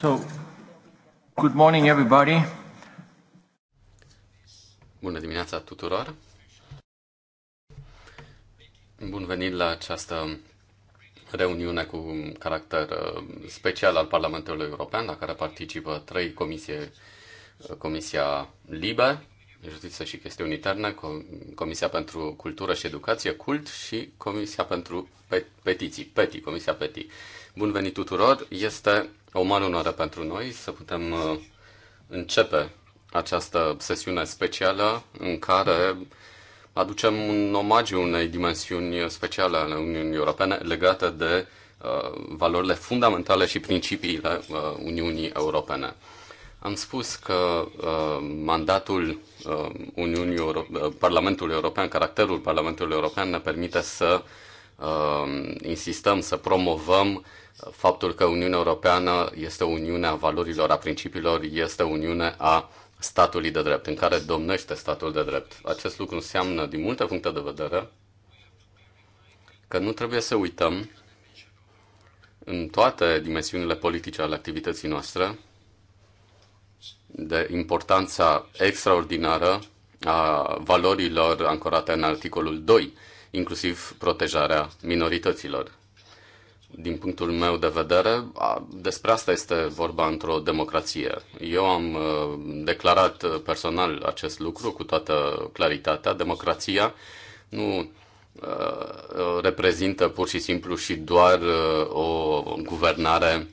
So, good morning everybody. Bună dimineața tuturor. Bun venit la această reuniune cu caracter uh, special al Parlamentului European, la care participă trei comisie, uh, Comisia Libe, Justiție și Chestiuni Interne, Comisia pentru Cultură și Educație, Cult și Comisia pentru Petiții, PETI, Comisia PETI. Bun venit tuturor! Este o mare onoare pentru noi să putem uh, începe această sesiune specială în care aducem un omagiu unei dimensiuni speciale ale Uniunii Europene legate de uh, valorile fundamentale și principiile uh, Uniunii Europene. Am spus că uh, mandatul uh, Uniunii Euro- Parlamentului European, caracterul Parlamentului European ne permite să uh, insistăm, să promovăm faptul că Uniunea Europeană este Uniunea valorilor, a principiilor, este Uniunea a statului de drept, în care domnește statul de drept. Acest lucru înseamnă, din multe puncte de vedere, că nu trebuie să uităm în toate dimensiunile politice ale activității noastre de importanța extraordinară a valorilor ancorate în articolul 2, inclusiv protejarea minorităților din punctul meu de vedere, despre asta este vorba într-o democrație. Eu am uh, declarat uh, personal acest lucru cu toată claritatea. Democrația nu uh, reprezintă pur și simplu și doar o guvernare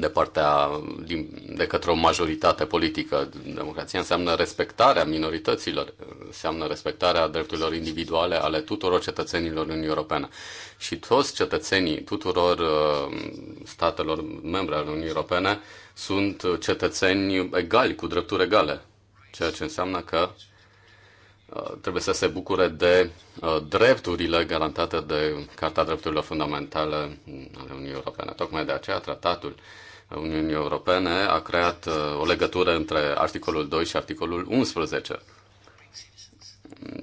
de partea din, de către o majoritate politică. Democrația înseamnă respectarea minorităților, înseamnă respectarea drepturilor individuale ale tuturor cetățenilor Uniunii Europene. Și toți cetățenii tuturor uh, statelor membre ale Uniunii Europene sunt cetățeni egali, cu drepturi egale, ceea ce înseamnă că uh, trebuie să se bucure de uh, drepturile garantate de Carta Drepturilor Fundamentale ale Uniunii Europene. Tocmai de aceea tratatul Uniunii Europene a creat uh, o legătură între articolul 2 și articolul 11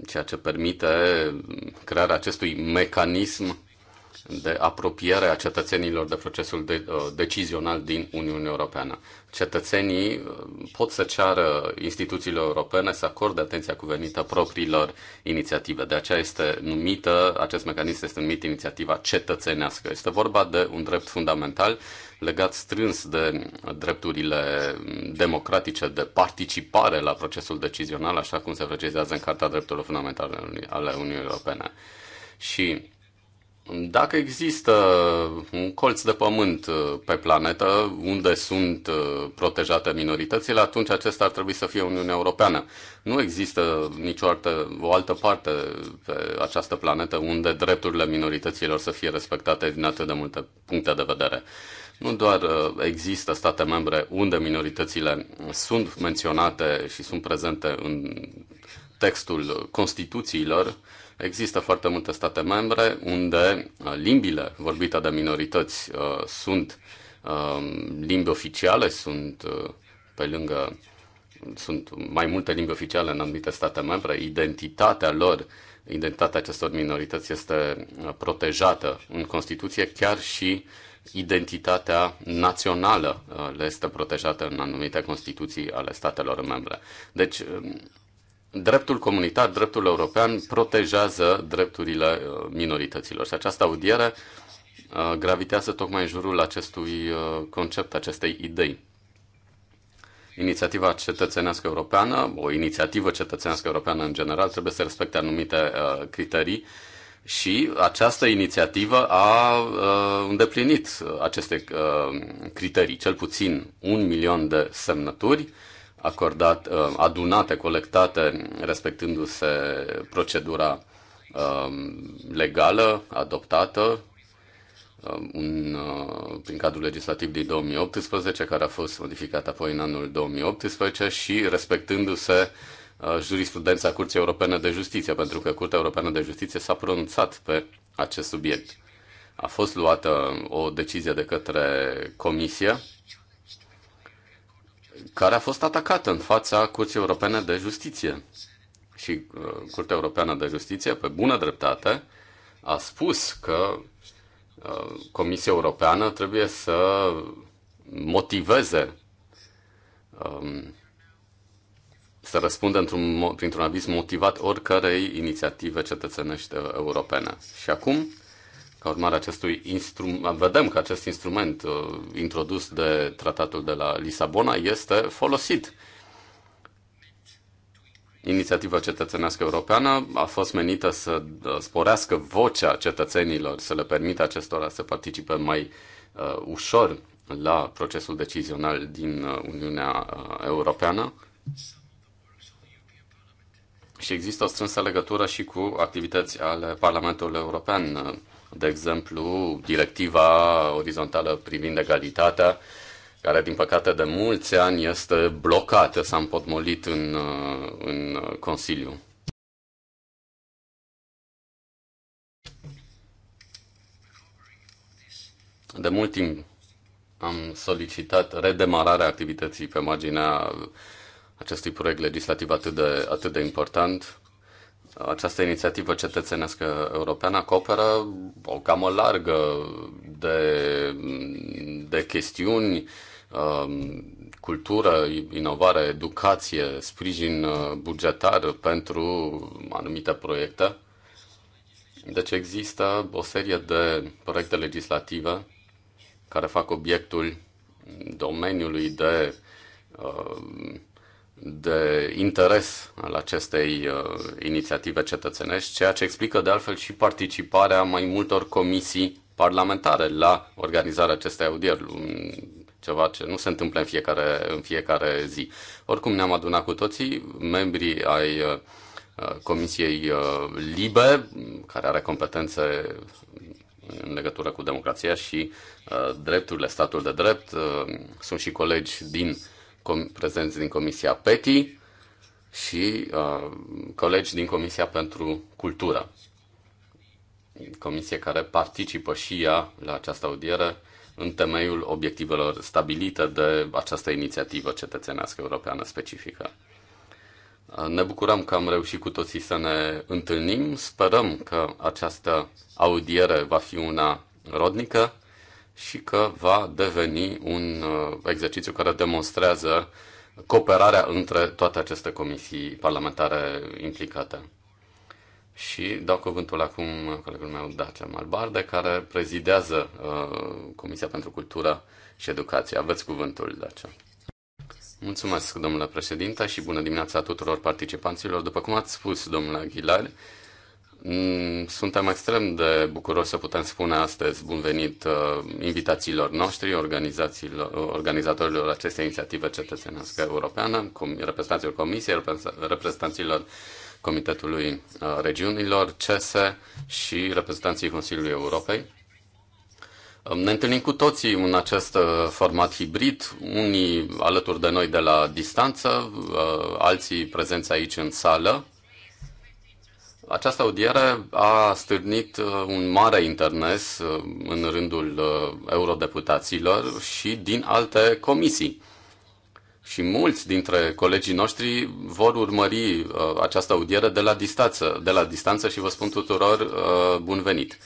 ceea ce permite mm, crearea acestui mecanism de apropiere a cetățenilor de procesul de, uh, decizional din Uniunea Europeană. Cetățenii uh, pot să ceară instituțiilor europene să acorde atenția cuvenită propriilor inițiative. De aceea este numită, acest mecanism este numit inițiativa cetățenească. Este vorba de un drept fundamental legat strâns de drepturile democratice, de participare la procesul decizional, așa cum se precizează în Carta Drepturilor Fundamentale ale Uniunii Europene. Și dacă există un colț de pământ uh, pe planetă unde sunt uh, protejate minoritățile, atunci acesta ar trebui să fie Uniunea Europeană. Nu există nicio altă, o altă parte pe această planetă unde drepturile minorităților să fie respectate din atât de multe puncte de vedere. Nu doar uh, există state membre unde minoritățile sunt menționate și sunt prezente în textul Constituțiilor, există foarte multe state membre unde uh, limbile vorbite de minorități uh, sunt um, limbi oficiale, sunt pe lângă sunt mai multe limbi oficiale în anumite state membre, identitatea lor, identitatea acestor minorități este protejată în Constituție, chiar și uh, identitatea națională uh, le este protejată în anumite constituții ale statelor membre. Deci, um, dreptul comunitar, dreptul european protejează drepturile uh, minorităților și această audiere uh, gravitează tocmai în jurul acestui concept, acestei idei. Inițiativa cetățenească europeană, o inițiativă cetățenească europeană în general, trebuie să respecte anumite criterii și această inițiativă a uh, îndeplinit aceste uh, criterii, cel puțin un milion de semnături acordat, uh, adunate, colectate, respectându-se procedura uh, legală adoptată um, un, uh, prin cadrul legislativ din 2018, care a fost modificat apoi în anul 2018 și respectându-se uh, Uh, jurisprudența Curții Europene de Justiție, pentru că Curtea Europeană de Justiție s-a pronunțat pe acest subiect. A fost luată o decizie de către Comisie care a fost atacată în fața Curții Europene de Justiție. Și uh, Curtea Europeană de Justiție, pe bună dreptate, a spus că uh, Comisia Europeană trebuie să motiveze um, să răspundă într-un, printr-un aviz motivat oricărei inițiative cetățenești uh, europene. Și acum, ca urmare acestui instrument, vedem că acest instrument uh, introdus de tratatul de la Lisabona este folosit. Inițiativa cetățenească europeană a fost menită să uh, sporească vocea cetățenilor, să le permită acestora să participe mai uh, ușor la procesul decizional din Uniunea Europeană și există o strânsă legătură și cu activități ale Parlamentului European, de exemplu, directiva orizontală privind egalitatea, care din păcate de mulți ani este blocată, s-a împotmolit în, în Consiliu. De mult timp am solicitat redemararea activității pe marginea acestui proiect legislativ atât de, atât de important. Această inițiativă cetățenească europeană acoperă o gamă largă de, de chestiuni, um, cultură, inovare, educație, sprijin uh, bugetar pentru anumite proiecte. Deci există o serie de proiecte legislative care fac obiectul domeniului de uh, de interes al acestei uh, inițiative cetățenești, ceea ce explică de altfel și participarea mai multor comisii parlamentare la organizarea acestei audieri, ceva ce nu se întâmplă în fiecare, în fiecare zi. Oricum ne-am adunat cu toții membrii ai uh, Comisiei uh, Libe, care are competențe în legătură cu democrația și uh, drepturile, statul de drept. Uh, sunt și colegi din uh, prezenți din Comisia PETI și uh, colegi din Comisia pentru Cultură, comisie care participă și ea la această audiere în temeiul obiectivelor stabilite de această inițiativă cetățenească europeană specifică. Uh, ne bucurăm că am reușit cu toții să ne întâlnim. Sperăm că această audiere va fi una rodnică și că va deveni un uh, exercițiu care demonstrează cooperarea între toate aceste comisii parlamentare implicate. Și dau cuvântul acum colegul meu, Dacia Malbarde, care prezidează uh, Comisia pentru Cultură și Educație. Aveți cuvântul, Dacia. Mulțumesc, domnule președinte, și bună dimineața tuturor participanților. După cum ați spus, domnule Aguilar, Mm, suntem extrem de bucuroși să putem spune astăzi bun venit uh, invitațiilor noștri, organizatorilor acestei inițiative cetățenească europeană, reprezentanților Comisiei, reprezentanților Comitetului uh, Regiunilor, CESE și reprezentanții Consiliului Europei. Um, ne întâlnim cu toții în acest uh, format hibrid, unii alături de noi de la distanță, alții prezenți aici în sală, această audiere a stârnit uh, un mare internes uh, în rândul uh, eurodeputaților și din alte comisii. Și mulți dintre colegii noștri vor urmări această audiere de la, distanță, de la distanță și vă spun tuturor bun venit.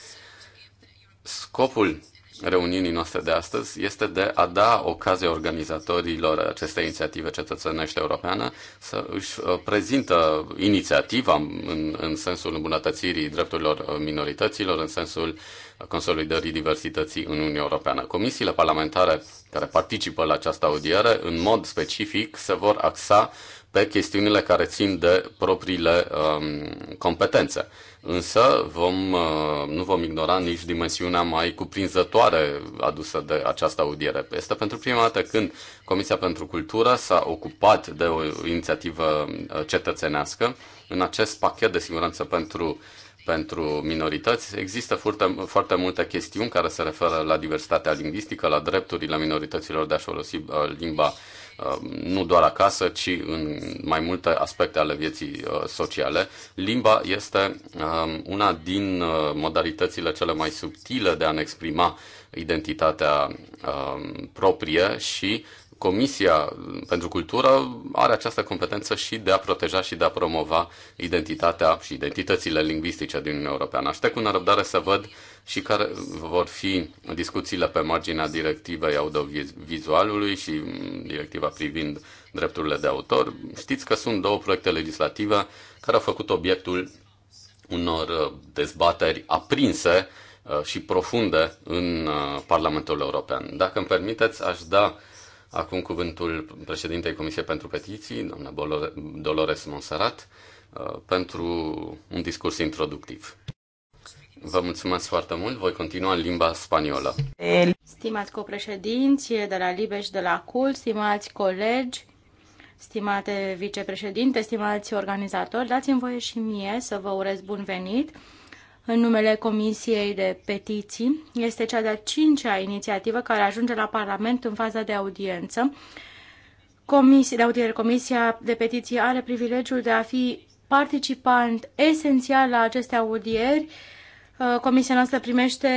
Scopul reuniunii noastre de astăzi este de a da ocazia organizatorilor acestei inițiative cetățenește europeană să își uh, prezintă inițiativa în, în sensul îmbunătățirii drepturilor uh, minorităților, în sensul consolidării diversității în Uniunea Europeană. Comisiile parlamentare care participă la această audiere, în mod specific, se vor axa pe chestiunile care țin de propriile um, competențe. Însă vom, uh, nu vom ignora nici dimensiunea mai cuprinzătoare adusă de această audiere. Este pentru prima dată când Comisia pentru Cultură s-a ocupat de o inițiativă uh, cetățenească în acest pachet de siguranță pentru pentru minorități. Există foarte, foarte multe chestiuni care se referă la diversitatea lingvistică, la drepturile minorităților de a-și folosi uh, limba Um, nu doar acasă, ci în mai multe aspecte ale vieții uh, sociale. Limba este um, una din uh, modalitățile cele mai subtile de a ne exprima identitatea um, proprie și Comisia pentru Cultură are această competență și de a proteja și de a promova identitatea și identitățile lingvistice din Uniunea Europeană. Aștept cu nerăbdare să văd și care vor fi discuțiile pe marginea directivei audiovizualului și directiva privind drepturile de autor. Știți că sunt două proiecte legislative care au făcut obiectul unor dezbateri aprinse uh, și profunde în uh, Parlamentul European. Dacă îmi permiteți, aș da Acum cuvântul președintei Comisiei pentru Petiții, doamna Dolores Monserrat, uh, pentru un discurs introductiv. Vă mulțumesc foarte mult, voi continua în limba spaniolă. Stimați copreședinți de la Libe și de la CUL, stimați colegi, stimate vicepreședinte, stimați organizatori, dați-mi voie și mie să vă urez bun venit în numele Comisiei de Petiții. Este cea de-a cincea inițiativă care ajunge la Parlament în faza de audiență. Comisia de audiere, Comisia de Petiții are privilegiul de a fi participant esențial la aceste audieri Uh, comisia noastră primește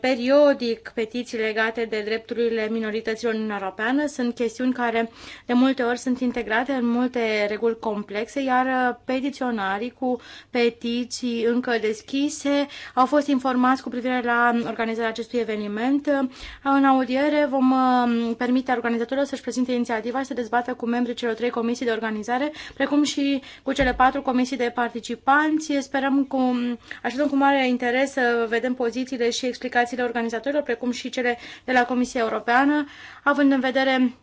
periodic petiții legate de drepturile minorităților în Europeană. Sunt chestiuni care de multe ori sunt integrate în multe reguli complexe, iar petiționarii cu petiții încă deschise au fost informați cu privire la organizarea acestui eveniment. Uh, în audiere vom uh, permite organizatorilor să-și prezinte inițiativa și să dezbată cu membrii celor trei comisii de organizare, precum și cu cele patru comisii de participanți. Sperăm cu, așteptăm cu mare interes interes să vedem pozițiile și explicațiile organizatorilor, precum și cele de la Comisia Europeană, având în vedere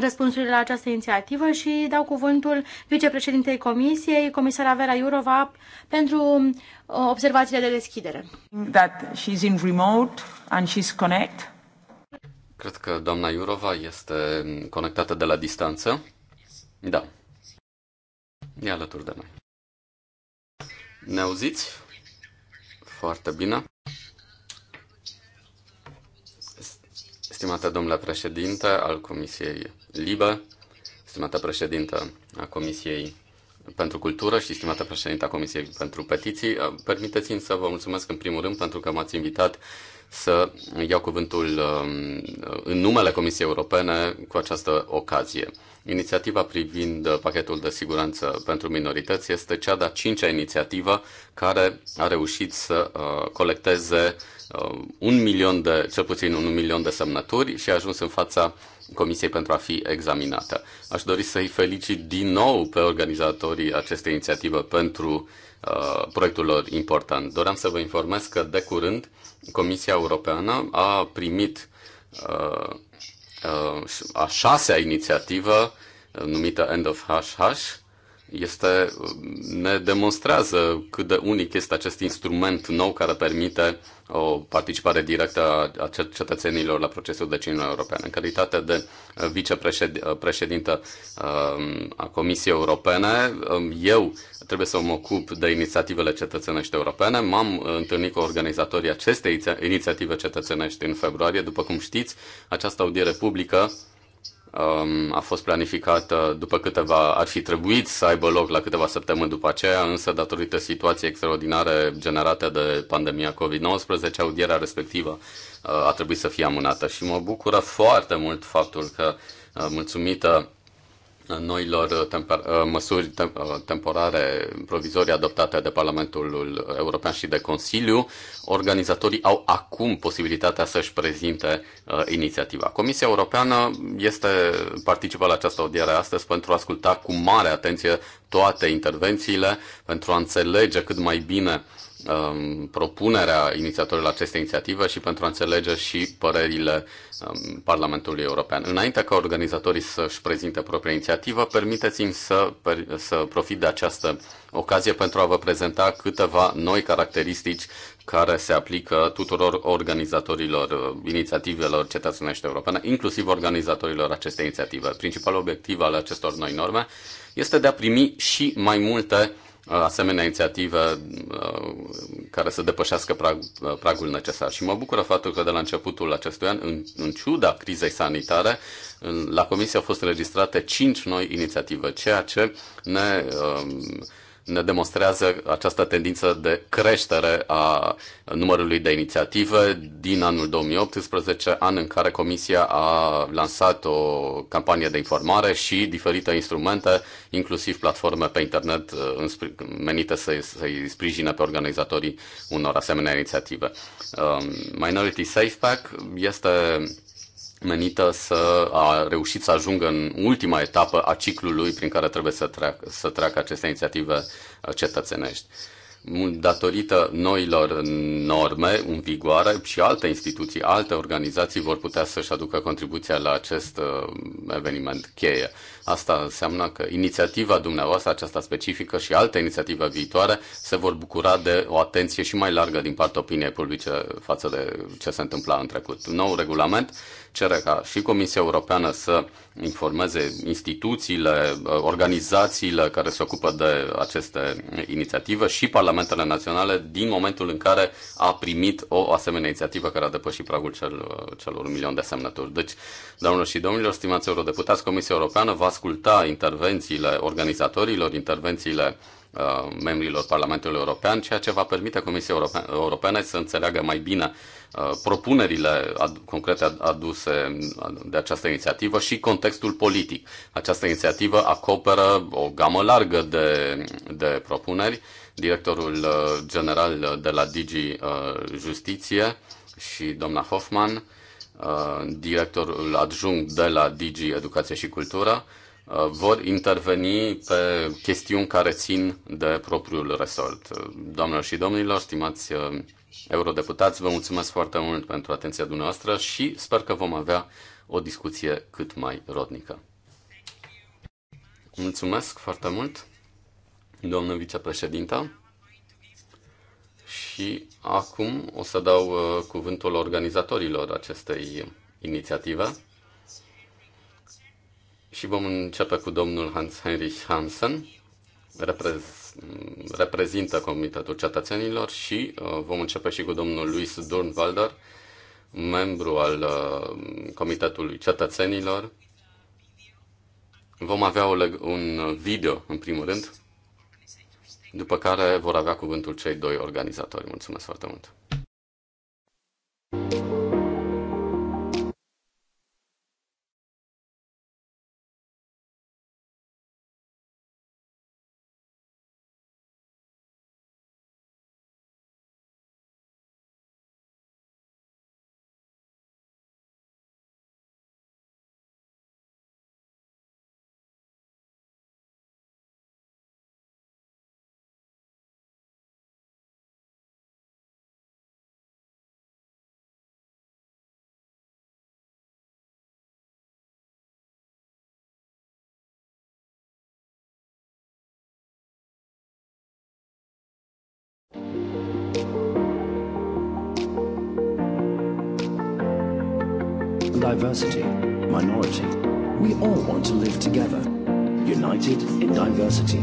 răspunsurile la această inițiativă și dau cuvântul vicepreședintei Comisiei, comisara Vera Iurova, pentru uh, observațiile de deschidere. That she's in remote and she's connect. Cred că doamna Iurova este conectată de la distanță. Da. E alături de noi. Ne auziți? Foarte bine. Stimată domnule președinte al Comisiei Libe, stimată președinte a Comisiei pentru Cultură și stimată președinte a Comisiei pentru Petiții, permiteți-mi să vă mulțumesc în primul rând pentru că m-ați invitat să iau cuvântul um, în numele Comisiei Europene cu această ocazie. Inițiativa privind pachetul de siguranță pentru minorități este cea de-a cincea inițiativă care a reușit să uh, colecteze uh, un milion de, cel puțin un milion de semnături și a ajuns în fața Comisiei pentru a fi examinată. Aș dori să-i felicit din nou pe organizatorii acestei inițiative pentru Uh, proiectul lor important. Doream să vă informez că de curând Comisia Europeană a primit uh, uh, a șasea inițiativă uh, numită End of HH. Este, uh, ne demonstrează cât de unic este acest instrument nou care permite uh, o participare directă a cetățenilor la procesul deciziilor europene. În calitate de uh, vicepreședintă uh, um, a Comisiei Europene, um, eu trebuie să mă ocup de inițiativele cetățenești europene. M-am uh, întâlnit cu organizatorii acestei inițiative cetățenești în februarie. După cum știți, această audiere publică Um, a fost planificată după câteva, ar fi trebuit să aibă loc la câteva săptămâni după aceea, însă datorită situației extraordinare generate de pandemia COVID-19, audierea respectivă uh, a trebuit să fie amânată și mă bucură foarte mult faptul că, uh, mulțumită noilor temper- uh, măsuri tem- uh, temporare provizorii adoptate de Parlamentul European și de Consiliu, organizatorii au acum posibilitatea să-și prezinte uh, inițiativa. Comisia Europeană este participă la această audiere astăzi pentru a asculta cu mare atenție toate intervențiile, pentru a înțelege cât mai bine uh, um, propunerea inițiatorilor acestei inițiative și pentru a înțelege și părerile um, Parlamentului European. Înainte ca organizatorii să-și prezinte propria inițiativă, permiteți-mi să, per, să profit de această ocazie pentru a vă prezenta câteva noi caracteristici care se aplică tuturor organizatorilor uh, inițiativelor cetățenești europene, inclusiv organizatorilor acestei inițiative. Principalul obiectiv al acestor noi norme este de a primi și mai multe uh, Uh, asemenea inițiative uh, care să depășească prag, uh, pragul necesar. Și mă bucură faptul că de la începutul acestui an, în, în ciuda crizei sanitare, la Comisie au fost înregistrate cinci noi inițiative, ceea ce ne um, ne demonstrează această tendință de creștere a numărului de inițiative din anul 2018, an în care Comisia a lansat o campanie de informare și diferite instrumente, inclusiv platforme pe internet uh, menite să-i, să-i sprijine pe organizatorii unor asemenea inițiative. Um, Minority Safe Pack este menită să a reușit să ajungă în ultima etapă a ciclului prin care trebuie să treacă, să treacă aceste inițiative uh, cetățenești. Datorită noilor norme în vigoare și alte instituții, alte organizații vor putea să-și aducă contribuția la acest uh, eveniment cheie. Asta înseamnă că inițiativa dumneavoastră, aceasta specifică și alte inițiative viitoare, se vor bucura de o atenție și mai largă din partea opiniei publice față de ce se întâmpla în trecut. Nou regulament cere ca și Comisia Europeană să informeze instituțiile, organizațiile care se ocupă de aceste inițiative și parlamentele naționale din momentul în care a primit o asemenea inițiativă care a depășit pragul celor, celor un milion de semnături. Deci, doamnelor și domnilor, stimați eurodeputați, Comisia Europeană va asculta intervențiile organizatorilor, intervențiile uh, membrilor Parlamentului European, ceea ce va permite Comisiei Europene să înțeleagă mai bine uh, propunerile concrete aduse de această inițiativă și contextul politic. Această inițiativă acoperă o gamă largă de, de propuneri. Directorul uh, general de la Digi Justiție și doamna Hoffman directorul adjunct de la DG Educație și Cultură, Uh, vor interveni pe chestiuni care țin de propriul resort. Doamnelor și domnilor, stimați uh, eurodeputați, vă mulțumesc foarte mult pentru atenția dumneavoastră și sper că vom avea o discuție cât mai rodnică. Mulțumesc foarte mult, domnul vicepreședinte. Și acum o să dau uh, cuvântul organizatorilor acestei inițiative. Și vom începe cu domnul Hans-Heinrich Hansen, reprez, reprezintă Comitetul Cetățenilor și uh, vom începe și cu domnul Luis Durnwalder, membru al uh, Comitetului Cetățenilor. Vom avea o, un video, în primul rând, după care vor avea cuvântul cei doi organizatori. Mulțumesc foarte mult! diversity, minority. We all want to live together, united in diversity.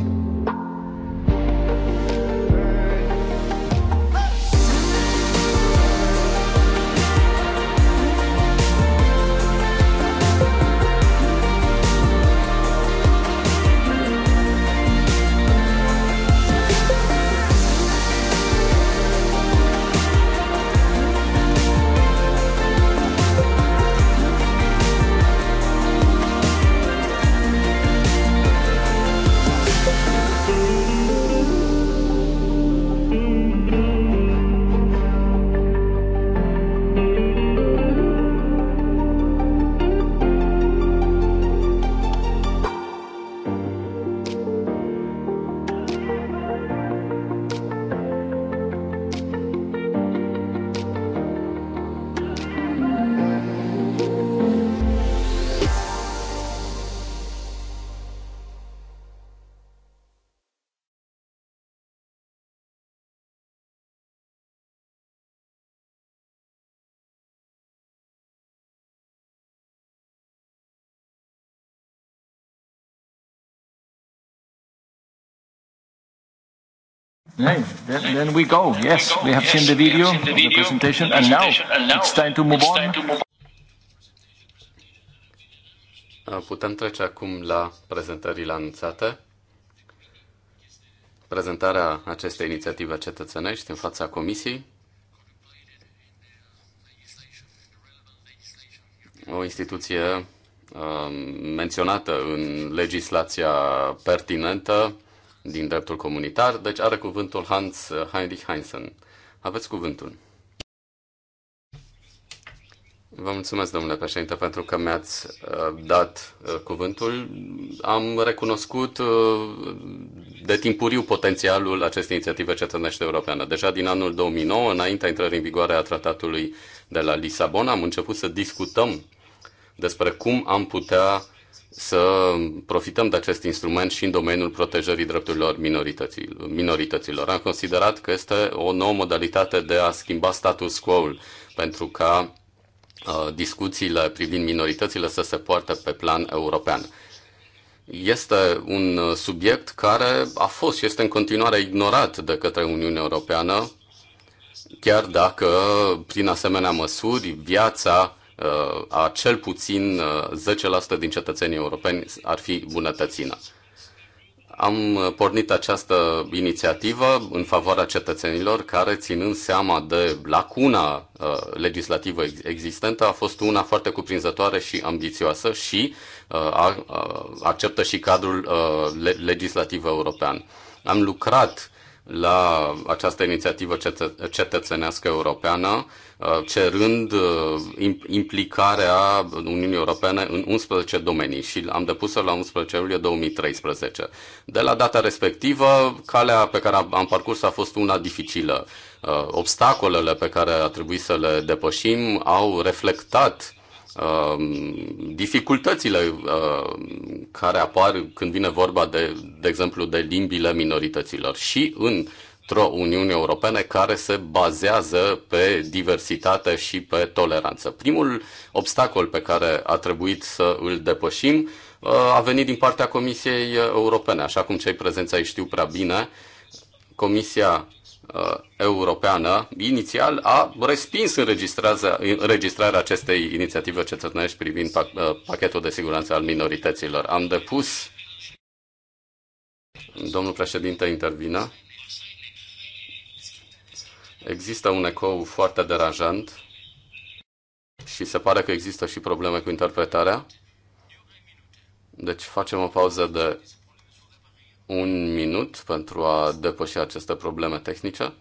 Hey, then, then we go. Yes, we have seen the video, of the presentation, and now it's time to move on. Putem trece acum la prezentările anunțate. Prezentarea acestei inițiative cetățenești în fața Comisiei. O instituție uh, menționată în legislația pertinentă din dreptul comunitar, deci are cuvântul Hans uh, Heinrich Heinsen. Aveți cuvântul. Vă mulțumesc, domnule președinte, pentru că mi-ați uh, dat uh, cuvântul. Am recunoscut de timpuriu potențialul acestei inițiative cetățenește europeană. Deja din anul 2009, înaintea intrării în vigoare a tratatului de la Lisabona, am început să discutăm despre cum am putea să profităm de acest instrument și în domeniul protejării drepturilor minorităților. minorităților. Am considerat că este o nouă modalitate de a schimba status quo-ul pentru ca uh, discuțiile privind minoritățile să se poarte pe plan european. Este un uh, subiect care a fost și este în continuare ignorat de către Uniunea Europeană, chiar dacă, prin asemenea măsuri, viața Uh, a cel puțin 10% uh, din cetățenii europeni ar fi bunătățină. Am uh, pornit această inițiativă în favoarea cetățenilor care, ținând seama de lacuna uh, legislativă existentă, a fost una foarte cuprinzătoare și ambițioasă și uh, a, uh, acceptă și cadrul uh, le- legislativ european. Am lucrat la această inițiativă cetă- cetățenească europeană Uh, cerând uh, implicarea Uniunii Europene în 11 domenii și am depus-o la 11 iulie 2013. De la data respectivă, calea pe care am parcurs a fost una dificilă. Uh, obstacolele pe care a trebuit să le depășim au reflectat um, dificultățile care apar când vine vorba de, de exemplu, de limbile minorităților. Și în uh, într-o Uniune europeană care se bazează pe diversitate și pe toleranță. Primul obstacol pe care a trebuit să îl depășim uh, a venit din partea Comisiei Europene. Așa cum cei prezenți aici știu prea bine, Comisia uh, Europeană inițial a respins înregistrarea acestei inițiative cetățenești privind uh, pachetul de siguranță al minorităților. Am depus Domnul președinte intervine. Există un ecou foarte deranjant și se pare că există și probleme cu interpretarea. Deci facem o pauză de un minut pentru a depăși aceste probleme tehnice.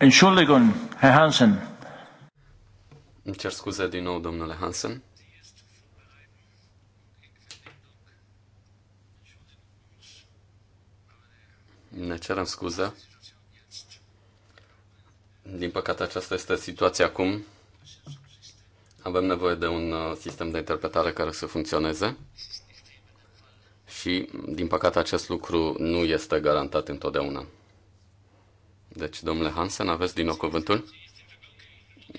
Entschuldigung, Herr Hansen. Îmi cer scuze din nou, domnule Hansen. Ne cerem scuze. Din păcate, aceasta este situația acum. Avem nevoie de un uh, sistem de interpretare care să funcționeze și, din păcate, acest lucru nu este garantat întotdeauna. Deci, domnule Hansen, aveți din nou cuvântul?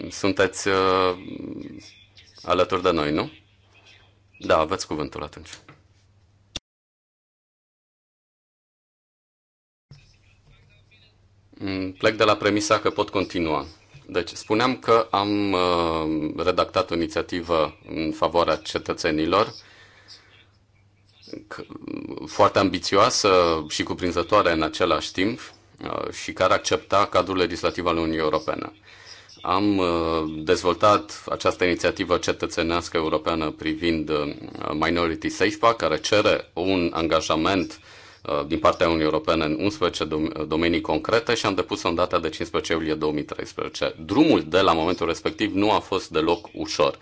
Sunteți uh, alături de noi, nu? Da, aveți cuvântul atunci. Mm, plec de la premisa că pot continua. Deci, spuneam că am uh, redactat o inițiativă în favoarea cetățenilor foarte ambițioasă și cuprinzătoare în același timp, Uh, și care accepta cadrul legislativ al Uniunii Europene. Am uh, dezvoltat această inițiativă cetățenească europeană privind uh, Minority Safe Pack, care cere un angajament din partea Uniunii Europene în 11 domenii concrete și am depus o în data de 15 iulie 2013. Drumul de la momentul respectiv nu a fost deloc ușor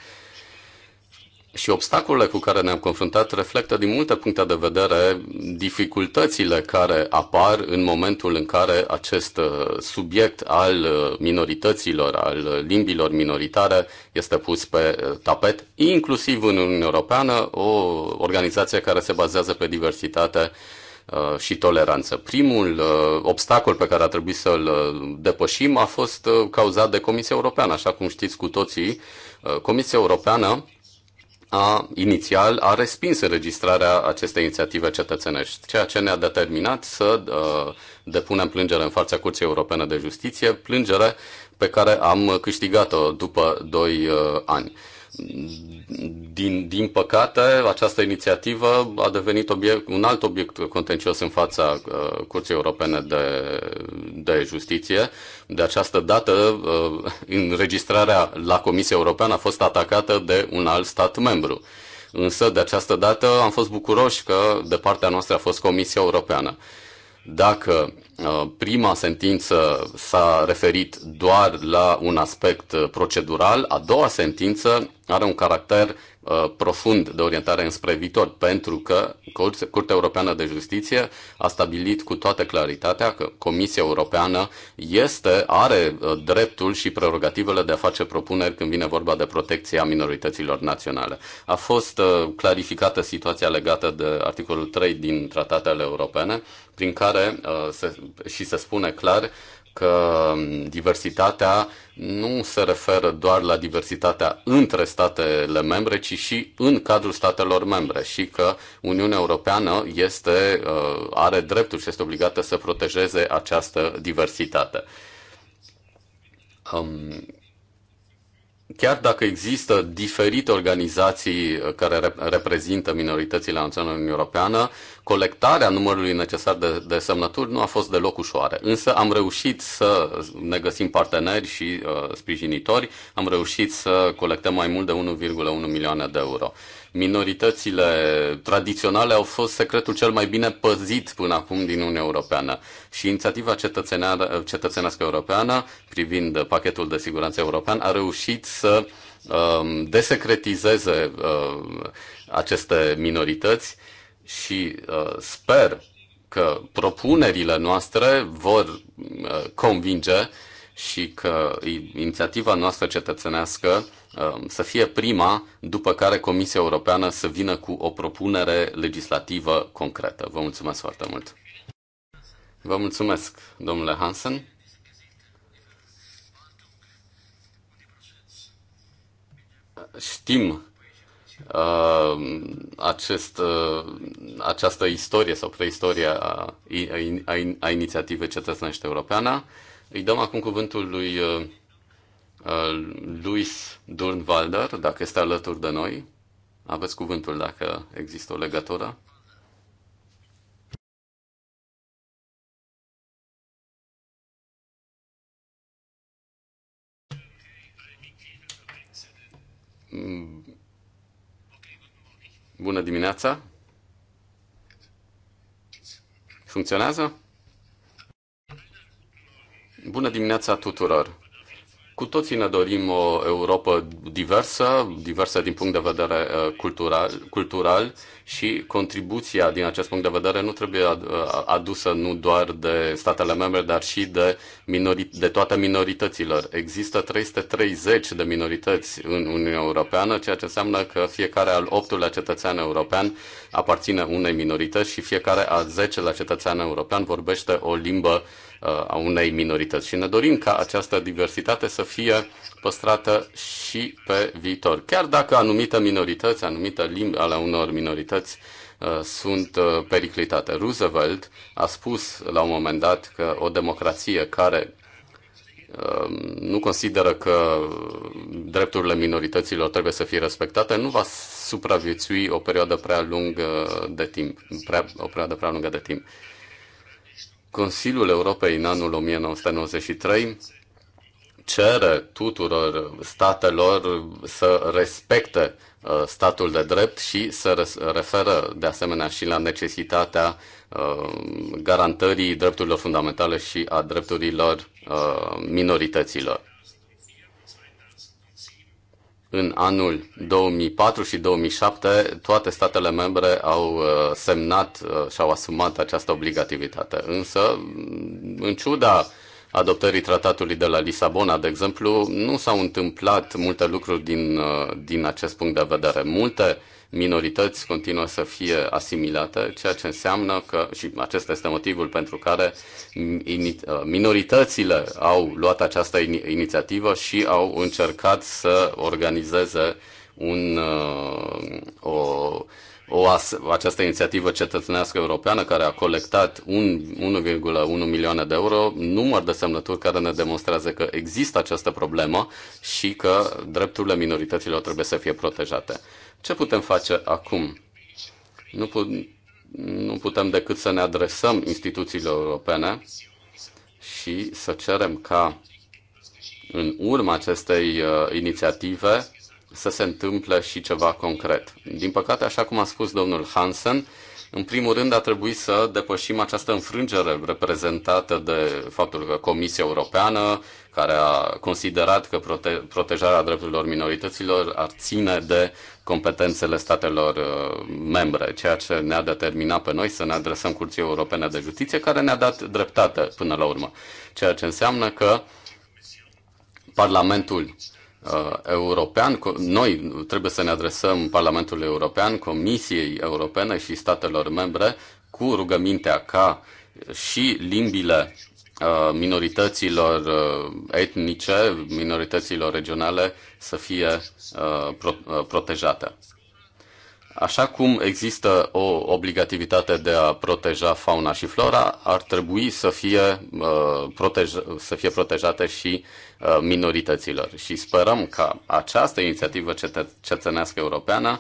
și obstacolele cu care ne-am confruntat reflectă din multe puncte de vedere dificultățile care apar în momentul în care acest uh, subiect al uh, minorităților, al uh, limbilor minoritare, este pus pe tapet, inclusiv în Uniunea Europeană, o organizație care se bazează pe diversitate și toleranță. Primul obstacol pe care a trebuit să-l depășim a fost cauzat de Comisia Europeană, așa cum știți cu toții. Comisia Europeană a, inițial a respins înregistrarea acestei inițiative cetățenești, ceea ce ne-a determinat să uh, depunem plângere în fața Curții Europene de Justiție, plângere pe care am câștigat-o după 2 uh, ani din, din păcate, această inițiativă a devenit obiect, un alt obiect contencios în fața uh, Curții Europene de, de Justiție. De această dată, uh, înregistrarea la Comisia Europeană a fost atacată de un alt stat membru. Însă, de această dată, am fost bucuroși că de partea noastră a fost Comisia Europeană. Dacă Uh, prima sentință s-a referit doar la un aspect uh, procedural, a doua sentință are un caracter Uh, profund de orientare înspre viitor, pentru că Curtea Europeană de Justiție a stabilit cu toată claritatea că Comisia Europeană este, are uh, dreptul și prerogativele de a face propuneri când vine vorba de protecția minorităților naționale. A fost uh, clarificată situația legată de articolul 3 din tratatele europene, prin care se, și se spune clar că diversitatea nu se referă doar la diversitatea între statele membre, ci și în cadrul statelor membre și că Uniunea Europeană este, uh, are dreptul și este obligată să protejeze această diversitate. Um, chiar dacă există diferite organizații care reprezintă minoritățile naționale în Uniunea Europeană, colectarea numărului necesar de, de semnături nu a fost deloc ușoară, însă am reușit să ne găsim parteneri și uh, sprijinitori, am reușit să colectăm mai mult de 1,1 milioane de euro. Minoritățile tradiționale au fost secretul cel mai bine păzit până acum din Uniunea Europeană și inițiativa cetățenească europeană privind pachetul de siguranță european a reușit să um, desecretizeze uh, aceste minorități și uh, sper că propunerile noastre vor uh, convinge și că inițiativa noastră cetățenească um, să fie prima după care Comisia Europeană să vină cu o propunere legislativă concretă. Vă mulțumesc foarte mult! Vă mulțumesc, domnule Hansen. Știm Uh, acest, uh, această istorie sau preistorie a, a, a, a inițiativei cetățenești europeană. Îi dăm acum cuvântul lui uh, uh Luis Durnwalder, dacă este alături de noi. Aveți cuvântul dacă există o legătură. Bună dimineața! Funcționează? Bună dimineața tuturor! Cu toții ne dorim o Europa diversă, diversă din punct de vedere uh, cultural, cultural și contribuția din acest punct de vedere nu trebuie uh, adusă nu doar de statele membre, dar și de, minori, de toate minorităților. Există 330 de minorități în Uniunea Europeană, ceea ce înseamnă că fiecare al optulea cetățean european aparține unei minorități și fiecare al zecelea cetățean european vorbește o limbă a unei minorități și ne dorim ca această diversitate să fie păstrată și pe viitor. Chiar dacă anumite minorități, anumite limbi ale unor minorități sunt periclitate. Roosevelt a spus la un moment dat că o democrație care nu consideră că drepturile minorităților trebuie să fie respectate, nu va supraviețui o perioadă prea lungă de timp, prea, o perioadă prea lungă de timp. Consiliul Europei în anul 1993 cere tuturor statelor să respecte uh, statul de drept și să referă de asemenea și la necesitatea uh, garantării drepturilor fundamentale și a drepturilor uh, minorităților în anul 2004 și 2007 toate statele membre au uh, semnat uh, și au asumat această obligativitate. Însă, în ciuda adoptării tratatului de la Lisabona, de exemplu, nu s-au întâmplat multe lucruri din, uh, din acest punct de vedere. Multe uh, minorități continuă să fie asimilate, ceea ce înseamnă că, și acesta este motivul pentru care uh, minoritățile au luat această inițiativă și au încercat să organizeze un, uh, o o această inițiativă cetățenească europeană care a colectat 1,1 milioane de euro, număr de semnături care ne demonstrează că există această problemă și că drepturile minorităților trebuie să fie protejate. Ce putem face acum? Nu, put- nu putem decât să ne adresăm instituțiilor europene și să cerem ca în urma acestei uh, inițiative să se întâmple și ceva concret. Din păcate, așa cum a spus domnul Hansen, în primul rând a trebuit să depășim această înfrângere reprezentată de faptul că Comisia Europeană, care a considerat că prote- protejarea drepturilor minorităților ar ține de competențele statelor uh, membre, ceea ce ne-a determinat pe noi să ne adresăm Curții Europene de Justiție, care ne-a dat dreptate până la urmă, ceea ce înseamnă că Parlamentul uh, european, noi trebuie să ne adresăm Parlamentului European, Comisiei Europene și statelor membre cu rugămintea ca și limbile Uh, minorităților uh, etnice, minorităților regionale să fie uh, protejate. Așa cum există o obligativitate de a proteja fauna și flora, ar trebui să fie, protej- să fie protejate și minorităților. Și sperăm ca această inițiativă cetățenească europeană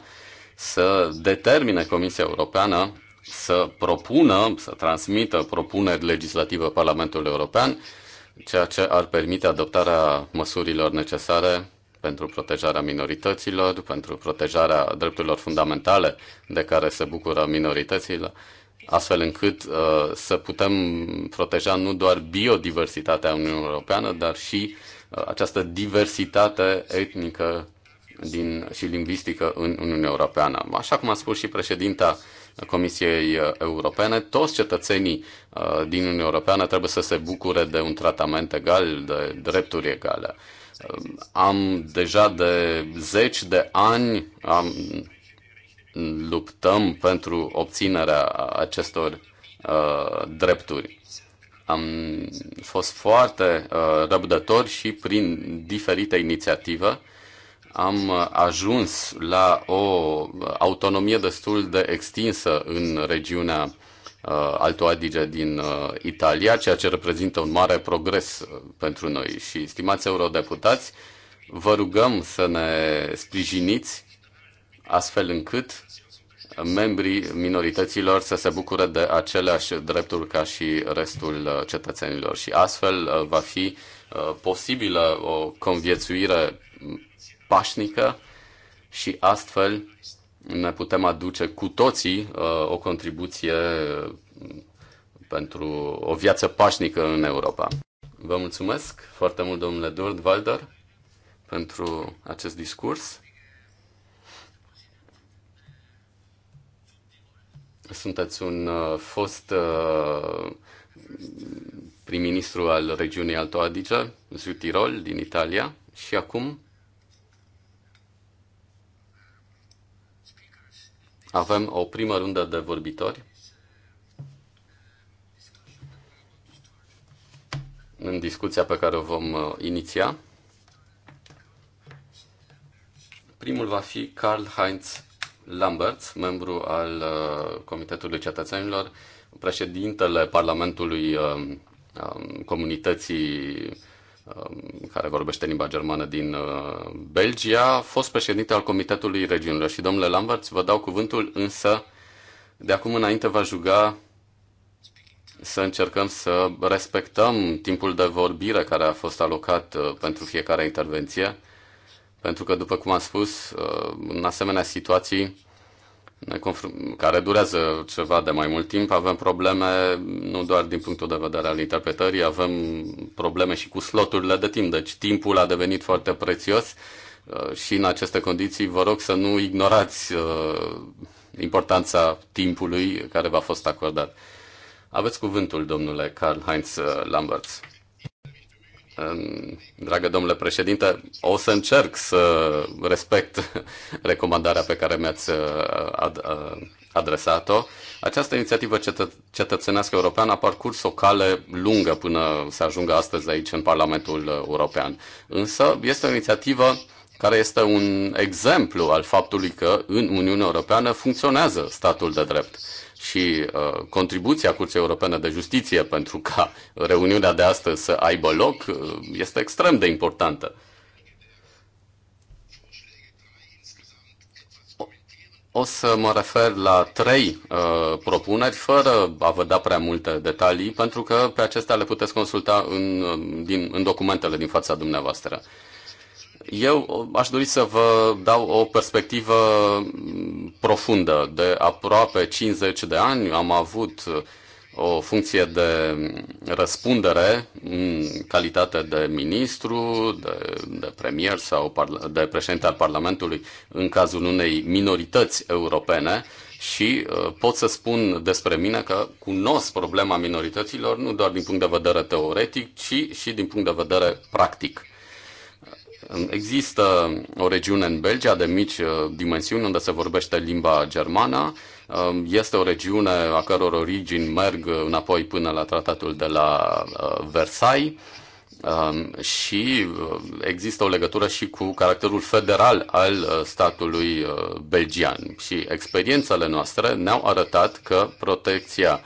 să determine Comisia Europeană să propună, să transmită propuneri legislative Parlamentului European, ceea ce ar permite adoptarea măsurilor necesare pentru protejarea minorităților, pentru protejarea drepturilor fundamentale de care se bucură minoritățile, astfel încât uh, să putem proteja nu doar biodiversitatea Uniunii Europeană, dar și uh, această diversitate etnică din, și lingvistică în Uniunea Europeană. Așa cum a spus și președinta uh, Comisiei uh, Europene, toți cetățenii uh, din Uniunea Europeană trebuie să se bucure de un tratament egal, de drepturi egale. Uh, am deja de zeci de ani am, luptăm pentru obținerea acestor uh, drepturi am fost foarte uh, răbdători și prin diferite inițiative am uh, ajuns la o uh, autonomie destul de extinsă în regiunea uh, Alto Adige din Italia, ceea ce reprezintă un mare progres pentru noi. Și, stimați eurodeputați, vă rugăm să ne sprijiniți astfel încât membrii minorităților să se bucure de aceleași drepturi ca și restul cetățenilor. Și astfel va fi posibilă o conviețuire pașnică și astfel ne putem aduce cu toții uh, o contribuție mm, pentru o viață pașnică în Europa. Vă mulțumesc foarte mult, domnule Dordwalder, pentru acest discurs. Sunteți un uh, fost uh, prim-ministru al regiunii Alto Adige, Sud Tirol, din Italia, și acum Avem o primă rundă de vorbitori. În discuția pe care o vom uh, iniția. Primul va fi Karl-Heinz Lambert, membru al uh, Comitetului Cetățenilor, președintele Parlamentului uh, um, Comunității Um, care vorbește limba germană din uh, Belgia, fost președinte al Comitetului Regiunilor. Și domnule Lambert, vă dau cuvântul, însă de acum înainte va juga să încercăm să respectăm timpul de vorbire care a fost alocat uh, pentru fiecare intervenție, pentru că, după cum am spus, uh, în asemenea situații care durează ceva de mai mult timp, avem probleme nu doar din punctul de vedere al interpretării, avem probleme și cu sloturile de timp, deci timpul a devenit foarte prețios uh, și în aceste condiții vă rog să nu ignorați uh, importanța timpului care v-a fost acordat. Aveți cuvântul, domnule Karl Heinz uh, Lamberts. Dragă domnule președinte, o să încerc să respect recomandarea pe care mi-ați uh, uh, adresat-o. Această inițiativă cetățenească europeană a parcurs o cale lungă până să ajungă astăzi aici în Parlamentul European. Însă este o inițiativă care este un exemplu al faptului că în Uniunea Europeană funcționează statul de drept și uh, contribuția Curții Europene de Justiție pentru ca reuniunea de astăzi să aibă loc uh, este extrem de importantă. O să mă refer la trei uh, propuneri, fără a vă da prea multe detalii, pentru că pe acestea le puteți consulta în, uh, din, în documentele din fața dumneavoastră. Uh, eu aș dori să vă dau o perspectivă profundă. De aproape 50 de ani am avut o funcție de răspundere în calitate de ministru, de, de premier sau de președinte al Parlamentului în cazul unei minorități europene și uh, pot să spun despre mine că cunosc problema minorităților nu doar din punct de vedere teoretic, ci și din punct de vedere practic. Există o regiune în Belgia de mici uh, dimensiuni unde se vorbește limba germană. Um, este o regiune a căror origini merg înapoi până la tratatul de la uh, Versailles um, și uh, există o legătură și cu caracterul federal al statului belgian. Și experiențele noastre ne-au arătat că protecția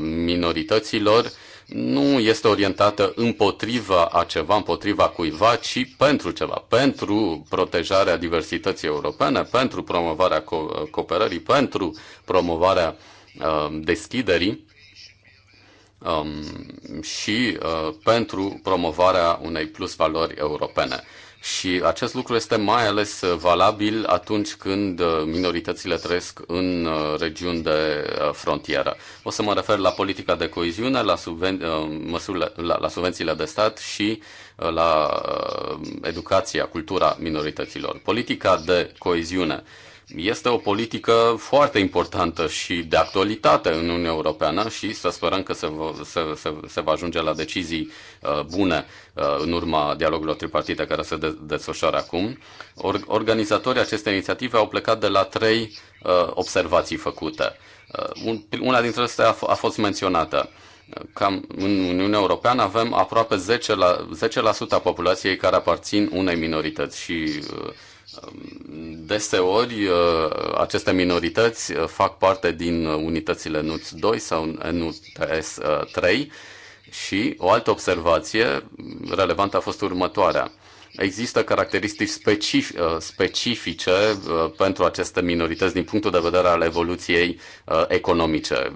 minorităților nu este orientată împotriva a ceva, împotriva cuiva, ci pentru ceva, pentru protejarea diversității europene, pentru promovarea co- cooperării, pentru promovarea uh, deschiderii um, și uh, pentru promovarea unei plus valori europene. Și acest lucru este mai ales uh, valabil atunci când uh, minoritățile trăiesc în uh, regiuni de frontieră. O să mă refer la politica de coeziune, la, subven- măsurile, la, la subvențiile de stat și la educația, cultura minorităților. Politica de coeziune este o politică foarte importantă și de actualitate în Uniunea Europeană și să sperăm că se va, se, se, se va ajunge la decizii uh, bune uh, în urma dialogurilor tripartite care se de, desfășoară acum. Or, organizatorii acestei inițiative au plecat de la trei uh, observații făcute. Uh, una dintre acestea a, a fost menționată. Cam în Uniunea Europeană avem aproape 10%, la, 10 a populației care aparțin unei minorități și uh, Deseori, uh, aceste minorități uh, fac parte din uh, unitățile NUTS 2 sau NUTS 3 și o altă observație relevantă a fost următoarea. Există caracteristici specifice pentru aceste minorități din punctul de vedere al evoluției economice.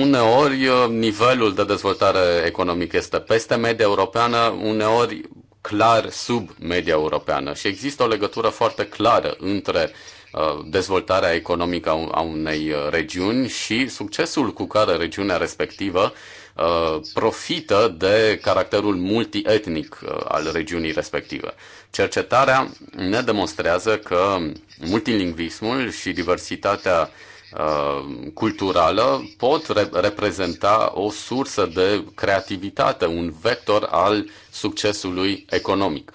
Uneori nivelul de dezvoltare economică este peste media europeană, uneori clar sub media europeană și există o legătură foarte clară între uh, dezvoltarea economică a unei uh, regiuni și succesul cu care regiunea respectivă uh, profită de caracterul multietnic al regiunii respective. Cercetarea ne demonstrează că multilingvismul și diversitatea culturală pot reprezenta o sursă de creativitate, un vector al succesului economic.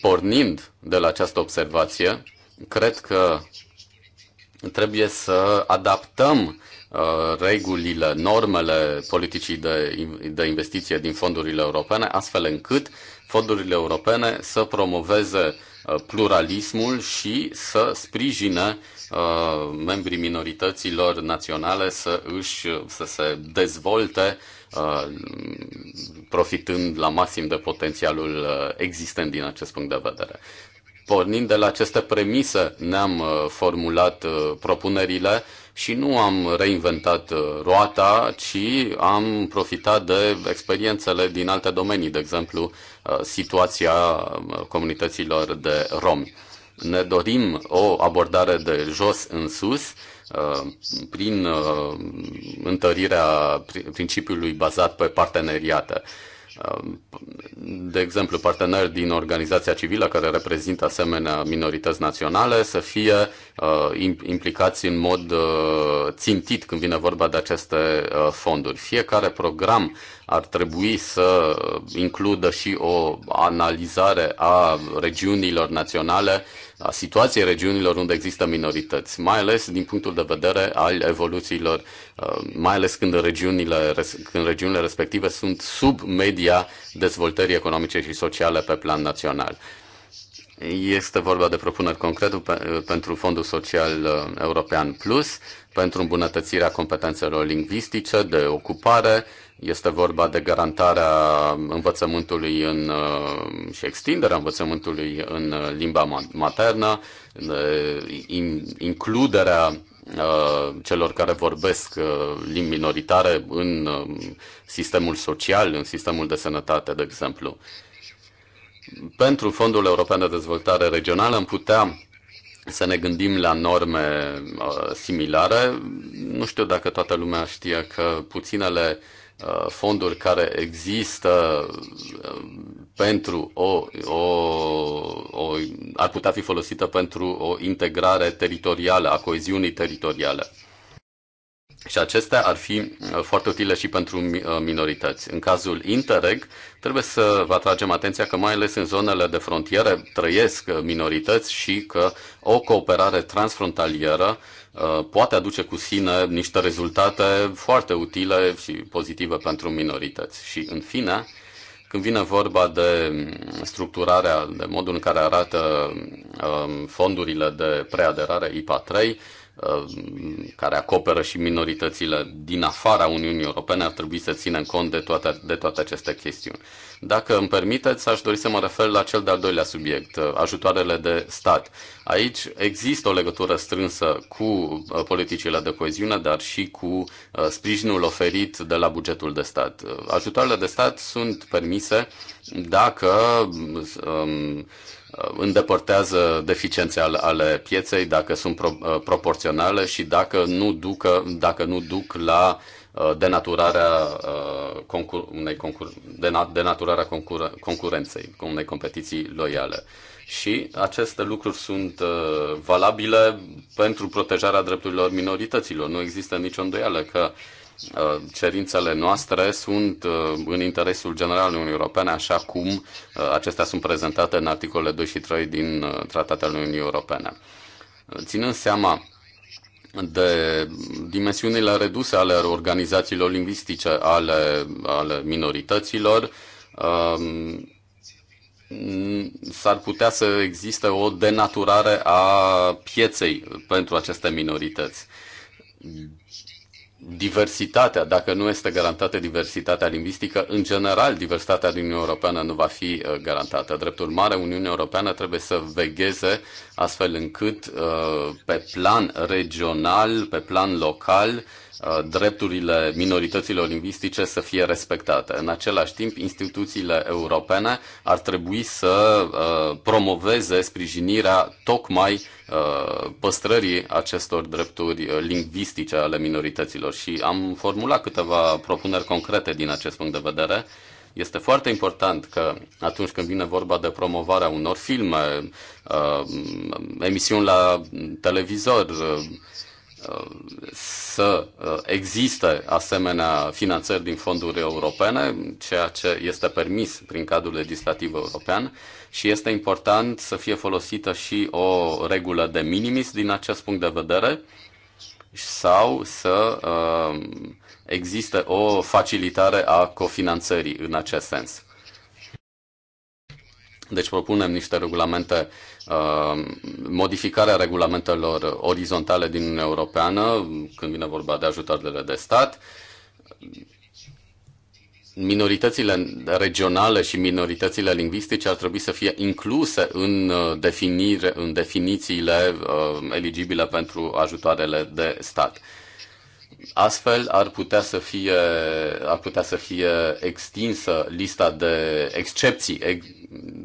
Pornind de la această observație, cred că trebuie să adaptăm uh, regulile, normele politicii de, de investiție din fondurile europene, astfel încât fondurile europene să promoveze uh, pluralismul și să sprijine uh, membrii minorităților naționale să își să se dezvolte Uh, profitând la maxim de potențialul uh, existent din acest punct de vedere. Pornind de la aceste premise, ne-am uh, formulat propunerile și nu am reinventat roata, ci am profitat de experiențele din alte domenii, de exemplu, situația comunităților de romi. Ne dorim o abordare de jos în sus, Uh, prin uh, întărirea principiului bazat pe parteneriate. Uh, de exemplu, parteneri din organizația civilă care reprezintă asemenea minorități naționale să fie implicați în mod țintit când vine vorba de aceste fonduri. Fiecare program ar trebui să includă și o analizare a regiunilor naționale a da, situației regiunilor unde există minorități, mai ales din punctul de vedere al evoluțiilor, uh, mai ales când regiunile, când regiunile respective sunt sub media dezvoltării economice și sociale pe plan național. Este vorba de propuneri concrete uh, pentru Fondul Social uh, European Plus, pentru îmbunătățirea competențelor lingvistice, de ocupare, este vorba de garantarea învățământului în, uh, și extinderea învățământului în uh, limba maternă, in, includerea uh, celor care vorbesc limbi minoritare în sistemul social, în sistemul de sănătate, de exemplu. Pentru Fondul European de Dezvoltare Regională am putea să ne gândim la norme similare. Nu știu dacă toată lumea știe că puținele uh, Uh, fonduri care există uh, pentru o, o, o ar putea fi folosită pentru o integrare teritorială, a coeziunii teritoriale. Și acestea ar fi uh, foarte utile și pentru minorități. În cazul Interreg, trebuie să vă atragem atenția că mai ales în zonele de frontiere trăiesc minorități și că o cooperare transfrontalieră Uh, poate aduce cu sine niște rezultate foarte utile și pozitive pentru minorități. Și, în fine, când vine vorba de structurarea, de modul în care arată um, fondurile de preaderare IPA 3, um, care acoperă și minoritățile din afara Uniunii Europene, ar trebui să ținem cont de toate, de toate aceste chestiuni. Dacă îmi permiteți, aș dori să mă refer la cel de-al doilea subiect, uh, ajutoarele de stat. Aici există o legătură strânsă cu uh, politicile de coeziune, dar și cu uh, sprijinul oferit de la bugetul de stat. Ajutoarele de stat sunt permise dacă um, îndepărtează deficiențe ale, ale pieței, dacă sunt pro, proporționale și dacă nu, ducă, dacă nu duc la Uh, denaturarea, uh, concur- unei concur- denaturarea concur- concurenței, unei competiții loiale. Și aceste lucruri sunt uh, valabile pentru protejarea drepturilor minorităților. Nu există nicio îndoială că cerințele noastre sunt în interesul general al Uniunii Europene, așa cum acestea sunt prezentate în articolele 2 și 3 din Tratatul Uniunii Europene. Ținând seama de dimensiunile reduse ale organizațiilor lingvistice, ale, ale minorităților, um, s-ar putea să existe o denaturare a pieței pentru aceste minorități diversitatea, dacă nu este garantată diversitatea lingvistică, în general diversitatea din Uniunea Europeană nu va fi uh, garantată. Drept urmare, Uniunea Europeană trebuie să vegheze astfel încât uh, pe plan regional, pe plan local, Uh, drepturile minorităților lingvistice să fie respectate. În același timp, instituțiile europene ar trebui să uh, promoveze sprijinirea tocmai uh, păstrării acestor drepturi lingvistice ale minorităților și am formulat câteva propuneri concrete din acest punct de vedere. Este foarte important că atunci când vine vorba de promovarea unor filme, emisiuni la televizor, să uh, existe asemenea finanțări din fonduri europene, ceea ce este permis prin cadrul legislativ european și este important să fie folosită și o regulă de minimis din acest punct de vedere sau să uh, existe o facilitare a cofinanțării în acest sens. Deci propunem niște regulamente, uh, modificarea regulamentelor orizontale din Uniunea Europeană, când vine vorba de ajutoarele de stat, minoritățile regionale și minoritățile lingvistice ar trebui să fie incluse în, uh, definire, în definițiile uh, eligibile pentru ajutoarele de stat. Astfel ar putea să fie, ar putea să fie extinsă lista de excepții ex-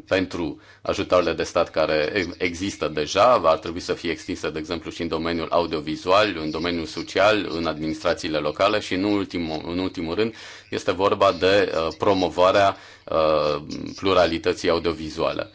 pentru ajutoarele de stat care există deja, ar trebui să fie extinsă, de exemplu, și în domeniul audiovizual, în domeniul social, în administrațiile locale și, în ultimul, în ultimul rând, este vorba de uh, promovarea uh, pluralității audiovizuale.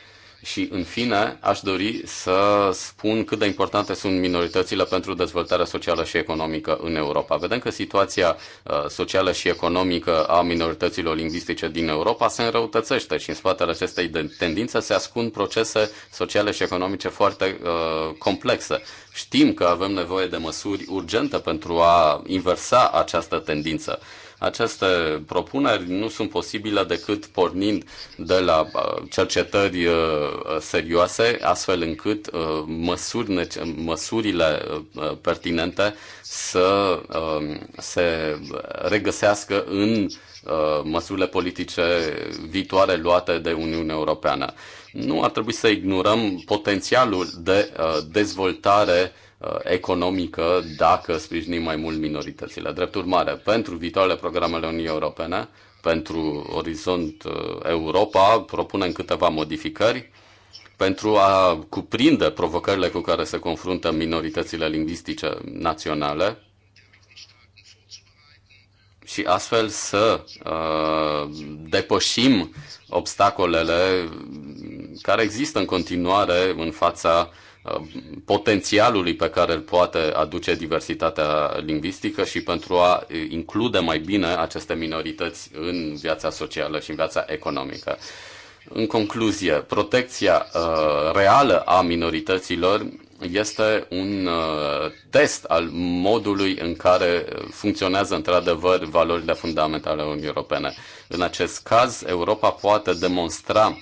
Și, în fine, aș dori să spun cât de importante sunt minoritățile pentru dezvoltarea socială și economică în Europa. Vedem că situația uh, socială și economică a minorităților lingvistice din Europa se înrăutățește și în spatele acestei tendințe se ascund procese sociale și economice foarte uh, complexe. Știm că avem nevoie de măsuri urgente pentru a inversa această tendință. Aceste propuneri nu sunt posibile decât pornind de la uh, cercetări uh, serioase, astfel încât uh, măsuri, măsurile pertinente să um, se regăsească în măsurile politice viitoare luate de Uniunea Europeană. Nu ar trebui să ignorăm potențialul de dezvoltare Uh, economică dacă sprijinim mai mult minoritățile. Drept urmare, pentru viitoarele programele Uniunii Europene, pentru Orizont uh, Europa, propunem câteva modificări pentru a cuprinde provocările cu care se confruntă minoritățile lingvistice naționale și astfel să uh, depășim obstacolele care există în continuare în fața uh, potențialului pe care îl poate aduce diversitatea lingvistică și pentru a include mai bine aceste minorități în viața socială și în viața economică. În concluzie, protecția uh, reală a minorităților este un uh, test al modului în care funcționează într-adevăr valorile fundamentale ale Uniunii Europene. În acest caz, Europa poate demonstra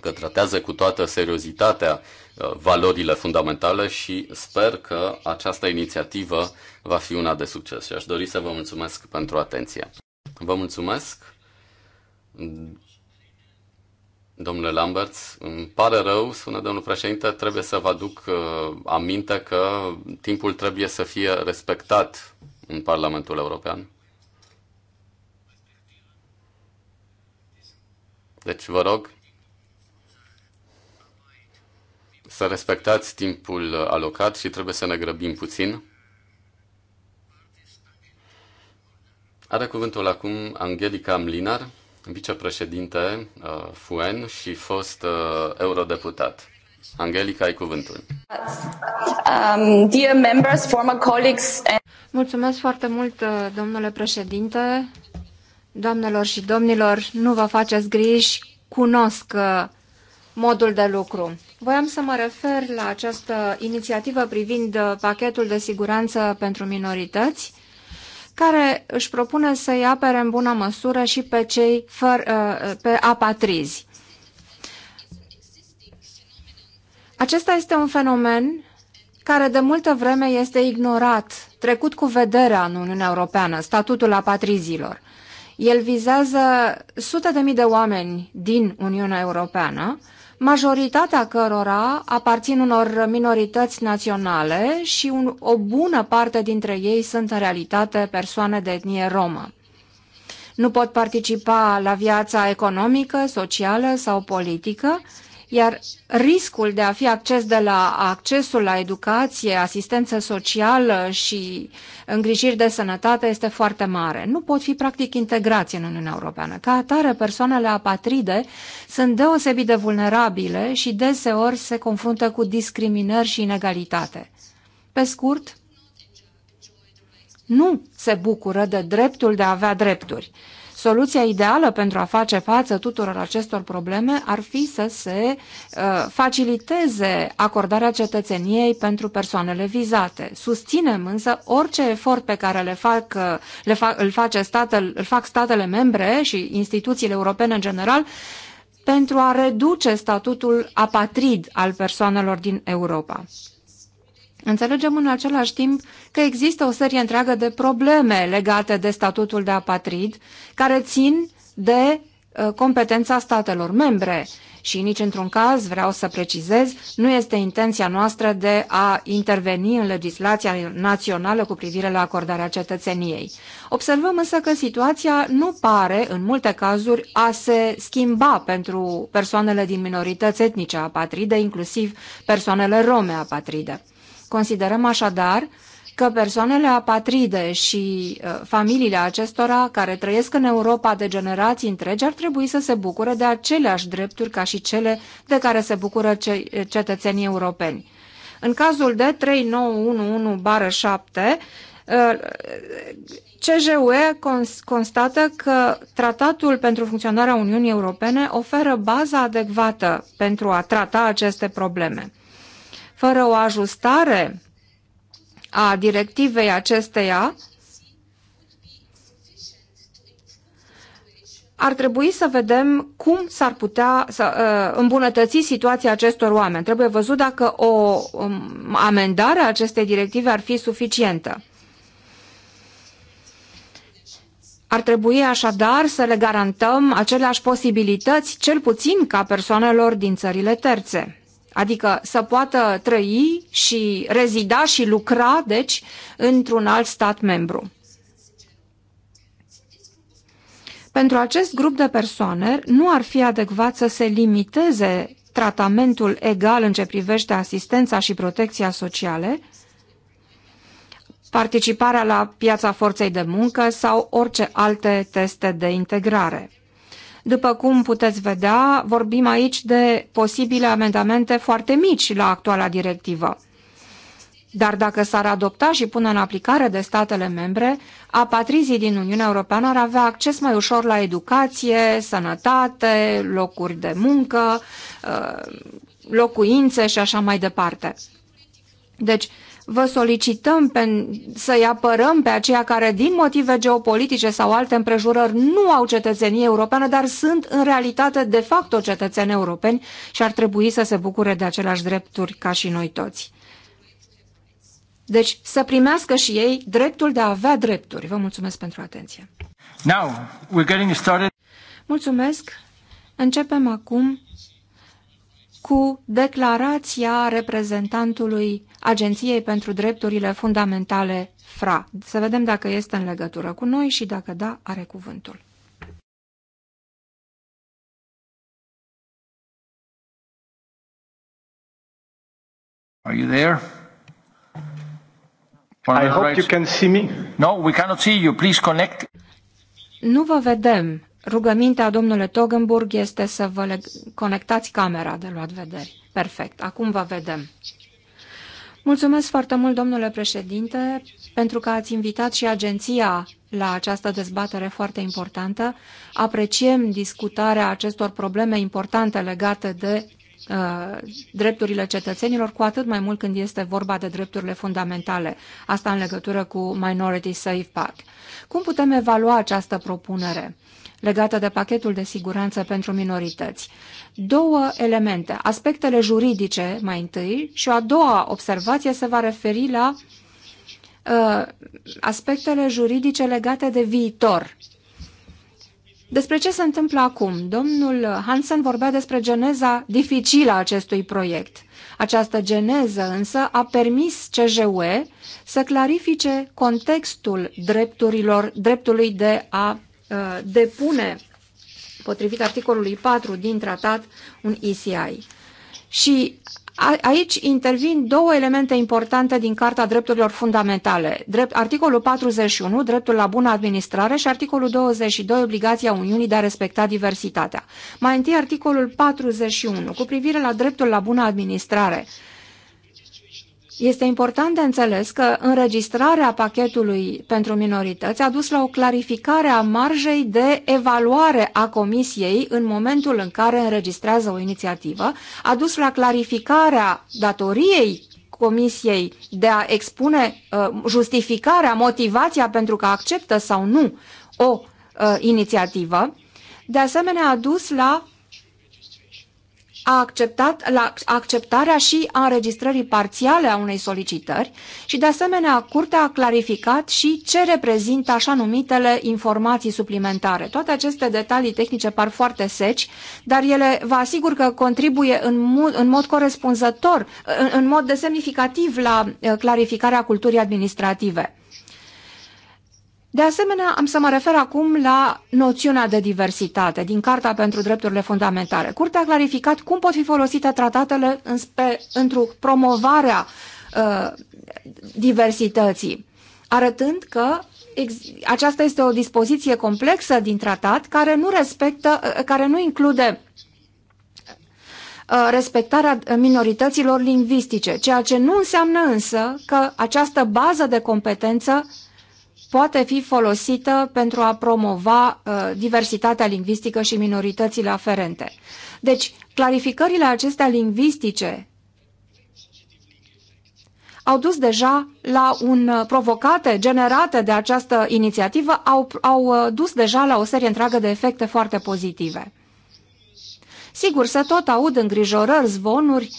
că tratează cu toată seriozitatea Uh, valorile fundamentale și sper că această inițiativă va fi una de succes și aș dori să vă mulțumesc pentru atenție. Vă mulțumesc, domnule Lambert. Îmi pare rău, spune domnul președinte, trebuie să vă aduc uh, aminte că timpul trebuie să fie respectat în Parlamentul European. Deci vă rog să respectați timpul alocat și trebuie să ne grăbim puțin. Are cuvântul acum Angelica Mlinar, vicepreședinte uh, FUEN și fost uh, eurodeputat. Angelica, ai cuvântul. Um, dear members, former colleagues and... Mulțumesc foarte mult, uh, domnule președinte. Doamnelor și domnilor, nu vă faceți griji, cunosc uh, modul de lucru. Voiam să mă refer la această inițiativă privind pachetul de siguranță pentru minorități, care își propune să-i apere în bună măsură și pe cei făr, ă, pe apatrizi. Acesta este un fenomen care de multă vreme este ignorat, trecut cu vederea în Uniunea Europeană, statutul apatrizilor. El vizează sute de mii de oameni din Uniunea Europeană majoritatea cărora aparțin unor minorități naționale și un, o bună parte dintre ei sunt în realitate persoane de etnie romă. Nu pot participa la viața economică, socială sau politică iar riscul de a fi acces de la accesul la educație, asistență socială și îngrijiri de sănătate este foarte mare. Nu pot fi practic integrați în Uniunea Europeană. Ca atare, persoanele apatride sunt deosebit de vulnerabile și deseori se confruntă cu discriminări și inegalitate. Pe scurt, nu se bucură de dreptul de a avea drepturi. Soluția ideală pentru a face față tuturor acestor probleme ar fi să se uh, faciliteze acordarea cetățeniei pentru persoanele vizate. Susținem însă orice efort pe care le fac, uh, le fac, îl, face statel, îl fac statele membre și instituțiile europene în general pentru a reduce statutul apatrid al persoanelor din Europa. Înțelegem în același timp că există o serie întreagă de probleme legate de statutul de apatrid, care țin de uh, competența statelor membre și nici într-un caz, vreau să precizez, nu este intenția noastră de a interveni în legislația națională cu privire la acordarea cetățeniei. Observăm însă că situația nu pare, în multe cazuri, a se schimba pentru persoanele din minorități etnice apatride, inclusiv persoanele rome apatride. Considerăm așadar că persoanele apatride și uh, familiile acestora care trăiesc în Europa de generații întregi ar trebui să se bucure de aceleași drepturi ca și cele de care se bucură uh, cetățenii europeni. În cazul de 3911-7, uh, CJUE constată că Tratatul pentru funcționarea Uniunii Europene oferă baza adecvată pentru a trata aceste probleme. Fără o ajustare a directivei acesteia, ar trebui să vedem cum s-ar putea să uh, îmbunătăți situația acestor oameni. Trebuie văzut dacă o um, amendare a acestei directive ar fi suficientă. Ar trebui așadar să le garantăm aceleași posibilități, cel puțin ca persoanelor din țările terțe adică să poată trăi și rezida și lucra, deci, într-un alt stat membru. Pentru acest grup de persoane nu ar fi adecvat să se limiteze tratamentul egal în ce privește asistența și protecția sociale, participarea la piața forței de muncă sau orice alte teste de integrare. După cum puteți vedea, vorbim aici de posibile amendamente foarte mici la actuala directivă. Dar dacă s-ar adopta și pune în aplicare de statele membre, apatrizii din Uniunea Europeană ar avea acces mai ușor la educație, sănătate, locuri de muncă, uh, locuințe și așa mai departe. Deci, vă solicităm pe, să-i apărăm pe aceia care, din motive geopolitice sau alte împrejurări, nu au cetățenie europeană, dar sunt în realitate de facto cetățeni europeni și ar trebui să se bucure de aceleași drepturi ca și noi toți. Deci să primească și ei dreptul de a avea drepturi. Vă mulțumesc pentru atenție. Now, we're getting started. Mulțumesc. Începem acum cu declarația reprezentantului Agenției pentru Drepturile Fundamentale, FRA. Să vedem dacă este în legătură cu noi și dacă da, are cuvântul. Are you there? I hope you can see me. No, we cannot see you. Please connect. Nu vă vedem. Rugămintea, domnule Togenburg, este să vă conectați camera de luat vederi. Perfect, acum vă vedem. Mulțumesc foarte mult, domnule președinte, pentru că ați invitat și agenția la această dezbatere foarte importantă. Apreciem discutarea acestor probleme importante legate de uh, drepturile cetățenilor, cu atât mai mult când este vorba de drepturile fundamentale, asta în legătură cu Minority Safe Pack. Cum putem evalua această propunere? legată de pachetul de siguranță pentru minorități. Două elemente, aspectele juridice mai întâi și a doua observație se va referi la uh, aspectele juridice legate de viitor. Despre ce se întâmplă acum? Domnul Hansen vorbea despre geneza dificilă a acestui proiect. Această geneză însă a permis CJUE să clarifice contextul drepturilor, dreptului de a Uh, depune, potrivit articolului 4 din tratat, un ECI. Și Aici intervin două elemente importante din Carta Drepturilor Fundamentale. Drept, articolul 41, dreptul la bună administrare și articolul 22, obligația Uniunii de a respecta diversitatea. Mai întâi articolul 41, cu privire la dreptul la bună administrare. Este important de înțeles că înregistrarea pachetului pentru minorități a dus la o clarificare a marjei de evaluare a Comisiei în momentul în care înregistrează o inițiativă, a dus la clarificarea datoriei Comisiei de a expune uh, justificarea, motivația pentru că acceptă sau nu o uh, inițiativă, de asemenea a dus la a acceptat, la acceptarea și a înregistrării parțiale a unei solicitări și, de asemenea, Curtea a clarificat și ce reprezintă așa numitele informații suplimentare. Toate aceste detalii tehnice par foarte seci, dar ele vă asigur că contribuie în mod, în mod corespunzător, în, în mod de semnificativ la uh, clarificarea culturii administrative. De asemenea, am să mă refer acum la noțiunea de diversitate din Carta pentru Drepturile Fundamentale. Curtea a clarificat cum pot fi folosite tratatele pentru promovarea uh, ă, diversității, arătând că aceasta este o dispoziție complexă din tratat care nu respectă, ă, ă, care nu include respectarea minorităților lingvistice, ceea ce nu înseamnă însă că această bază de competență poate fi folosită pentru a promova uh, diversitatea lingvistică și minoritățile aferente. Deci, clarificările acestea lingvistice au dus deja la un uh, provocate generate de această inițiativă, au, au uh, dus deja la o serie întreagă de efecte foarte pozitive. Sigur, se tot aud îngrijorări, zvonuri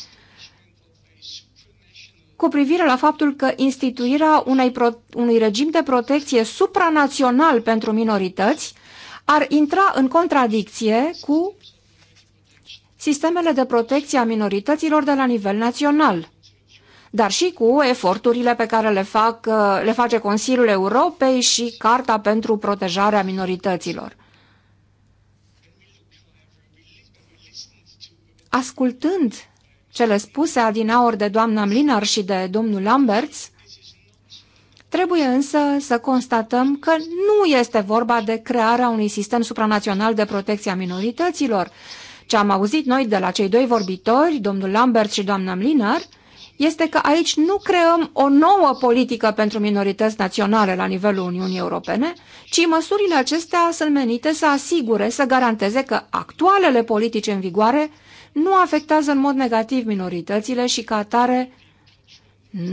cu privire la faptul că instituirea unei pro, unui regim de protecție supranațional pentru minorități ar intra în contradicție cu sistemele de protecție a minorităților de la nivel național, dar și cu eforturile pe care le, fac, uh, le face Consiliul Europei și Carta pentru protejarea minorităților. Ascultând cele spuse adinaori de doamna Mlinar și de domnul Lamberts, trebuie însă să constatăm că nu este vorba de crearea unui sistem supranațional de protecție a minorităților. Ce am auzit noi de la cei doi vorbitori, domnul Lambert și doamna Mlinar, este că aici nu creăm o nouă politică pentru minorități naționale la nivelul Uniunii Europene, ci măsurile acestea sunt menite să asigure, să garanteze că actualele politici în vigoare nu afectează în mod negativ minoritățile și ca atare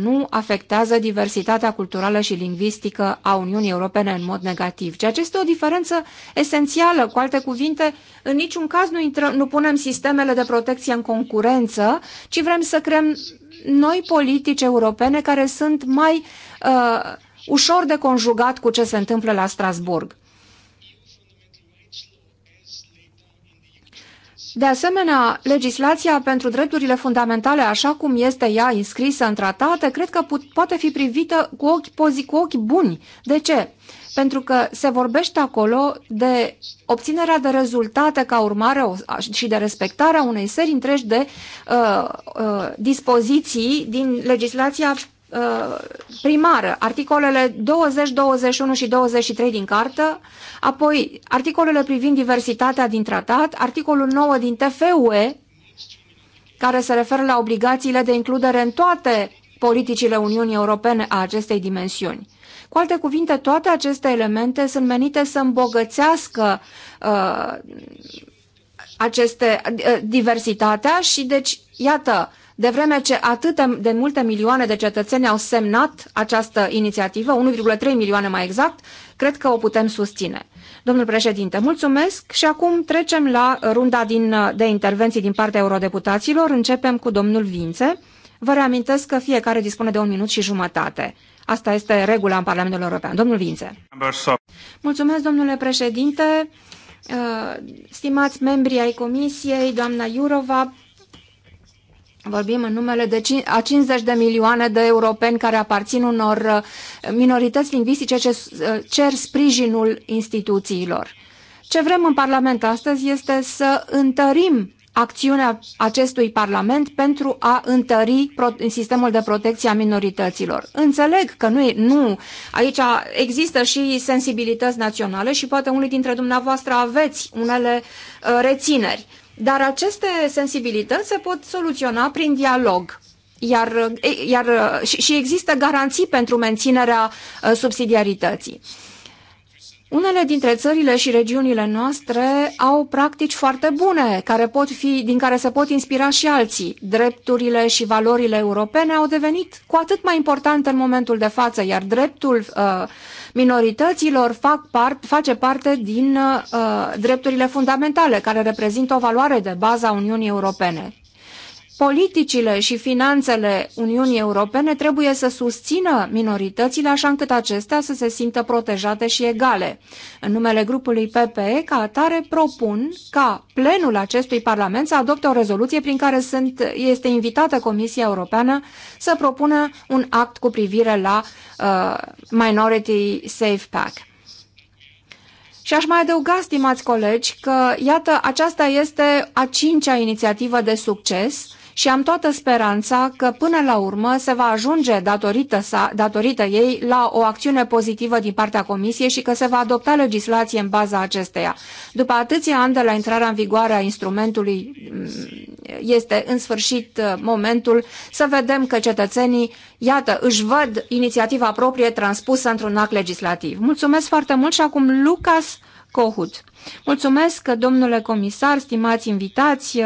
nu afectează diversitatea culturală și lingvistică a Uniunii Europene în mod negativ, ceea ce este o diferență esențială. Cu alte cuvinte, în niciun caz nu, intră, nu punem sistemele de protecție în concurență, ci vrem să creăm noi politici europene care sunt mai uh, ușor de conjugat cu ce se întâmplă la Strasburg. De asemenea, legislația pentru drepturile fundamentale, așa cum este ea inscrisă în tratate, cred că poate fi privită cu ochi, pozi, cu ochi buni. De ce? Pentru că se vorbește acolo de obținerea de rezultate ca urmare și de respectarea unei serii întregi de uh, uh, dispoziții din legislația Uh, primară, articolele 20, 21 și 23 din cartă, apoi articolele privind diversitatea din tratat, articolul 9 din TFUE, care se referă la obligațiile de includere în toate politicile Uniunii Europene a acestei dimensiuni. Cu alte cuvinte, toate aceste elemente sunt menite să îmbogățească uh, aceste, uh, diversitatea și deci, iată, de vreme ce atât de multe milioane de cetățeni au semnat această inițiativă, 1,3 milioane mai exact, cred că o putem susține. Domnul președinte, mulțumesc și acum trecem la runda din, de intervenții din partea eurodeputaților. Începem cu domnul Vințe. Vă reamintesc că fiecare dispune de un minut și jumătate. Asta este regula în Parlamentul European. Domnul Vințe. Mulțumesc, domnule președinte, uh, stimați membri ai Comisiei, doamna Iurova, Vorbim în numele de a 50 de milioane de europeni care aparțin unor uh, minorități lingvistice ce uh, cer sprijinul instituțiilor. Ce vrem în Parlament astăzi este să întărim acțiunea acestui Parlament pentru a întări sistemul de protecție a minorităților. Înțeleg că nu, nu, aici există și sensibilități naționale și poate unii dintre dumneavoastră aveți unele uh, rețineri. Dar aceste sensibilități se pot soluționa prin dialog. Iar, iar, și există garanții pentru menținerea uh, subsidiarității. Unele dintre țările și regiunile noastre au practici foarte bune, care pot fi, din care se pot inspira și alții. Drepturile și valorile europene au devenit cu atât mai importante în momentul de față, iar dreptul uh, minorităților fac part, face parte din uh, drepturile fundamentale, care reprezintă o valoare de bază a Uniunii Europene politicile și finanțele Uniunii Europene trebuie să susțină minoritățile așa încât acestea să se simtă protejate și egale. În numele grupului PPE, ca atare, propun ca plenul acestui Parlament să adopte o rezoluție prin care sunt, este invitată Comisia Europeană să propună un act cu privire la uh, Minority Safe Pack. Și aș mai adăuga, stimați colegi, că, iată, aceasta este a cincea inițiativă de succes și am toată speranța că până la urmă se va ajunge datorită, sa, datorită ei la o acțiune pozitivă din partea Comisiei și că se va adopta legislație în baza acesteia. După atâția ani de la intrarea în vigoare a instrumentului mm, este în sfârșit uh, momentul să vedem că cetățenii, iată, își văd inițiativa proprie transpusă într-un act legislativ. Mulțumesc foarte mult și acum Lucas Cohut. Mulțumesc, domnule comisar, stimați invitați,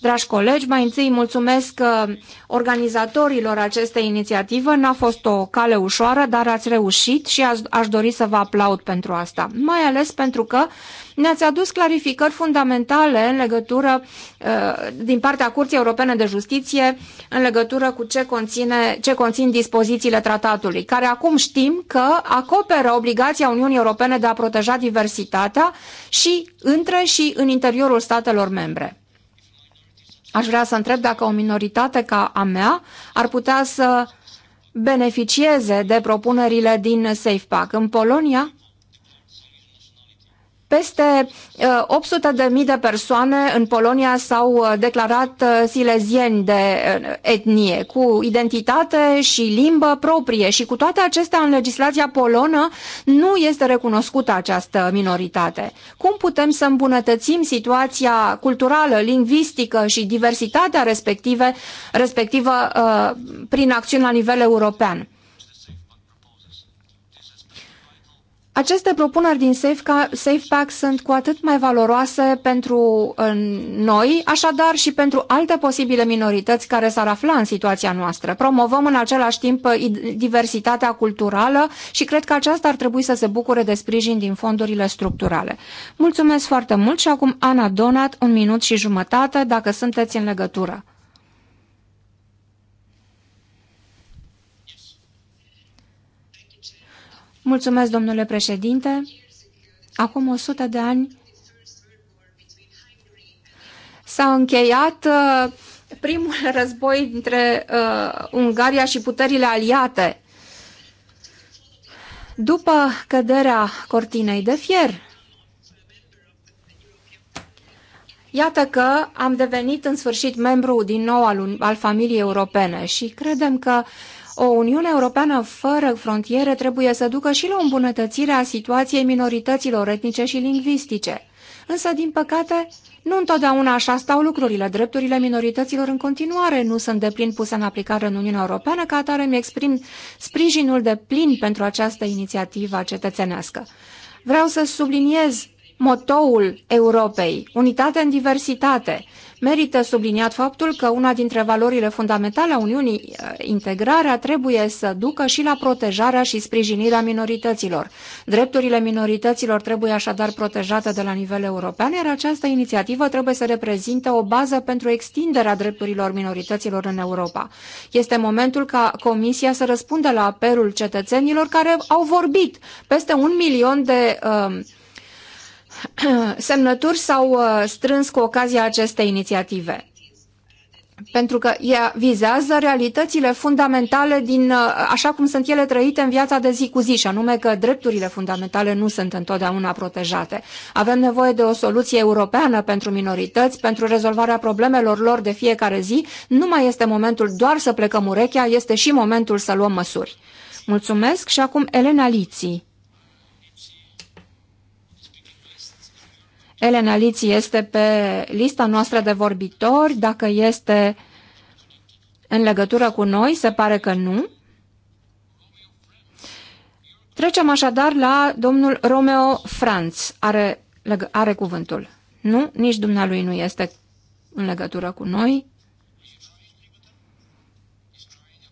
dragi colegi. Mai întâi mulțumesc organizatorilor acestei inițiative. N-a fost o cale ușoară, dar ați reușit și aș, aș dori să vă aplaud pentru asta. Mai ales pentru că ne-ați adus clarificări fundamentale în legătură uh, din partea Curții Europene de Justiție în legătură cu ce, conține, ce conțin dispozițiile tratatului, care acum știm că acoperă obligația Uniunii Europene de a proteja diversitatea și între și în interiorul statelor membre. Aș vrea să întreb dacă o minoritate ca a mea ar putea să beneficieze de propunerile din Safe Pack. În Polonia, peste 800.000 uh, de persoane în Polonia s-au uh, declarat uh, silezieni de etnie, cu identitate și limbă proprie și cu toate acestea în legislația polonă nu este recunoscută această minoritate. Cum putem să îmbunătățim situația culturală, lingvistică și diversitatea respective, respectivă prin acțiuni la nivel european? Aceste propuneri din Safe sunt cu atât mai valoroase pentru uh, noi, așadar și pentru alte posibile minorități care s-ar afla în situația noastră. Promovăm în același timp uh, diversitatea culturală și cred că aceasta ar trebui să se bucure de sprijin din fondurile structurale. Mulțumesc foarte mult și acum Ana Donat, un minut și jumătate, dacă sunteți în legătură. Mulțumesc, domnule președinte. Acum 100 de ani s-a încheiat uh, primul război dintre uh, Ungaria și puterile aliate. După căderea cortinei de fier, Iată că am devenit în sfârșit membru din nou al, al familiei europene și credem că o Uniune Europeană fără frontiere trebuie să ducă și la îmbunătățirea situației minorităților etnice și lingvistice. Însă, din păcate, nu întotdeauna așa stau lucrurile. Drepturile minorităților în continuare nu sunt de plin puse în aplicare în Uniunea Europeană, ca atare mi exprim sprijinul de plin pentru această inițiativă cetățenească. Vreau să subliniez motoul Europei, unitate în diversitate, Merită subliniat faptul că una dintre valorile fundamentale a Uniunii, uh, integrarea, trebuie să ducă și la protejarea și sprijinirea minorităților. Drepturile minorităților trebuie așadar protejate de la nivel european, iar această inițiativă trebuie să reprezinte o bază pentru extinderea drepturilor minorităților în Europa. Este momentul ca Comisia să răspundă la apelul cetățenilor care au vorbit peste un milion de uh, semnături s-au uh, strâns cu ocazia acestei inițiative. Pentru că ea vizează realitățile fundamentale din, uh, așa cum sunt ele trăite în viața de zi cu zi, și anume că drepturile fundamentale nu sunt întotdeauna protejate. Avem nevoie de o soluție europeană pentru minorități, pentru rezolvarea problemelor lor de fiecare zi. Nu mai este momentul doar să plecăm urechea, este și momentul să luăm măsuri. Mulțumesc și acum Elena Liții. Elena Liț este pe lista noastră de vorbitori, dacă este în legătură cu noi, se pare că nu. Trecem așadar la domnul Romeo Franz. Are, are cuvântul. Nu, nici dumnealui nu este în legătură cu noi.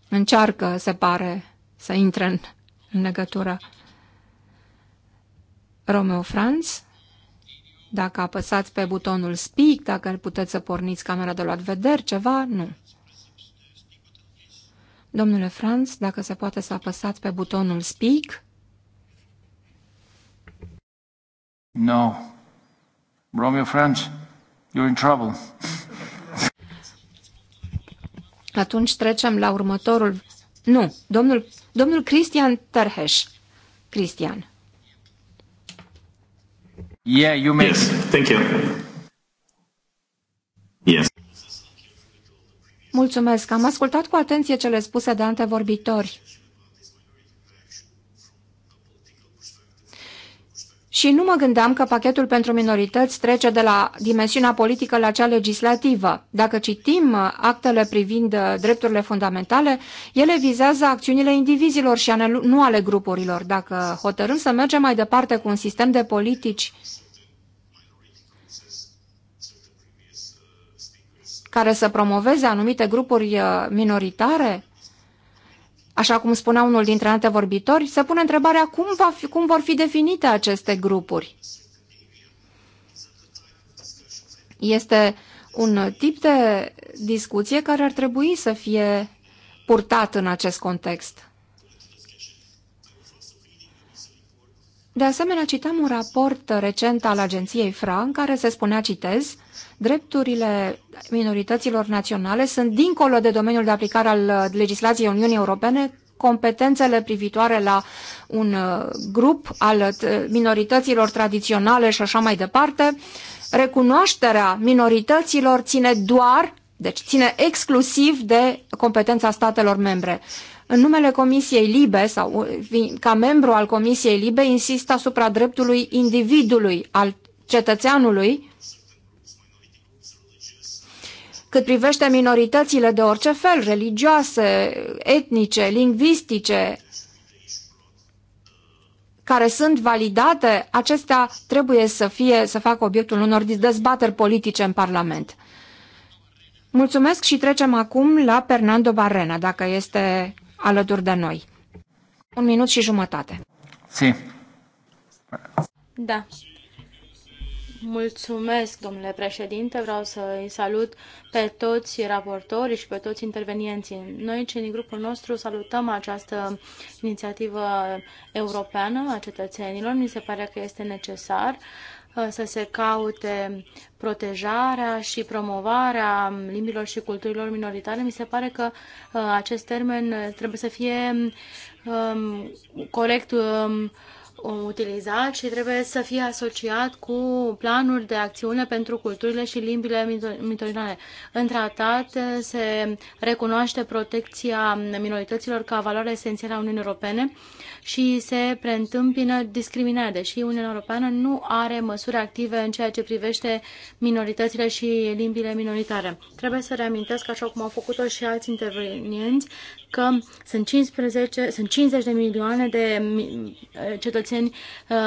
Încearcă, se pare, să intre în, în legătură. Romeo Franz. Dacă apăsați pe butonul speak, dacă îl puteți să porniți camera de luat vederi, ceva, nu. Domnule Franz, dacă se poate să apăsați pe butonul speak? No. Romeo Franz, you're in trouble. Atunci trecem la următorul... Nu, domnul, domnul Cristian Terheș. Cristian. Yeah, you may. Yes, thank you. Yes. Mulțumesc. Am ascultat cu atenție cele spuse de antevorbitori. și nu mă gândeam că pachetul pentru minorități trece de la dimensiunea politică la cea legislativă. Dacă citim uh, actele privind uh, drepturile fundamentale, ele vizează acțiunile indivizilor și nu ale grupurilor. Dacă hotărâm să mergem mai departe cu un sistem de politici care să promoveze anumite grupuri uh, minoritare, așa cum spunea unul dintre antevorbitori, se pune întrebarea cum, va fi, cum vor fi definite aceste grupuri. Este un tip de discuție care ar trebui să fie purtat în acest context. De asemenea, citam un raport recent al agenției FRA în care se spunea, citez, drepturile minorităților naționale sunt dincolo de domeniul de aplicare al uh, legislației Uniunii Europene, competențele privitoare la un uh, grup al uh, minorităților tradiționale și așa mai departe, recunoașterea minorităților ține doar, deci ține exclusiv de competența statelor membre. În numele Comisiei Libe sau uh, ca membru al Comisiei Libe insist asupra dreptului individului, al cetățeanului, cât privește minoritățile de orice fel, religioase, etnice, lingvistice, care sunt validate, acestea trebuie să, fie, să facă obiectul unor dezbateri politice în Parlament. Mulțumesc și trecem acum la Fernando Barrena, dacă este alături de noi. Un minut și jumătate. Si. Da. Mulțumesc, domnule președinte. Vreau să îi salut pe toți raportorii și pe toți intervenienții. Noi, cei din grupul nostru, salutăm această inițiativă europeană a cetățenilor. Mi se pare că este necesar Uh, să se caute protejarea și promovarea limbilor și culturilor minoritare. Mi se pare că uh, acest termen trebuie să fie um, corect um, utilizat și trebuie să fie asociat cu planuri de acțiune pentru culturile și limbile minoritare. În tratat se recunoaște protecția minorităților ca valoare esențială a Uniunii Europene și se preîntâmpină discriminarea, deși Uniunea Europeană nu are măsuri active în ceea ce privește minoritățile și limbile minoritare. Trebuie să reamintesc, așa cum au făcut-o și alți intervenienți, că sunt, 15, sunt 50 de milioane de cetățeni uh,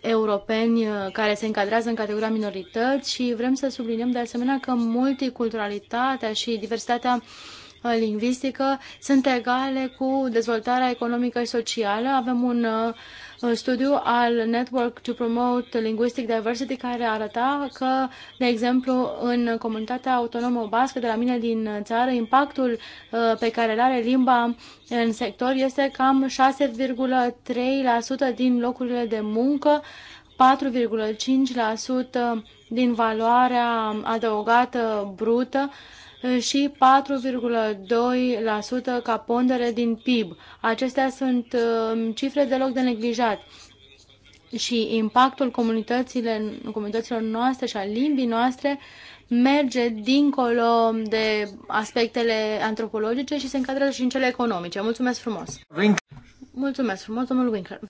europeni uh, care se încadrează în categoria minorități și vrem să subliniem de asemenea că multiculturalitatea și diversitatea uh, lingvistică sunt egale cu dezvoltarea economică și socială. Avem un uh, studiu al Network to Promote Linguistic Diversity care arăta că, de exemplu, în comunitatea autonomă bască de la mine din țară, impactul uh, pe care îl are limba în sector este cam 6,3% din locurile de muncă, 4,5% din valoarea adăugată brută, și 4,2% ca pondere din PIB. Acestea sunt um, cifre deloc de neglijat și impactul comunităților noastre și a limbii noastre merge dincolo de aspectele antropologice și se încadrează și în cele economice. Mulțumesc frumos! Mulțumesc frumos, domnul Winkler.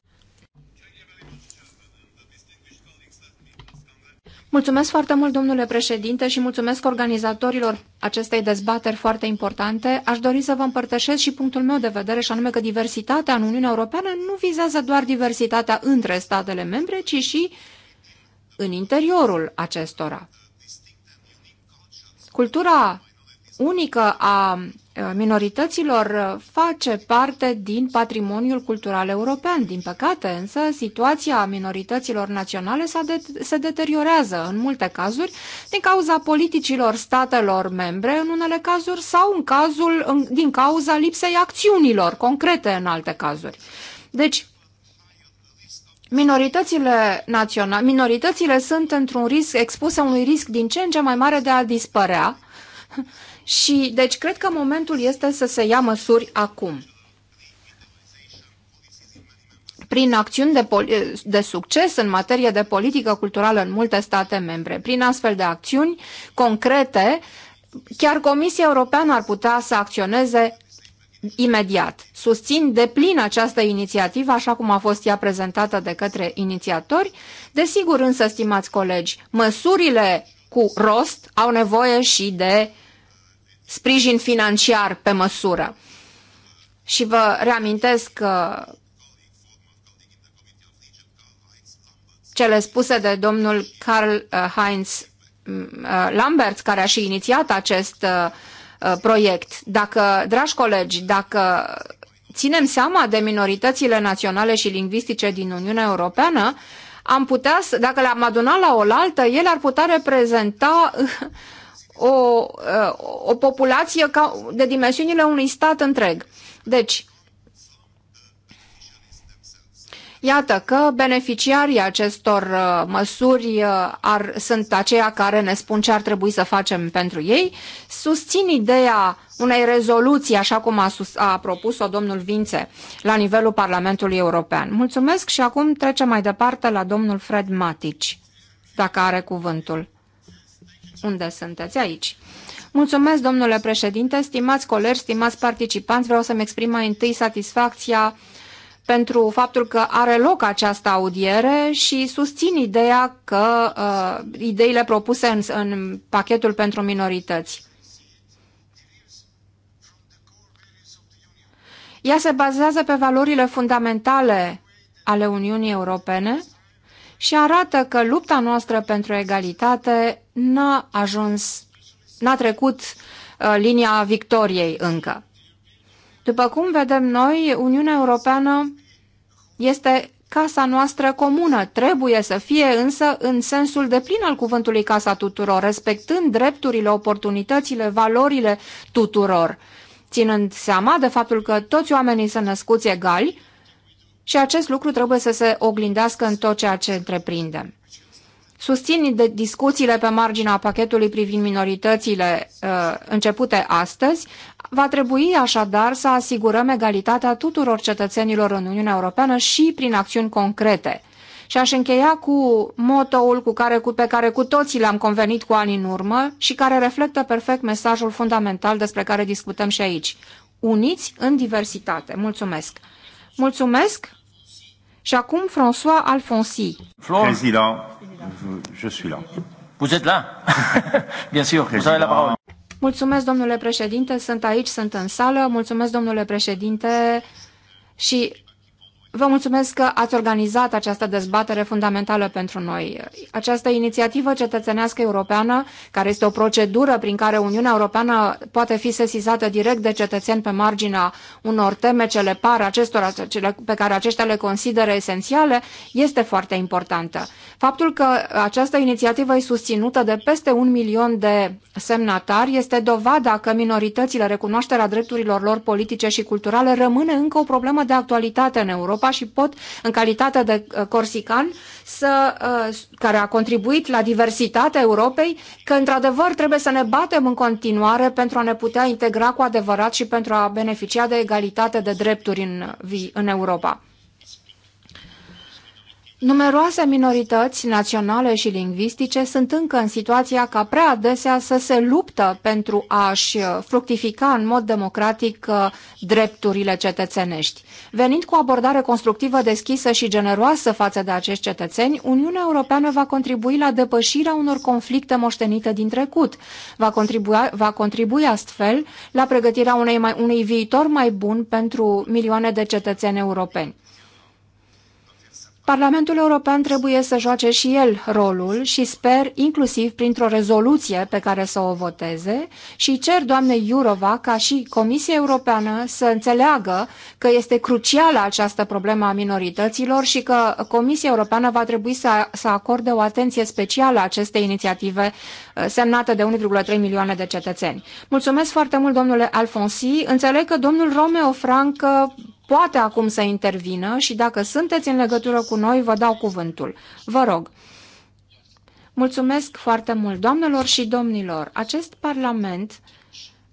Mulțumesc foarte mult, domnule președinte, și mulțumesc organizatorilor acestei dezbateri foarte importante. Aș dori să vă împărtășesc și punctul meu de vedere, și anume că diversitatea în Uniunea Europeană nu vizează doar diversitatea între statele membre, ci și în interiorul acestora. Cultura unică a minorităților uh, face parte din patrimoniul cultural european. Din păcate, însă, situația minorităților naționale se deteriorează în multe cazuri din cauza politicilor statelor membre în unele cazuri sau în cazul, în, din cauza lipsei acțiunilor concrete în alte cazuri. Deci, Minoritățile, naționale, minoritățile sunt într-un risc expuse unui risc din ce în ce mai mare de a dispărea și deci cred că momentul este să se ia măsuri acum. Prin acțiuni de, de succes în materie de politică culturală în multe state membre, prin astfel de acțiuni concrete, chiar Comisia Europeană ar putea să acționeze imediat. Susțin de plin această inițiativă, așa cum a fost ea prezentată de către inițiatori. Desigur însă, stimați colegi, măsurile cu rost au nevoie și de uh, sprijin financiar pe măsură. Și vă reamintesc că cele spuse de domnul Karl uh, Heinz mm, uh, Lambert, care a și inițiat acest uh, proiect. Dacă, dragi colegi, dacă ținem seama de minoritățile naționale și lingvistice din Uniunea Europeană, am putea, dacă le-am adunat la oaltă, ele ar putea reprezenta o, uh, o populație ca, de dimensiunile unui stat întreg. Deci, Iată că beneficiarii acestor uh, măsuri uh, ar, sunt aceia care ne spun ce ar trebui să facem pentru ei. Susțin ideea unei rezoluții, așa cum a, sus, a propus-o domnul Vințe, la nivelul Parlamentului European. Mulțumesc și acum trecem mai departe la domnul Fred Matici, dacă are cuvântul unde sunteți aici. Mulțumesc, domnule președinte, stimați colegi, stimați participanți, vreau să-mi exprim mai întâi satisfacția pentru faptul că are loc această audiere și susțin ideea că uh, ideile propuse în, în pachetul pentru minorități. Ea se bazează pe valorile fundamentale ale Uniunii Europene și arată că lupta noastră pentru egalitate n-a ajuns, n-a trecut uh, linia victoriei încă. După cum vedem noi, Uniunea Europeană este casa noastră comună. Trebuie să fie însă în sensul de plin al cuvântului casa tuturor, respectând drepturile, oportunitățile, valorile tuturor, ținând seama de faptul că toți oamenii sunt născuți egali și acest lucru trebuie să se oglindească în tot ceea ce întreprindem. Susțin de discuțiile pe marginea pachetului privind minoritățile uh, începute astăzi. Va trebui așadar să asigurăm egalitatea tuturor cetățenilor în Uniunea Europeană și prin acțiuni concrete. Și aș încheia cu motoul cu care, cu, pe care cu toții l-am convenit cu ani în urmă și care reflectă perfect mesajul fundamental despre care discutăm și aici. Uniți în diversitate. Mulțumesc! Mulțumesc! Și acum François Alfonsi. Président, Je, suis là. Vous êtes là? Bien sûr, vous avez la parole. Mulțumesc, domnule președinte, sunt aici, sunt în sală. Mulțumesc, domnule președinte, și Vă mulțumesc că ați organizat această dezbatere fundamentală pentru noi. Această inițiativă cetățenească europeană, care este o procedură prin care Uniunea Europeană poate fi sesizată direct de cetățeni pe marginea unor teme ce le par acestora, cele pe care aceștia le consideră esențiale, este foarte importantă. Faptul că această inițiativă e susținută de peste un milion de semnatari este dovada că minoritățile, recunoașterea drepturilor lor politice și culturale rămâne încă o problemă de actualitate în Europa Europa și pot, în calitate de uh, corsican, să, uh, care a contribuit la diversitatea Europei, că într-adevăr trebuie să ne batem în continuare pentru a ne putea integra cu adevărat și pentru a beneficia de egalitate de drepturi în, uh, în Europa. Numeroase minorități naționale și lingvistice sunt încă în situația ca prea adesea să se luptă pentru a-și fructifica în mod democratic uh, drepturile cetățenești. Venind cu o abordare constructivă deschisă și generoasă față de acești cetățeni, Uniunea Europeană va contribui la depășirea unor conflicte moștenite din trecut. Va contribui, va contribui astfel la pregătirea unei mai, unui viitor mai bun pentru milioane de cetățeni europeni. Parlamentul European trebuie să joace și el rolul și sper inclusiv printr-o rezoluție pe care să o voteze și cer doamne Iurova ca și Comisia Europeană să înțeleagă că este crucială această problemă a minorităților și că Comisia Europeană va trebui să, să acorde o atenție specială acestei inițiative uh, semnată de 1,3 milioane de cetățeni. Mulțumesc foarte mult, domnule Alfonsi. Înțeleg că domnul Romeo Franc uh, poate acum să intervină și dacă sunteți în legătură cu noi, vă dau cuvântul. Vă rog. Mulțumesc foarte mult, doamnelor și domnilor. Acest parlament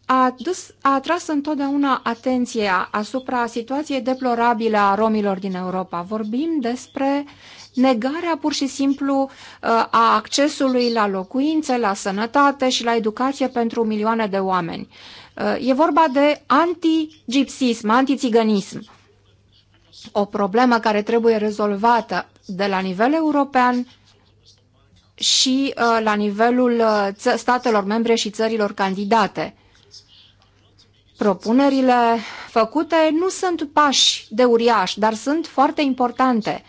a, dus, a atras întotdeauna atenția asupra situației deplorabile a romilor din Europa. Vorbim despre negarea pur și simplu uh, a accesului la locuințe, la sănătate și la educație pentru milioane de oameni. E vorba de anti-gipsism, anti-țigănism. O problemă care trebuie rezolvată de la nivel european și uh, la nivelul uh, statelor membre și țărilor candidate. Propunerile făcute nu sunt pași de uriaș, dar sunt foarte importante –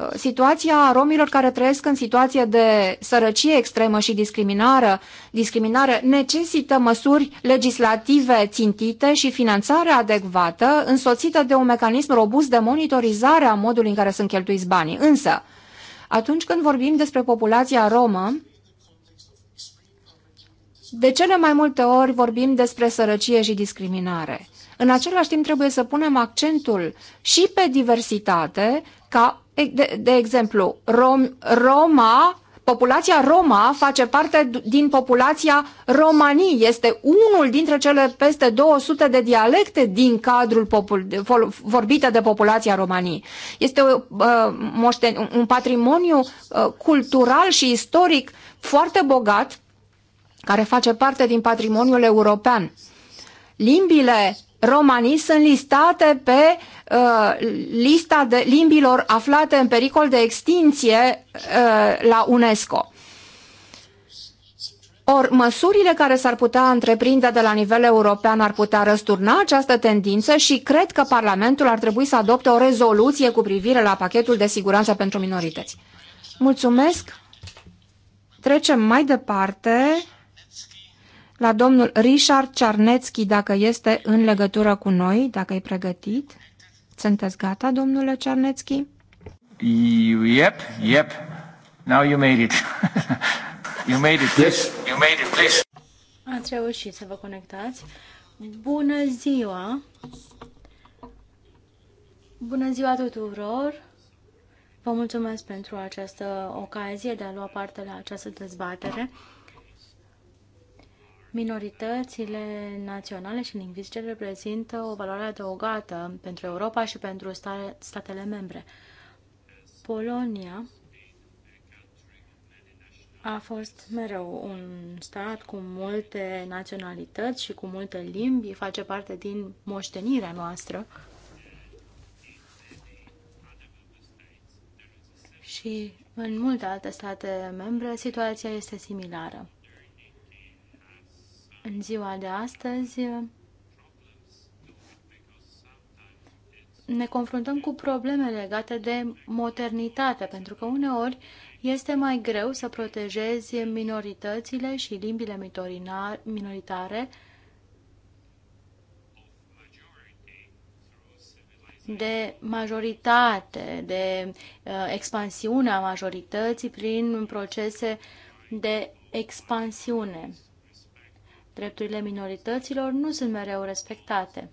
Uh, situația romilor care trăiesc în situație de sărăcie extremă și discriminare, discriminare necesită măsuri legislative țintite și finanțare adecvată, însoțită de un mecanism robust de monitorizare a modului în care sunt cheltuiți banii. Însă, atunci când vorbim despre populația romă, de cele mai multe ori vorbim despre sărăcie și discriminare. În același timp trebuie să punem accentul și pe diversitate ca de, de exemplu, Rom, Roma, populația Roma face parte din populația Romanii. Este unul dintre cele peste 200 de dialecte din cadrul vorbite de populația Romanii. Este uh, moșten, un patrimoniu uh, cultural și istoric foarte bogat, care face parte din patrimoniul european. Limbile romanii sunt listate pe uh, lista de limbilor aflate în pericol de extinție uh, la UNESCO. Or, măsurile care s-ar putea întreprinde de la nivel european ar putea răsturna această tendință și cred că Parlamentul ar trebui să adopte o rezoluție cu privire la pachetul de siguranță pentru minorități. Mulțumesc! Trecem mai departe la domnul Richard Czarnecki dacă este în legătură cu noi, dacă e pregătit. Sunteți gata, domnule Czarnecki? Yep, yep. Now you made it. you made it, please. You made it, please. Ați reușit să vă conectați. Bună ziua! Bună ziua tuturor! Vă mulțumesc pentru această ocazie de a lua parte la această dezbatere. Minoritățile naționale și lingvistice reprezintă o valoare adăugată pentru Europa și pentru statele membre. Polonia a fost mereu un stat cu multe naționalități și cu multe limbi, face parte din moștenirea noastră. Și în multe alte state membre situația este similară în ziua de astăzi ne confruntăm cu probleme legate de modernitate, pentru că uneori este mai greu să protejezi minoritățile și limbile minoritare de majoritate, de uh, expansiunea majorității prin procese de expansiune. Drepturile minorităților nu sunt mereu respectate.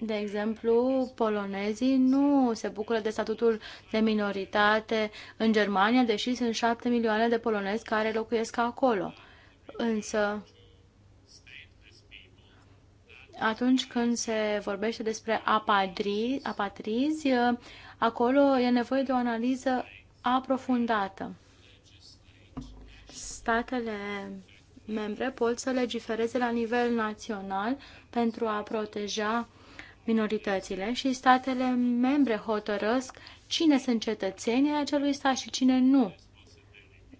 De exemplu, polonezii nu se bucură de statutul de minoritate în Germania, deși sunt șapte milioane de polonezi care locuiesc acolo. Însă, atunci când se vorbește despre apatrizi, acolo e nevoie de o analiză aprofundată statele membre pot să legifereze la nivel național pentru a proteja minoritățile și statele membre hotărăsc cine sunt cetățenii acelui stat și cine nu.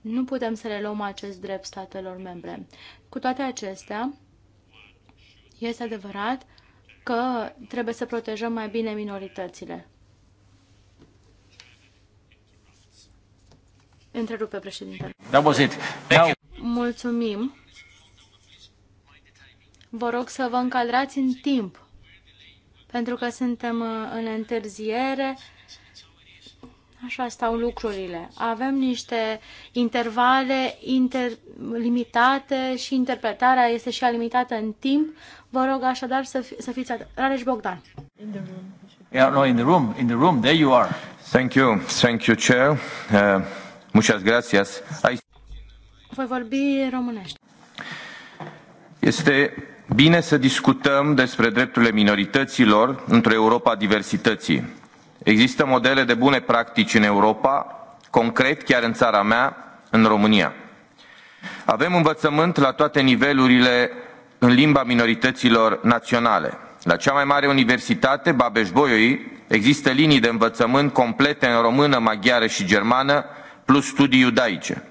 Nu putem să le luăm acest drept statelor membre. Cu toate acestea, este adevărat că trebuie să protejăm mai bine minoritățile. Întrerupe președintele. That was it. Now... Mulțumim. Vă rog să vă încadrați în timp, pentru că suntem uh, în întârziere. Așa stau lucrurile. Avem niște intervale inter- limitate și interpretarea este și limitată în timp. Vă rog așadar să, fi, să fiți atenți. Rareș Bogdan. In the room. Yeah, no, in the room, in the room, there you are. Thank you, thank you, Chair. Uh... Muchas gracias. Voi vorbi românește. Este bine să discutăm despre drepturile minorităților într-o Europa diversității. Există modele de bune practici în Europa, concret chiar în țara mea, în România. Avem învățământ la toate nivelurile în limba minorităților naționale. La cea mai mare universitate, Babeș-Bolyai, există linii de învățământ complete în română, maghiară și germană, plus studii iudaice.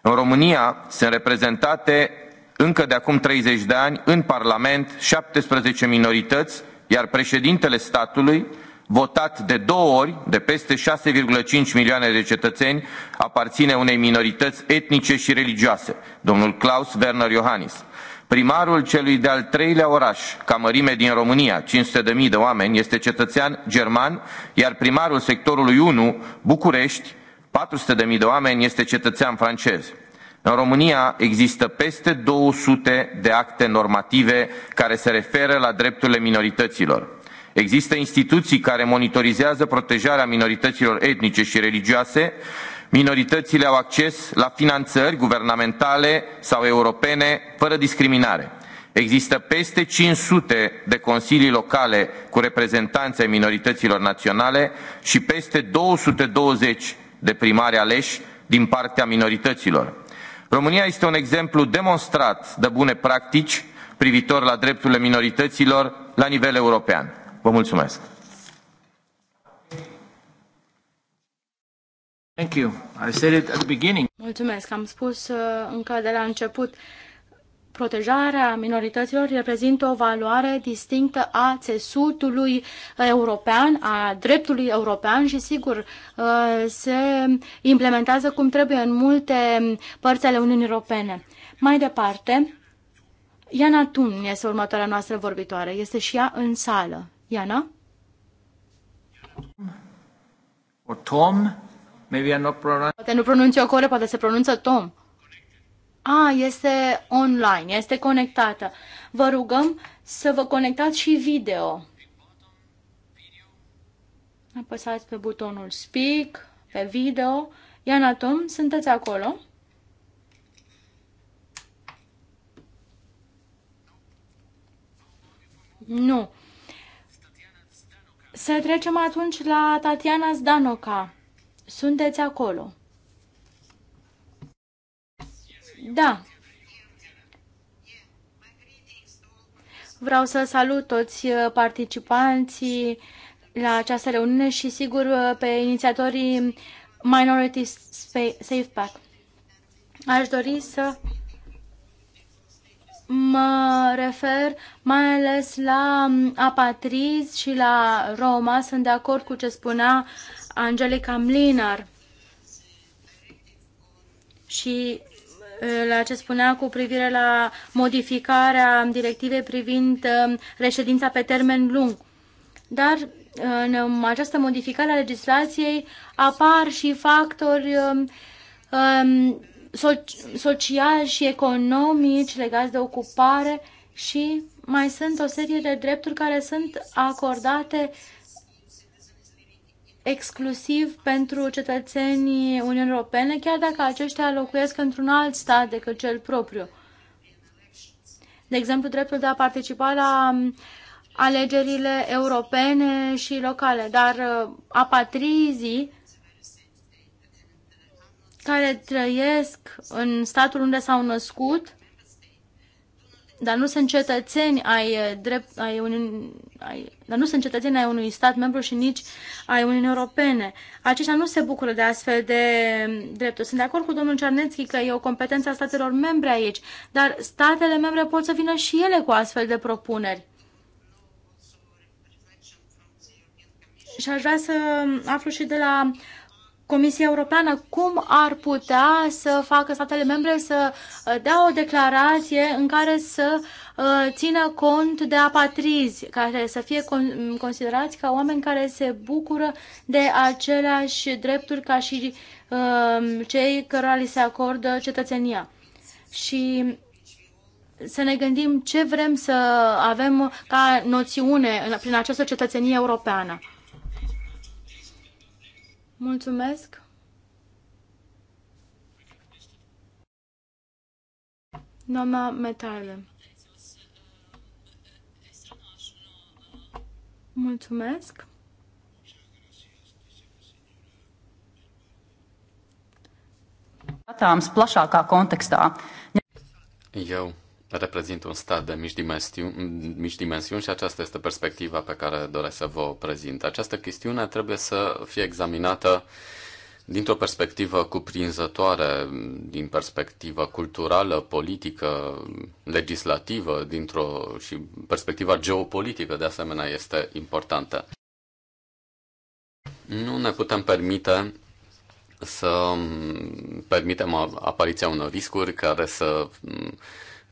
În România sunt reprezentate încă de acum 30 de ani în Parlament 17 minorități, iar președintele statului, votat de două ori de peste 6,5 milioane de cetățeni, aparține unei minorități etnice și religioase, domnul Klaus Werner Iohannis. Primarul celui de-al treilea oraș, ca mărime din România, 500.000 de oameni, este cetățean german, iar primarul sectorului 1, București, 400.000 de oameni este cetățean francez. În România există peste 200 de acte normative care se referă la drepturile minorităților. Există instituții care monitorizează protejarea minorităților etnice și religioase. Minoritățile au acces la finanțări guvernamentale sau europene fără discriminare. Există peste 500 de consilii locale cu reprezentanțe minorităților naționale și peste 220 de primari aleși din partea minorităților. România este un exemplu demonstrat de bune practici privitor la drepturile minorităților la nivel european. Vă mulțumesc! Thank you. I said it at the beginning. Mulțumesc, am spus uh, încă de la început protejarea minorităților reprezintă o valoare distinctă a țesutului european, a dreptului european și, sigur, uh, se implementează cum trebuie în multe părți ale Uniunii Europene. Mai departe, Iana Tun este următoarea noastră vorbitoare. Este și ea în sală. Iana? Tom? Maybe I'm not Poate nu pronunț eu corect, poate se pronunță Tom. A, este online, este conectată. Vă rugăm să vă conectați și video. Apăsați pe butonul Speak, pe video. Iana Tom, sunteți acolo? Nu. Să trecem atunci la Tatiana Zdanoca. Sunteți acolo. Da. Vreau să salut toți uh, participanții la această reuniune și, sigur, uh, pe inițiatorii Minority Safe Pack. Aș dori să mă refer mai ales la um, apatriz și la Roma. Sunt de acord cu ce spunea Angelica Mlinar. Și Ă, la ce spunea cu privire la modificarea directivei privind ă, reședința pe termen lung. Dar în ă, această modificare a legislației apar și factori um, sociali și economici legați de ocupare și mai sunt o serie de drepturi care sunt acordate exclusiv pentru cetățenii Uniunii Europene, chiar dacă aceștia locuiesc într-un alt stat decât cel propriu. De exemplu, dreptul de a participa la um, alegerile europene și locale, dar uh, apatrizii care trăiesc în statul unde s-au născut dar nu sunt cetățeni ai, eh, drept, ai, un. ai, dar nu sunt cetățeni ai unui stat membru și nici ai Uniunii Europene. Aceștia nu se bucură de astfel de mm, drepturi. Sunt de acord cu domnul Cernețchi că e o competență a statelor membre aici, dar statele membre pot să vină și ele cu astfel de propuneri. Și aș vrea să mm, aflu și de la Comisia Europeană cum ar putea să facă statele membre să uh, dea o declarație în care să uh, țină cont de apatrizi, care să fie considerați ca oameni care se bucură de aceleași drepturi ca și um, cei cărora li se acordă cetățenia. Și să ne gândim ce vrem să avem ca noțiune prin această cetățenie europeană. Mulțumesc! Doamna Metale. Mulțumesc! Skatāms plašākā kontekstā. Jau reprezintă un stat de mici dimensiuni, mici dimensiuni și aceasta este perspectiva pe care doresc să vă prezint. Această chestiune trebuie să fie examinată dintr-o perspectivă cuprinzătoare, din perspectivă culturală, politică, legislativă, dintr-o și perspectiva geopolitică de asemenea este importantă. Nu ne putem permite să permitem apariția unor riscuri care să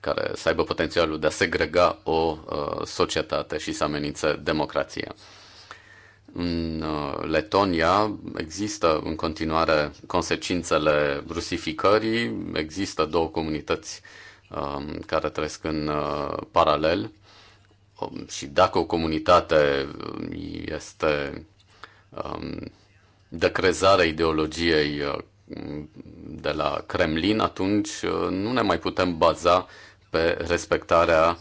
care să aibă potențialul de a segrega o uh, societate și să amenințe democrația. În uh, Letonia există în continuare consecințele rusificării, există două comunități um, care trăiesc în uh, paralel um, și dacă o comunitate este um, de crezare ideologiei de la Kremlin, atunci nu ne mai putem baza pe respectarea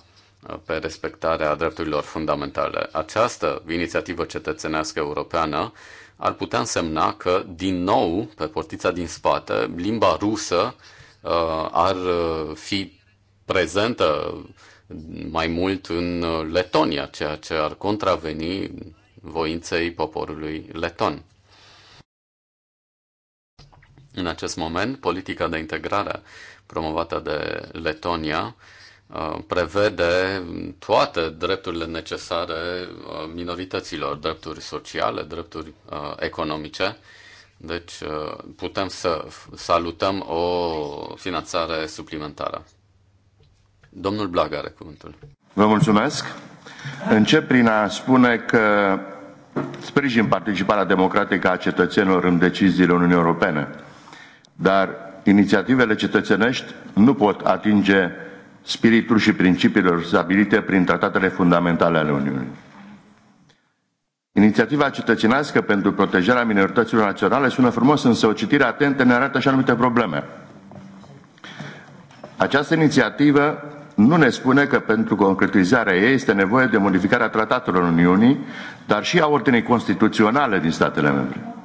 pe respectarea drepturilor fundamentale. Această inițiativă cetățenească europeană ar putea însemna că, din nou, pe portița din spate, limba rusă uh, ar uh, fi prezentă mai mult în uh, Letonia, ceea ce ar contraveni voinței poporului leton. În acest moment, politica de integrare promovată de Letonia, uh, prevede toate drepturile necesare uh, minorităților, drepturi sociale, drepturi uh, economice. Deci putem să salutăm o finanțare suplimentară. Domnul Blaga are cuvântul. Vă mulțumesc. Încep prin a spune că sprijin participarea democratică a cetățenilor în deciziile Uniunii Europene, dar inițiativele cetățenești nu pot atinge spiritul și principiilor stabilite prin tratatele fundamentale ale Uniunii. Inițiativa cetățenească pentru protejarea minorităților naționale sună frumos, însă o citire atentă ne arată și anumite probleme. Această inițiativă nu ne spune că pentru concretizarea ei este nevoie de modificarea tratatelor Uniunii, dar și a ordinii constituționale din statele membre.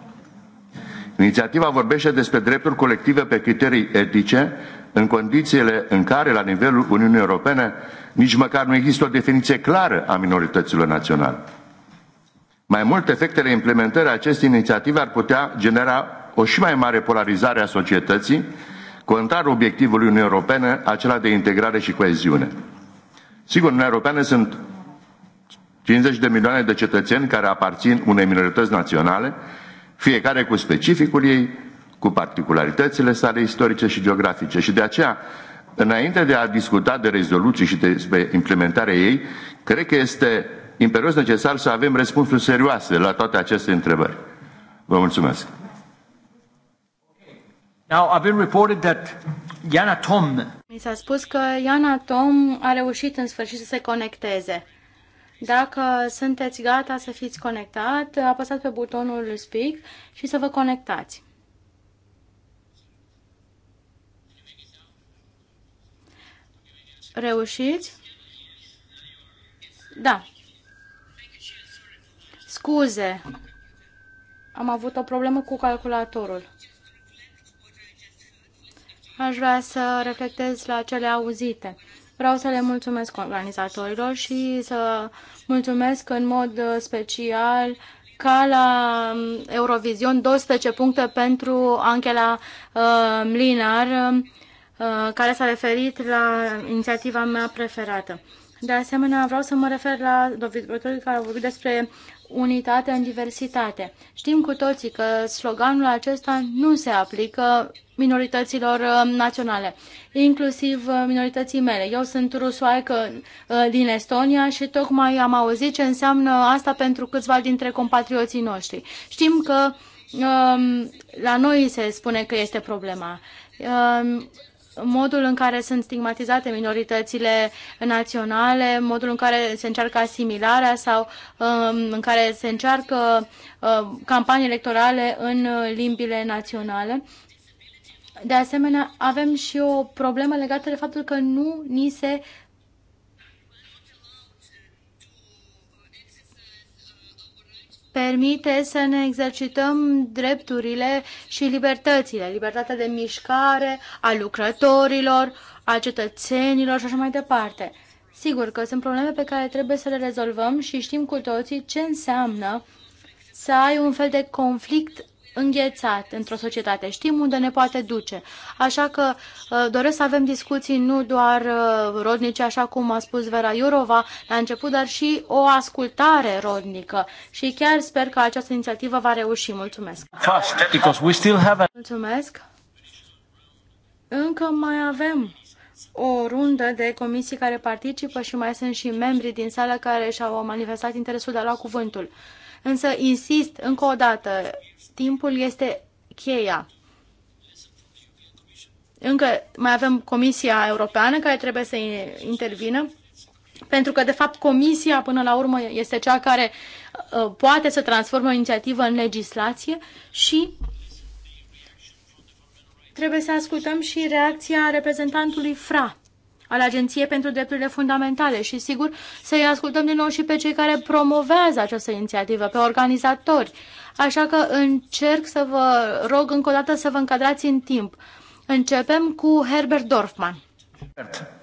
Inițiativa vorbește despre drepturi colective pe criterii etice, în condițiile în care, la nivelul Uniunii Europene, nici măcar nu există o definiție clară a minorităților naționale. Mai mult, efectele implementării acestei inițiative ar putea genera o și mai mare polarizare a societății, contrar obiectivului Uniunii Europene, acela de integrare și coeziune. Sigur, Uniunea Europeană sunt 50 de milioane de cetățeni care aparțin unei minorități naționale, fiecare cu specificul ei, cu particularitățile sale istorice și geografice. Și de aceea, înainte de a discuta de rezoluții și de implementarea ei, cred că este imperios necesar să avem răspunsuri serioase la toate aceste întrebări. Vă mulțumesc. Now, I've been reported that Yana Tom... Mi s-a spus că Iana Tom a reușit în sfârșit să se conecteze. Dacă sunteți gata să fiți conectat, apăsați pe butonul Speak și să vă conectați. Reușiți? Da. Scuze. Am avut o problemă cu calculatorul. Aș vrea să reflectez la cele auzite. Vreau să le mulțumesc organizatorilor și să mulțumesc în mod uh, special ca la um, Eurovision 12 puncte pentru Angela uh, Mlinar um, uh, care s-a referit la inițiativa mea preferată. De asemenea, vreau să mă refer la doveditorii care au vorbit despre unitate în diversitate. Știm cu toții că sloganul acesta nu se aplică minorităților uh, naționale, inclusiv uh, minorității mele. Eu sunt rusoaică uh, din Estonia și tocmai am auzit ce înseamnă asta pentru câțiva dintre compatrioții noștri. Știm că um, la noi se spune că este problema. Um, modul în care sunt stigmatizate minoritățile naționale, modul în care se încearcă asimilarea sau um, în care se încearcă uh, campanii electorale în uh, limbile naționale. De asemenea, avem și o problemă legată de faptul că nu ni se permite să ne exercităm drepturile și libertățile, libertatea de mișcare a lucrătorilor, a cetățenilor și așa mai departe. Sigur că sunt probleme pe care trebuie să le rezolvăm și știm cu toții ce înseamnă să ai un fel de conflict înghețat într-o societate. Știm unde ne poate duce. Așa că uh, doresc să avem discuții nu doar uh, rodnice, așa cum a spus Vera Iurova la început, dar și o ascultare rodnică. Și chiar sper că această inițiativă va reuși. Mulțumesc! Mulțumesc! Încă mai avem o rundă de comisii care participă și mai sunt și membri din sală care și-au manifestat interesul de a lua cuvântul. Însă insist încă o dată, timpul este cheia. Încă mai avem Comisia Europeană care trebuie să intervină, pentru că, de fapt, Comisia, până la urmă, este cea care uh, poate să transforme o inițiativă în legislație și trebuie să ascultăm și reacția reprezentantului FRA al Agenției pentru Drepturile Fundamentale și, sigur, să-i ascultăm din nou și pe cei care promovează această inițiativă, pe organizatori. Așa că încerc să vă rog încă o dată să vă încadrați în timp. Începem cu Herbert Dorfman. Herbert.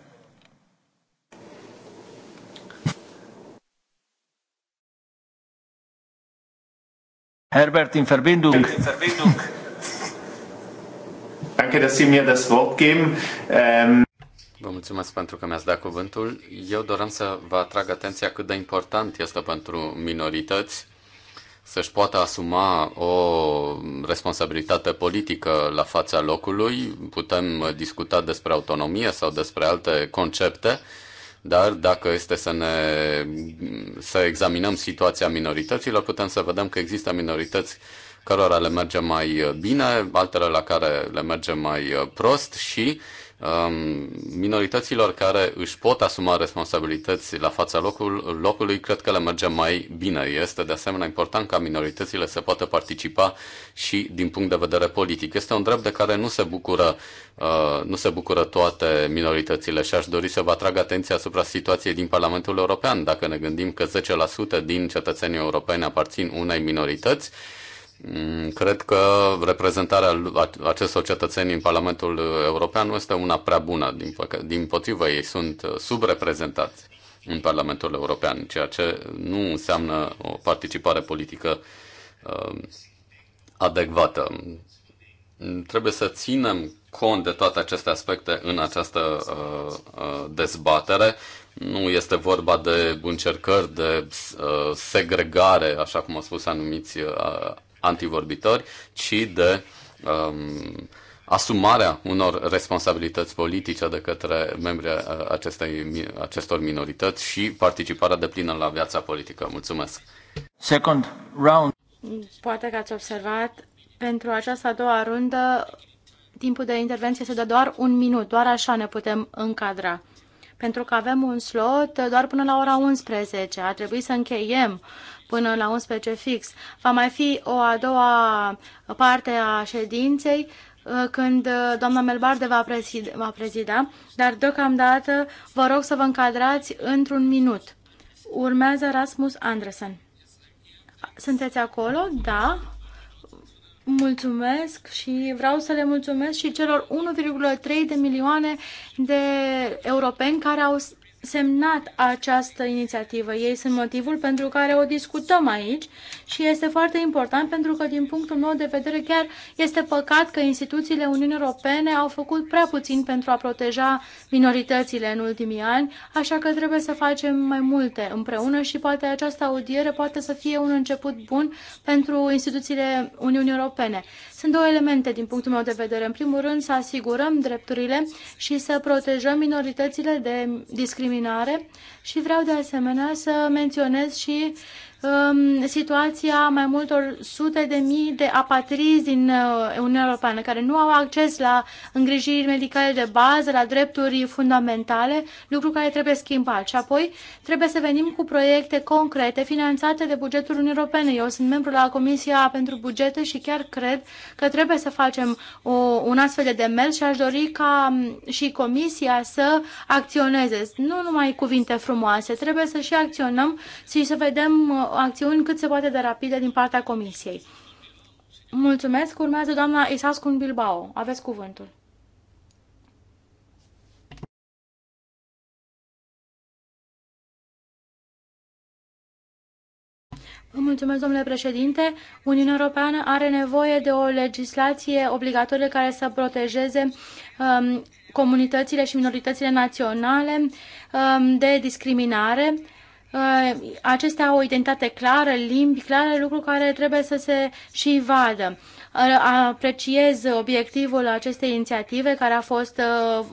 Herbert, in Verbindung. In Verbindung. Danke, dass Sie mir das Wort geben. Ähm Vă mulțumesc pentru că mi-ați dat cuvântul. Eu doream să vă atrag atenția cât de important este pentru minorități să-și poată asuma o responsabilitate politică la fața locului. Putem discuta despre autonomie sau despre alte concepte, dar dacă este să ne să examinăm situația minorităților, putem să vedem că există minorități cărora le merge mai bine, altele la care le merge mai uh, prost și uh, Um, minorităților care își pot asuma responsabilități la fața locul, locului, cred că le merge mai bine. Este de asemenea important ca minoritățile să poată participa și din punct de vedere politic. Este un drept de care nu se bucură, uh, nu se bucură toate minoritățile și aș dori să vă atrag atenția asupra situației din Parlamentul European. Dacă ne gândim că 10% din cetățenii europeni aparțin unei minorități, Mm, cred că reprezentarea acestor cetățeni în Parlamentul European nu este una prea bună. Din, păcă- din potrivă, ei sunt uh, subreprezentați în Parlamentul European, ceea ce nu înseamnă o participare politică uh, adecvată. Trebuie să ținem cont de toate aceste aspecte în această uh, uh, dezbatere. Nu este vorba de încercări de uh, segregare, așa cum au spus anumiți uh, antivorbitori, ci de um, asumarea unor responsabilități politice de către membrii uh, acestei, acestor minorități și participarea de plină la viața politică. Mulțumesc! Second round. Poate că ați observat, pentru această a doua rundă, timpul de intervenție se dă doar un minut, doar așa ne putem încadra. Pentru că avem un slot doar până la ora 11, a trebuit să încheiem până la 11 fix. Va mai fi o a doua parte a ședinței uh, când uh, doamna Melbarde va, prezida, va prezida, dar deocamdată vă rog să vă încadrați într-un minut. Urmează Rasmus Andresen. Sunteți acolo? Da. Mulțumesc și vreau să le mulțumesc și celor 1,3 de milioane de europeni care au semnat această inițiativă. Ei sunt motivul pentru care o discutăm aici și este foarte important pentru că, din punctul meu de vedere, chiar este păcat că instituțiile Uniunii Europene au făcut prea puțin pentru a proteja minoritățile în ultimii ani, așa că trebuie să facem mai multe împreună și poate această audiere poate să fie un început bun pentru instituțiile Uniunii Europene. Sunt două elemente din punctul meu de vedere. În primul rând, să asigurăm drepturile și să protejăm minoritățile de discriminare discriminare și vreau de asemenea să menționez și situația mai multor sute de mii de apatrizi din uh, Uniunea Europeană care nu au acces la îngrijiri medicale de bază, la drepturi fundamentale, lucru care trebuie schimbat. Și apoi trebuie să venim cu proiecte concrete finanțate de bugetul Uniunii Europene. Eu sunt membru la Comisia pentru Bugete și chiar cred că trebuie să facem o, un astfel de demers și aș dori ca și Comisia să acționeze. Nu numai cuvinte frumoase, trebuie să și acționăm și să vedem uh, acțiuni cât se poate de rapide din partea Comisiei. Mulțumesc. Urmează doamna Isascun Bilbao. Aveți cuvântul. Mulțumesc, domnule președinte. Uniunea Europeană are nevoie de o legislație obligatorie care să protejeze um, comunitățile și minoritățile naționale um, de discriminare Uh, acestea au o identitate clară, limbi clare, lucru care trebuie să se și vadă. Uh, apreciez obiectivul acestei inițiative care a fost uh,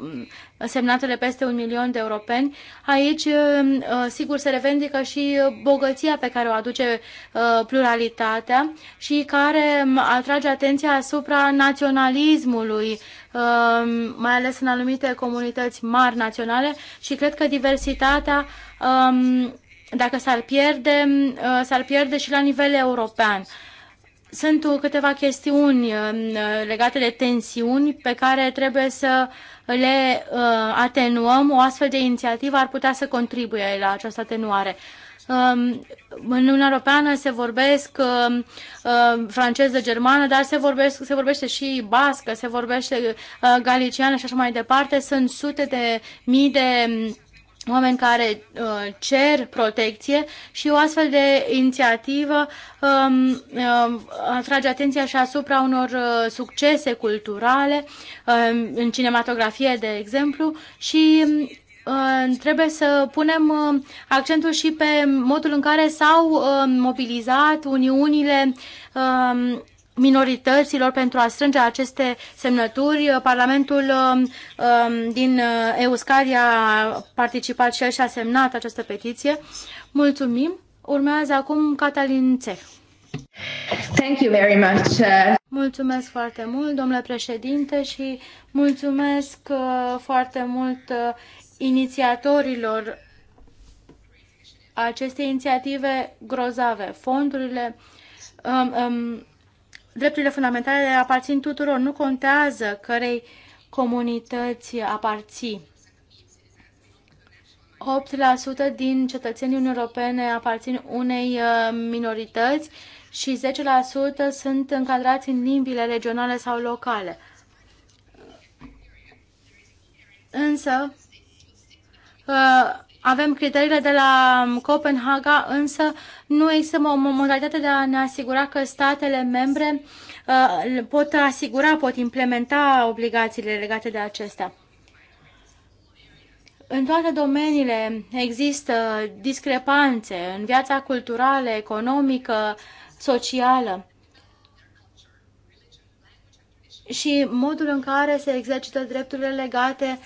semnată de peste un milion de europeni. Aici, sigur, se revendică și bogăția pe care o aduce pluralitatea și care um, atrage atenția asupra naționalismului, um, mai ales în anumite comunități mari naționale și cred că diversitatea um, dacă s-ar pierde, uh, s-ar pierde și la nivel european. Sunt câteva chestiuni uh, legate de tensiuni pe care trebuie să le uh, atenuăm. O astfel de inițiativă ar putea să contribuie la această atenuare. Um, în Uniunea Europeană se vorbesc franceză, germană, dar se, vorbesc, se vorbește și bască, se vorbește galiciană și așa mai departe. Sunt sute de mii de oameni care uh, cer protecție și o astfel de inițiativă um, um, atrage atenția și asupra unor uh, succese culturale um, în cinematografie, de exemplu, și um, trebuie să punem uh, accentul și pe modul în care s-au uh, mobilizat uniunile um, minorităților pentru a strânge aceste semnături. Parlamentul um, um, din uh, Euskari a participat și el și a semnat această petiție. Mulțumim! Urmează acum Catalin Țeh. Thank you very much. Uh, mulțumesc foarte mult, domnule președinte, și mulțumesc uh, foarte mult inițiatorilor acestei inițiative grozave. Fondurile um, um, drepturile fundamentale aparțin tuturor, nu contează cărei comunități aparții. 8% din cetățenii Uniunii Europene aparțin unei uh, minorități și 10% sunt încadrați în limbile regionale sau locale. Însă, uh, avem criteriile de la Copenhaga, însă nu există o modalitate de a ne asigura că statele membre uh, pot asigura, pot implementa obligațiile legate de acestea. În toate domeniile există discrepanțe în viața culturală, economică, socială și modul în care se exercită drepturile legate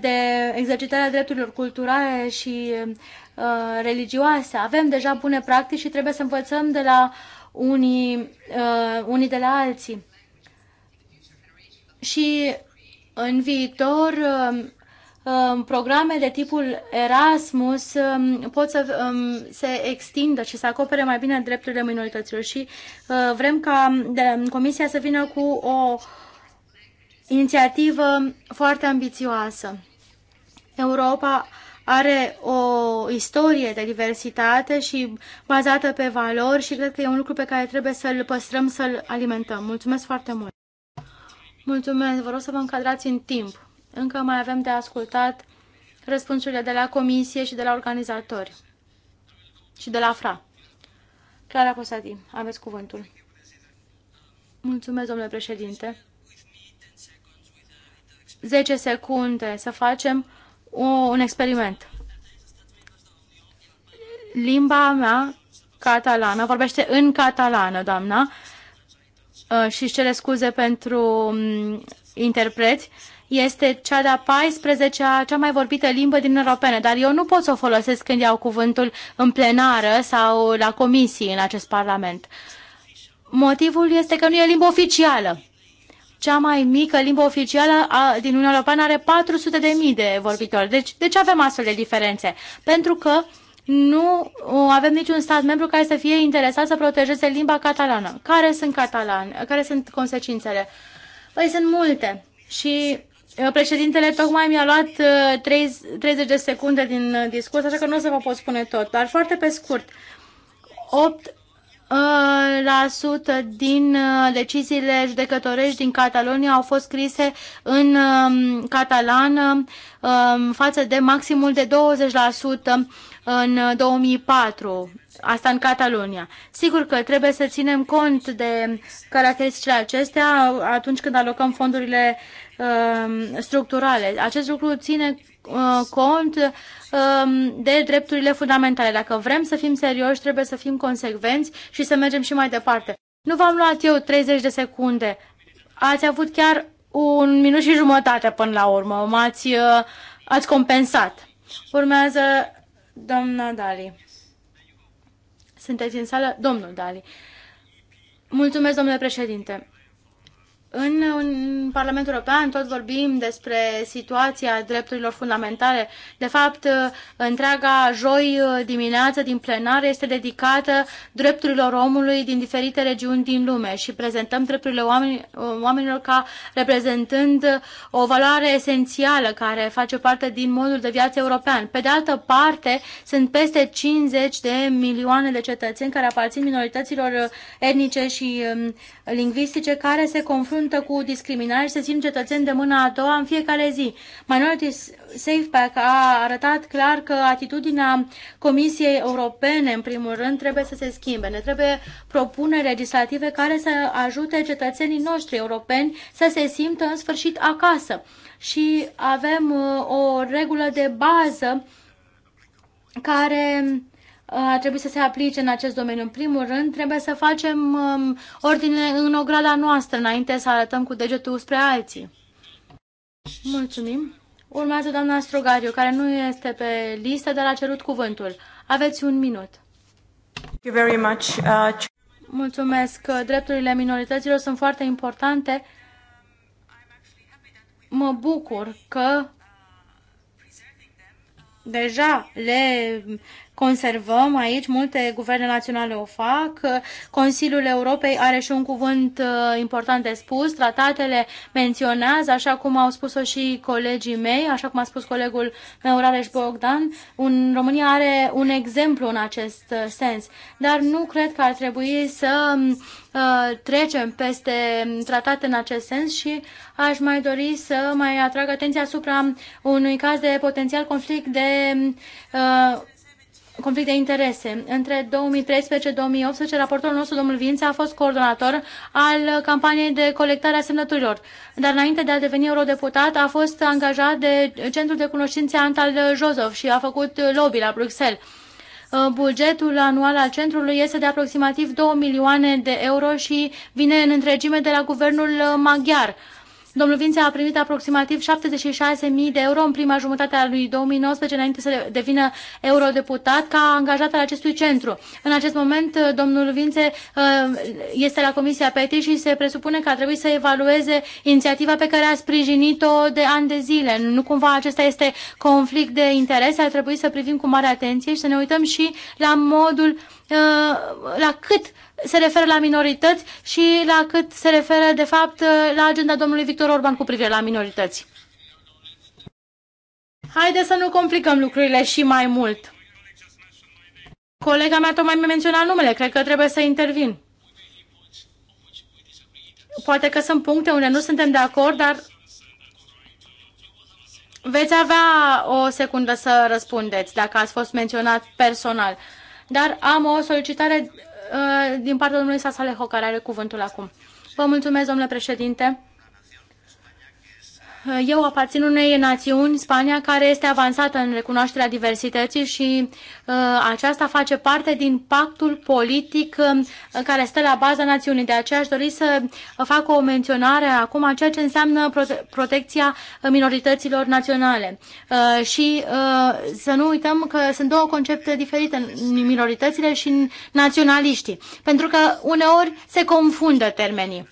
de exercitarea drepturilor culturale și uh, religioase. Avem deja bune practici și trebuie să învățăm de la unii, uh, unii de la alții. Și în viitor, um, um, programe de tipul Erasmus um, pot să se extindă și să acopere mai bine drepturile minorităților și uh, vrem ca Comisia să vină cu o inițiativă foarte ambițioasă. Europa are o istorie de diversitate și bazată pe valori și cred că e un lucru pe care trebuie să-l păstrăm, să-l alimentăm. Mulțumesc foarte mult! Mulțumesc! Vă rog să vă încadrați în timp. Încă mai avem de ascultat răspunsurile de la comisie și de la organizatori și de la FRA. Clara Cosati, aveți cuvântul. Mulțumesc, domnule președinte. 10 secunde să facem un experiment. Limba mea catalană, vorbește în catalană, doamna, uh, și își cere scuze pentru um, interpreți, este cea de-a 14-a, cea mai vorbită limbă din europene, dar eu nu pot să o folosesc când iau cuvântul în plenară sau la comisii în acest parlament. Motivul este că nu e limba oficială cea mai mică limbă oficială a, din Uniunea Europeană are 400 de mii de vorbitori. Deci, de ce avem astfel de diferențe? Pentru că nu avem niciun stat membru care să fie interesat să protejeze limba catalană. Care sunt catalani? Care sunt consecințele? Păi sunt multe. Și președintele tocmai mi-a luat 30 de secunde din uh, discurs, așa că nu o să vă pot spune tot, dar foarte pe scurt. 8 la sută din uh, deciziile judecătorești din Catalonia au fost scrise în um, catalană um, față de maximul de 20% în 2004 uh, asta în Catalonia. Sigur că trebuie să ținem cont de caracteristicile acestea atunci când alocăm fondurile uh, structurale. Acest lucru ține Uh, cont um, de drepturile fundamentale. Dacă vrem să fim serioși, trebuie să fim consecvenți și să mergem și mai departe. Nu v-am luat eu 30 de secunde. Ați avut chiar un minut și jumătate până la urmă. M-ați uh, ați compensat. Urmează doamna Dali. Sunteți în sală? Domnul Dali. Mulțumesc, domnule președinte. În, în Parlamentul European tot vorbim despre situația drepturilor fundamentale. De fapt, întreaga joi dimineață din plenară este dedicată drepturilor omului din diferite regiuni din lume și prezentăm drepturile oameni, oamenilor ca reprezentând o valoare esențială care face parte din modul de viață european. Pe de altă parte, sunt peste 50 de milioane de cetățeni care aparțin minorităților etnice și um, lingvistice care se confruntă confruntă cu discriminare și se simt cetățeni de mâna a doua în fiecare zi. Minority Pack a arătat clar că atitudinea Comisiei Europene, în primul rând, trebuie să se schimbe. Ne trebuie propuneri legislative care să ajute cetățenii noștri europeni să se simtă în sfârșit acasă. Și avem uh, o regulă de bază care ar trebui să se aplice în acest domeniu. În primul rând, trebuie să facem um, ordine în ograda noastră, înainte să arătăm cu degetul spre alții. Mulțumim. Urmează doamna Strogariu, care nu este pe listă, dar a cerut cuvântul. Aveți un minut. Thank you very much. Uh... Mulțumesc. Drepturile minorităților sunt foarte importante. Mă bucur că deja le conservăm aici, multe guverne naționale o fac, Consiliul Europei are și un cuvânt uh, important de spus, tratatele menționează, așa cum au spus-o și colegii mei, așa cum a spus colegul meu Rareș Bogdan, un, România are un exemplu în acest uh, sens, dar nu cred că ar trebui să uh, trecem peste um, tratate în acest sens și aș mai dori să mai atrag atenția asupra unui caz de potențial conflict de um, uh, conflict de interese. Între 2013-2018, raportorul nostru, domnul Vința, a fost coordonator al campaniei de colectare a semnăturilor. Dar înainte de a deveni eurodeputat, a fost angajat de Centrul de Cunoștințe Antal Jozov și a făcut lobby la Bruxelles. Uh, bugetul anual al centrului este de aproximativ 2 milioane de euro și vine în întregime de la guvernul uh, maghiar Domnul Vințea a primit aproximativ 76.000 de euro în prima jumătate a lui 2019, înainte să devină eurodeputat, ca angajat al acestui centru. În acest moment, domnul Vințe uh, este la Comisia Petri și se presupune că a trebuit să evalueze inițiativa pe care a sprijinit-o de ani de zile. Nu cumva acesta este conflict de interese, ar trebui să privim cu mare atenție și să ne uităm și la modul uh, la cât se referă la minorități și la cât se referă, de fapt, la agenda domnului Victor Orban cu privire la minorități. Haideți să nu complicăm lucrurile și mai mult. Colega mea tocmai mi-a menționat numele, cred că trebuie să intervin. Poate că sunt puncte unde nu suntem de acord, dar veți avea o secundă să răspundeți dacă ați fost menționat personal. Dar am o solicitare Uh, din partea domnului Sasaleho, care are cuvântul acum. Vă mulțumesc, domnule președinte. Eh, eu aparțin unei națiuni, Spania, care este avansată în recunoașterea diversității și uh, aceasta face parte din pactul politic uh, care stă la baza națiunii. De aceea aș dori să fac o menționare acum a ceea ce înseamnă prote protecția minorităților naționale. Uh, și uh, să nu uităm că sunt două concepte diferite, minoritățile și naționaliștii, pentru că uneori se confundă termenii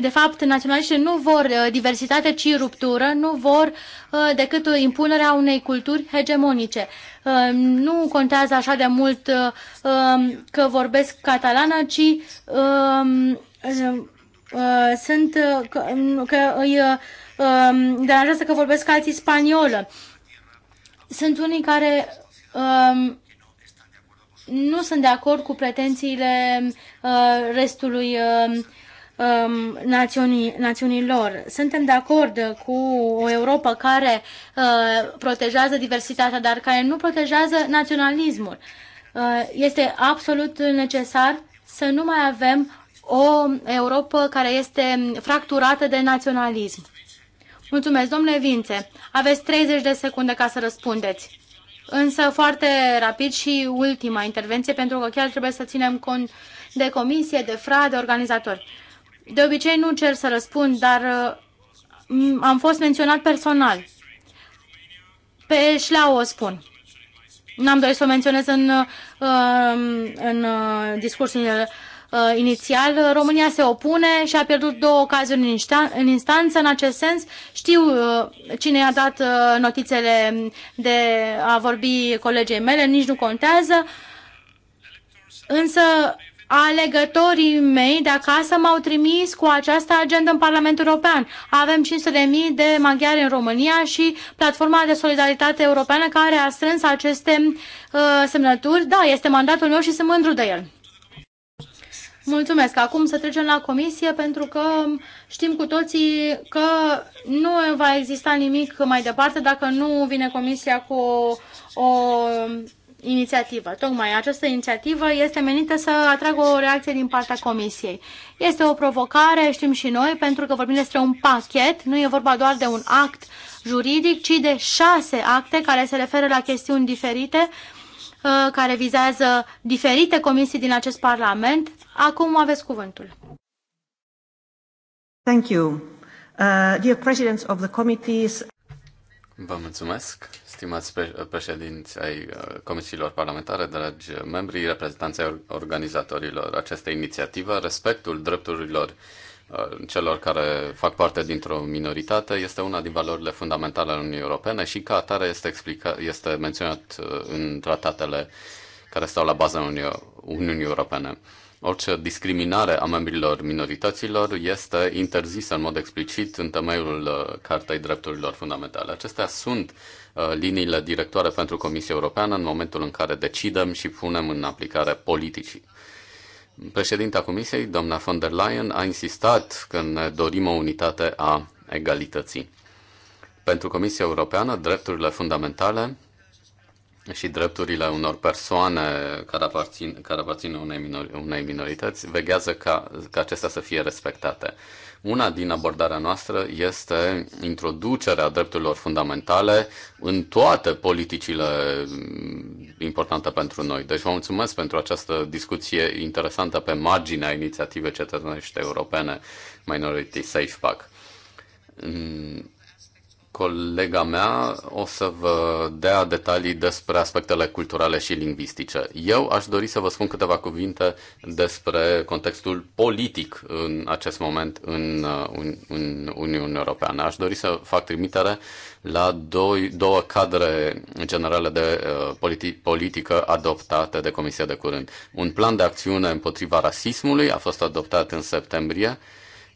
de fapt, naționaliștii nu vor uh, diversitate, ci ruptură, nu vor uh, decât impunerea unei culturi hegemonice. Uh, nu contează așa de mult um, că vorbesc catalană, ci um, sunt mm, că îi um, deranjează că vorbesc alții spaniolă. Sunt unii care nu sunt de acord cu pretențiile restului um, națiunii, națiunilor. Suntem de acord cu o Europa care uh, protejează diversitatea, dar care nu protejează naționalismul. Uh, este absolut necesar să nu mai avem o Europa care este fracturată de naționalism. Mulțumesc, domnule Vințe. Aveți 30 de secunde ca să răspundeți. Însă foarte rapid și ultima intervenție, pentru că chiar trebuie să ținem cont de comisie, de fra, de organizatori. De obicei nu cer să răspund, dar uh, am fost menționat personal. Pe șleau o spun. N-am dorit să o menționez în, uh, în uh, discursul inițial. România se opune și a pierdut două ocazii în, insta în instanță. În acest sens, știu cine i-a dat notițele de a vorbi colegei mele, nici nu contează. Însă alegătorii mei de acasă m-au trimis cu această agendă în Parlamentul European. Avem 500.000 de maghiari în România și Platforma de Solidaritate Europeană care a strâns aceste uh, semnături. Da, este mandatul meu și sunt mândru de el. Mulțumesc. Acum să trecem la comisie pentru că știm cu toții că nu va exista nimic mai departe dacă nu vine comisia cu o, o inițiativă. Tocmai această inițiativă este menită să atragă o reacție din partea Comisiei. Este o provocare, știm și noi, pentru că vorbim despre un pachet, nu e vorba doar de un act juridic, ci de șase acte care se referă la chestiuni diferite, uh, care vizează diferite comisii din acest Parlament. Acum aveți cuvântul. Thank you. Uh, dear of the committees. Vă mulțumesc, Stimați președinți ai uh, comisiilor parlamentare, dragi membri, reprezentanții organizatorilor acestei inițiative, respectul drepturilor uh, celor care fac parte dintr-o minoritate este una din valorile fundamentale ale Uniunii Europene și ca atare este, explica, este menționat uh, în tratatele care stau la baza Uniunii, Europene. Orice discriminare a membrilor minorităților este interzisă în mod explicit în temeiul Cartei Drepturilor Fundamentale. Acestea sunt Uh, liniile directoare pentru Comisia Europeană în momentul în care decidem și punem în aplicare politicii. Președinta Comisiei, doamna von der Leyen, a insistat că ne dorim o unitate a egalității. Pentru Comisia Europeană, drepturile fundamentale și drepturile unor persoane care aparțin, care aparțin unei, minori, unei minorități veghează ca, ca acestea să fie respectate. Una din abordarea noastră este introducerea drepturilor fundamentale în toate politicile mm, importante pentru noi. Deci vă mulțumesc pentru această discuție interesantă pe marginea inițiativei cetățenești europene Minority Safe Pack mm, colega mea o să vă dea detalii despre aspectele culturale și lingvistice. Eu aș dori să vă spun câteva cuvinte despre contextul politic în acest moment în, în, uh, în Uniunea Europeană. Aș dori să fac trimitere la doi, două cadre generale de uh, politi- politică adoptate de Comisia de Curând. Un plan de acțiune împotriva rasismului a fost adoptat în septembrie.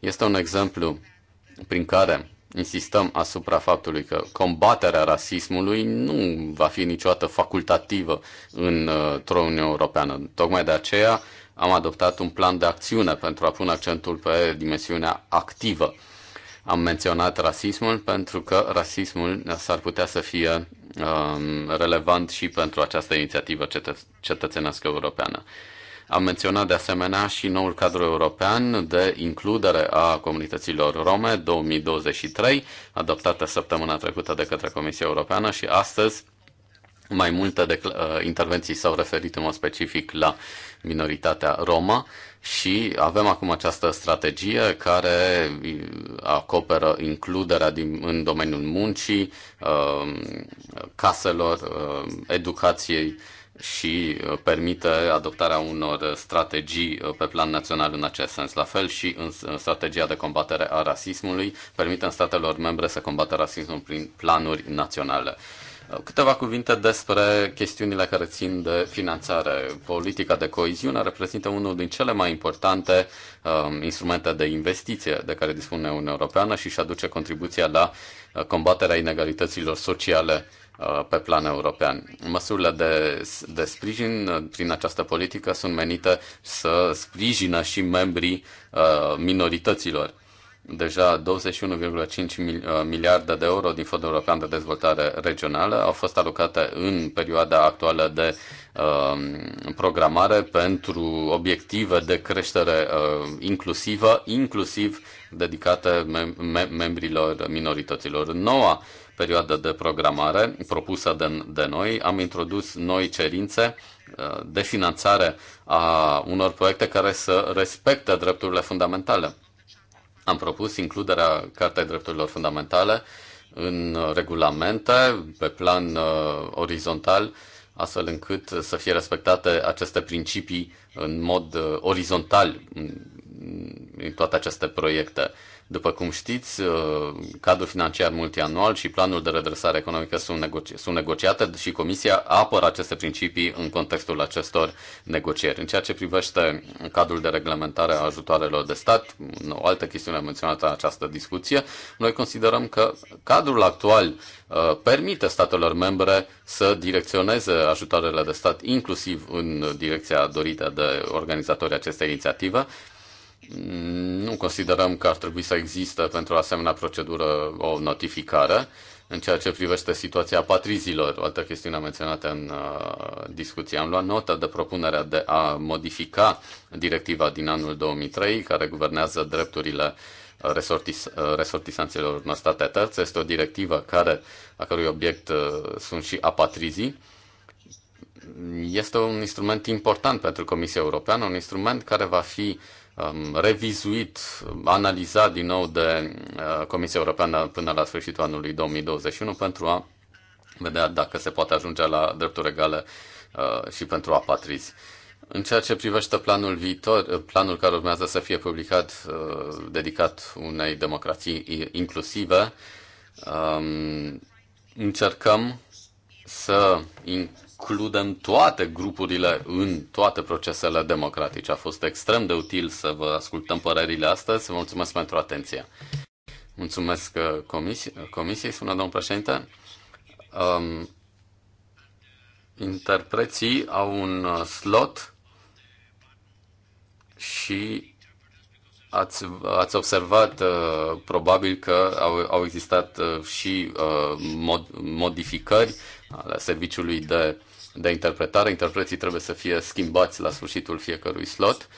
Este un exemplu prin care insistăm asupra faptului că combaterea rasismului nu va fi niciodată facultativă în uh, Uniune Europeană. Tocmai de aceea am adoptat un plan de acțiune pentru a pune accentul pe dimensiunea activă. Am menționat rasismul pentru că rasismul s-ar putea să fie um, relevant și pentru această inițiativă cetă- cetățenească europeană. Am menționat de asemenea și noul cadru european de includere a comunităților rome 2023, adoptată săptămâna trecută de către Comisia Europeană și astăzi mai multe uh, intervenții s-au referit în mod specific la minoritatea Roma și avem acum această strategie care uh, acoperă includerea din, în domeniul muncii, uh, caselor, educației, și uh, permite adoptarea unor strategii uh, pe plan național în acest sens. La fel și în strategia de combatere a rasismului, permite în statelor membre să combată rasismul prin planuri naționale. Uh, câteva cuvinte despre chestiunile care țin de finanțare. Politica de coeziune reprezintă unul din cele mai importante um, instrumente de investiție de care dispune Uniunea Europeană și își aduce contribuția la combaterea inegalităților sociale Uh, pe plan european. Măsurile de, de sprijin uh, prin această politică sunt menite să sprijină și membrii uh, minorităților. Deja 21,5 miliarde de euro din Fondul European de Dezvoltare Regională au fost alocate în perioada actuală de uh, programare pentru obiective de creștere uh, inclusivă, inclusiv dedicate mem- mem- membrilor minorităților. Noua perioadă de programare propusă de, de noi, am introdus noi cerințe uh, de finanțare a unor proiecte care să respecte drepturile fundamentale. Am propus includerea Cartei Drepturilor Fundamentale în regulamente, pe plan uh, orizontal, astfel încât să fie respectate aceste principii în mod uh, orizontal în, în toate aceste proiecte. După cum știți, uh, cadrul financiar multianual și planul de redresare economică sunt, negoci- sunt negociate și Comisia apără aceste principii în contextul acestor negocieri. În ceea ce privește cadrul de reglementare a ajutoarelor de stat, o altă chestiune menționată în această discuție, noi considerăm că cadrul actual uh, permite statelor membre să direcționeze ajutoarele de stat inclusiv în direcția dorită de organizatorii acestei inițiative nu considerăm că ar trebui să existe pentru asemenea procedură o notificare în ceea ce privește situația patrizilor, o altă chestiune menționată în uh, discuție. Am luat notă de propunerea de a modifica directiva din anul 2003, care guvernează drepturile resortis, uh, resortisanților în state terțe. Este o directivă care, a cărui obiect uh, sunt și apatrizii. Este un instrument important pentru Comisia Europeană, un instrument care va fi uh, revizuit, analizat din nou de uh, Comisia Europeană până la sfârșitul anului 2021 pentru a vedea dacă se poate ajunge la drepturi egale uh, și pentru apatrizi. În ceea ce privește planul viitor, uh, planul care urmează să fie publicat, dedicat unei democrații inclusive, um, încercăm să includem toate grupurile în toate procesele democratice. A fost extrem de util să vă ascultăm părerile astăzi. Vă mulțumesc pentru atenție. Mulțumesc uh, comisi- uh, comisiei, sună domnul președinte. Um, interpreții au un uh, slot și ați, ați observat uh, probabil că au, au existat uh, și uh, mod, modificări ale serviciului de de interpretare. Interpreții trebuie să fie schimbați la sfârșitul fiecărui slot.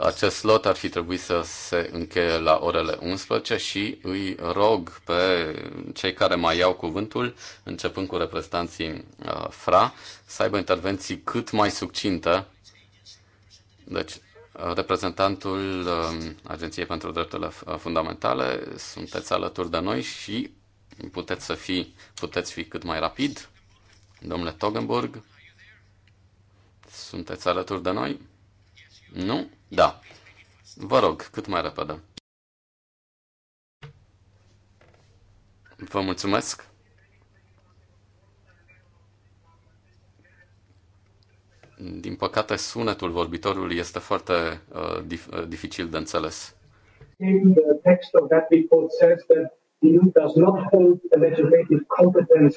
Acest slot ar fi trebuit să se încheie la orele 11 și îi rog pe cei care mai iau cuvântul, începând cu reprezentanții uh, FRA, să aibă intervenții cât mai succinte. Deci, uh, reprezentantul um, Agenției pentru Drepturile uh, Fundamentale, sunteți alături de noi și puteți să fi, puteți fi cât mai rapid. Domnule Togenburg, sunteți alături de noi? Nu? Da. Vă rog, cât mai repede. Vă mulțumesc. Din păcate, sunetul vorbitorului este foarte uh, dif- uh, dificil de înțeles. The text of that report says that the EU does not hold a legislative competence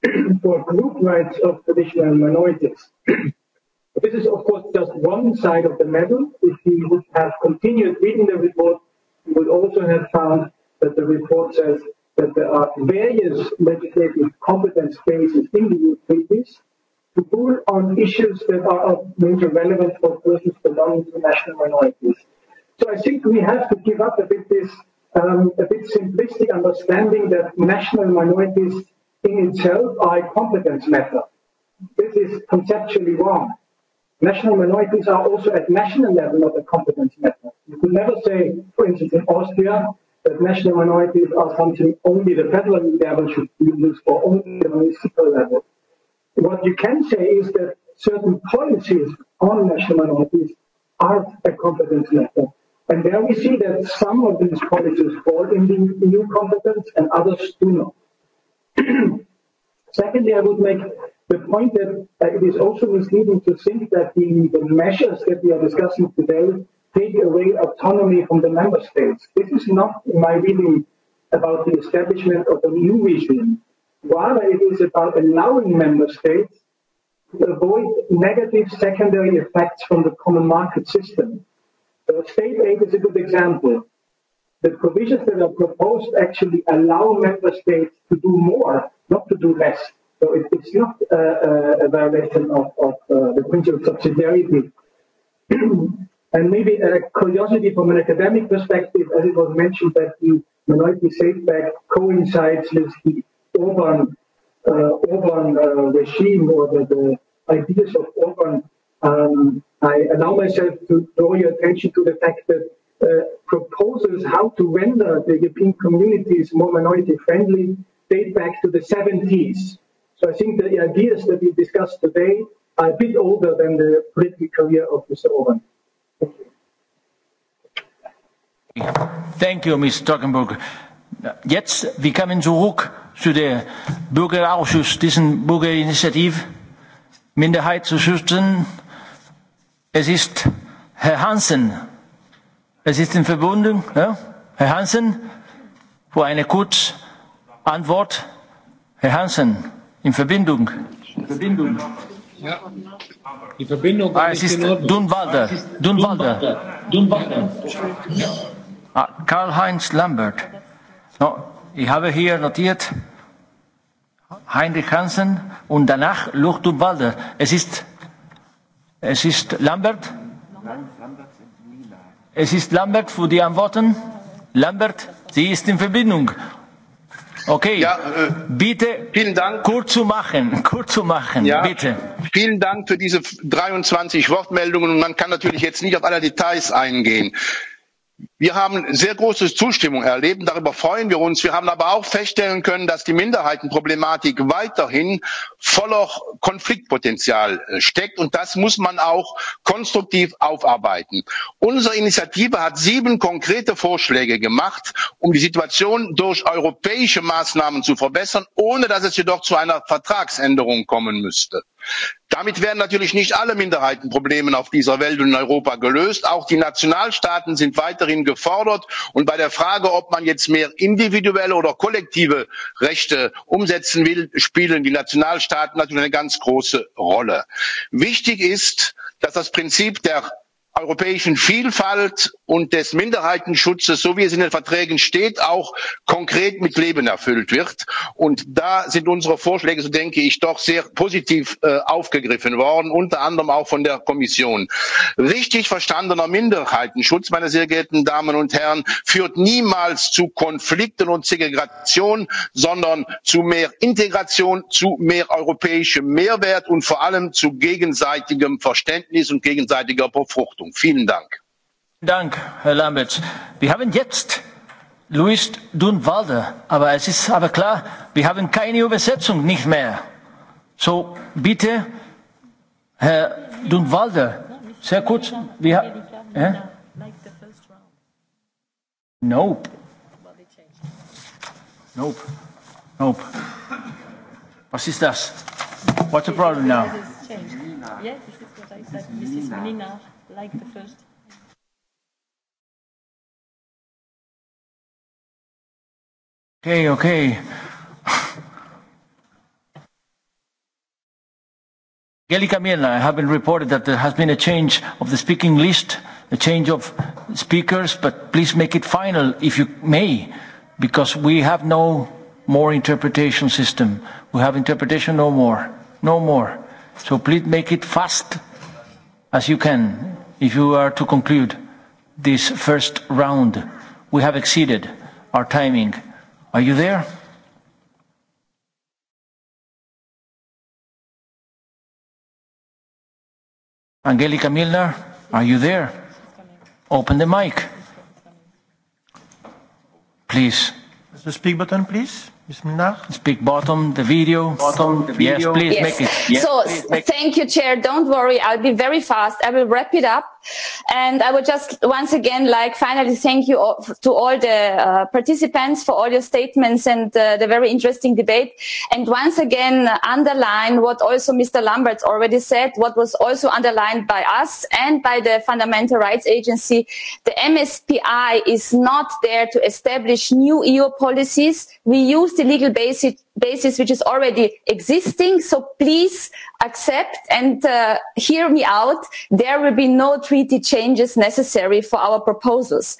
for group rights of traditional minorities. This is, of course, just one side of the medal. If you would have continued reading the report, you would also have found that the report says that there are various legislative competence spaces in the EU treaties to rule on issues that are of major relevance for persons belonging to national minorities. So I think we have to give up a bit this um, a bit simplistic understanding that national minorities in itself are a competence matter. This is conceptually wrong. National minorities are also at national level not a competence matter. You could never say, for instance, in Austria, that national minorities are something only the federal level should use or only the municipal level. What you can say is that certain policies on national minorities are a competence matter. And there we see that some of these policies fall in the new competence and others do not. Secondly, I would make the point that uh, it is also misleading to think that the, the measures that we are discussing today take away autonomy from the member states. This is not, in my reading, about the establishment of a new regime. Rather, it is about allowing member states to avoid negative secondary effects from the common market system. So state aid is a good example. The provisions that are proposed actually allow member states to do more, not to do less. So it, it's not a, a, a violation of, of uh, the principle of subsidiarity. and maybe a curiosity from an academic perspective, as it was mentioned, that the minority safeback coincides with the Orban, uh, Orban uh, regime or the, the ideas of Orban. Um, I allow myself to draw your attention to the fact that uh, proposals how to render the European communities more minority friendly date back to the 70s So I think the ideas that we discussed today are a bit older than the political career of Mr. Orban. Thank you. Ms. Stockenburg. Jetzt, wir kommen zurück zu der Bürgerausschuss, diesen Bürgerinitiative, Minderheit zu schützen. Es ist Herr Hansen. Es ist in Verbindung, ja? Herr Hansen, für eine kurze Antwort. Herr Hansen. In Verbindung. In Verbindung. Ja. Da. Die Verbindung ah, es ist Dunwalder. Dunwalder. Dunwalder. Ah, Karl-Heinz Lambert. No, ich habe hier notiert Heinrich Hansen und danach Luch Dunwalder. Es ist, es ist Lambert. Es ist Lambert für die Antworten. Lambert, sie ist in Verbindung. Okay, ja, äh, bitte vielen Dank. kurz zu machen, kurz zu machen, ja, bitte. Vielen Dank für diese 23 Wortmeldungen und man kann natürlich jetzt nicht auf alle Details eingehen wir haben sehr große zustimmung erlebt darüber freuen wir uns. wir haben aber auch feststellen können dass die minderheitenproblematik weiterhin voller konfliktpotenzial äh, steckt und das muss man auch konstruktiv aufarbeiten. unsere initiative hat sieben konkrete vorschläge gemacht um die situation durch europäische maßnahmen zu verbessern ohne dass es jedoch zu einer vertragsänderung kommen müsste damit werden natürlich nicht alle minderheitenprobleme auf dieser welt und in europa gelöst auch die nationalstaaten sind weiterhin gefordert und bei der frage ob man jetzt mehr individuelle oder kollektive rechte umsetzen will spielen die nationalstaaten natürlich eine ganz große rolle. wichtig ist dass das prinzip der europäischen vielfalt und des minderheitenschutzes so wie es in den verträgen steht auch konkret mit leben erfüllt wird. und da sind unsere vorschläge so denke ich doch sehr positiv äh, aufgegriffen worden unter anderem auch von der kommission. richtig verstandener minderheitenschutz meine sehr geehrten damen und herren führt niemals zu konflikten und segregation sondern zu mehr integration zu mehr europäischem mehrwert und vor allem zu gegenseitigem verständnis und gegenseitiger befruchtung. Verantwortung. Vielen Dank. Dank, Herr Lamberts. Wir haben jetzt Luis Dunwalde, aber es ist aber klar, wir haben keine Übersetzung nicht mehr. So, bitte, Herr Dunwalde, sehr kurz. Wir, äh? Nope. Nope. Nope. Was ist das? What's the problem now? Yes, this is what I said. Mrs. Nina like the first. Okay, okay. Geli Miela, I have been reported that there has been a change of the speaking list, a change of speakers, but please make it final if you may, because we have no more interpretation system. We have interpretation no more, no more. So please make it fast as you can if you are to conclude this first round, we have exceeded our timing. Are you there? Angelica Milner, are you there? Open the mic. Please. The speak button, please. Speak bottom, the video. Bottom, the video. Yes, please yes. make it. Yes, so, make thank you, Chair. Don't worry, I'll be very fast. I will wrap it up And I would just once again like finally thank you all, to all the uh, participants for all your statements and uh, the very interesting debate. And once again underline what also Mr. Lambert already said, what was also underlined by us and by the Fundamental Rights Agency. The MSPI is not there to establish new EU policies. We use the legal basis basis which is already existing. So please accept and uh, hear me out. There will be no treaty changes necessary for our proposals.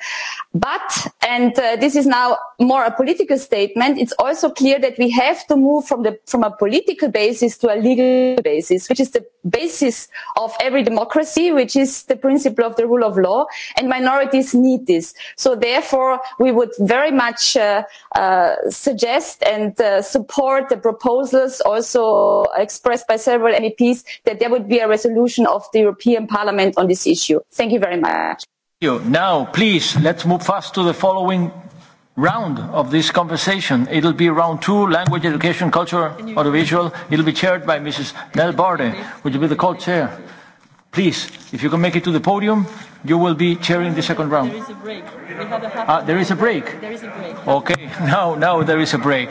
But, and uh, this is now more a political statement, it's also clear that we have to move from the, from a political basis to a legal basis, which is the basis of every democracy, which is the principle of the rule of law, and minorities need this. So therefore, we would very much uh, uh, suggest and uh, support support the proposals also expressed by several MEPs that there would be a resolution of the European Parliament on this issue. Thank you very much. You. Now, please, let's move fast to the following round of this conversation. It'll be round two, language, education, culture, audiovisual. It'll be chaired by Mrs. Nel Barde, Would you be the co-chair. Please, if you can make it to the podium, you will be chairing the second round. There is a break. We have a half ah, there is a break. There is a break. Okay, now, now there is a break.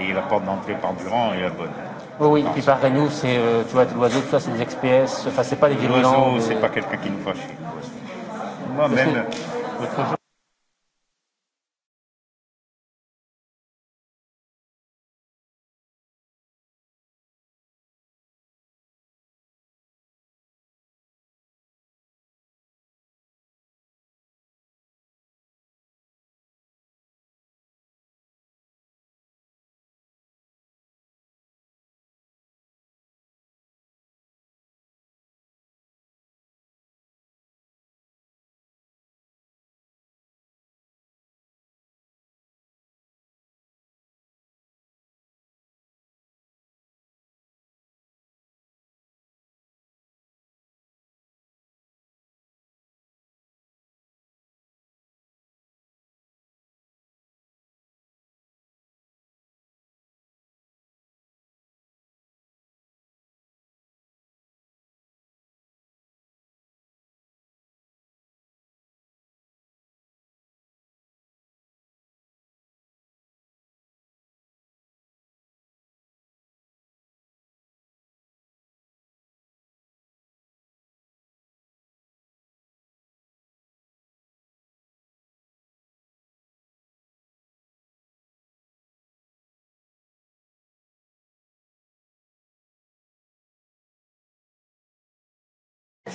et la porte d'entrée par Durand est la bonne. Oh oui, et puis par Renou, c'est, euh, tu vois, l'oiseau, tout ça, c'est des XPS, enfin, c'est pas des virulents. L'oiseau, mais... c'est euh, pas quelqu'un qui nous fâche. Moi-même,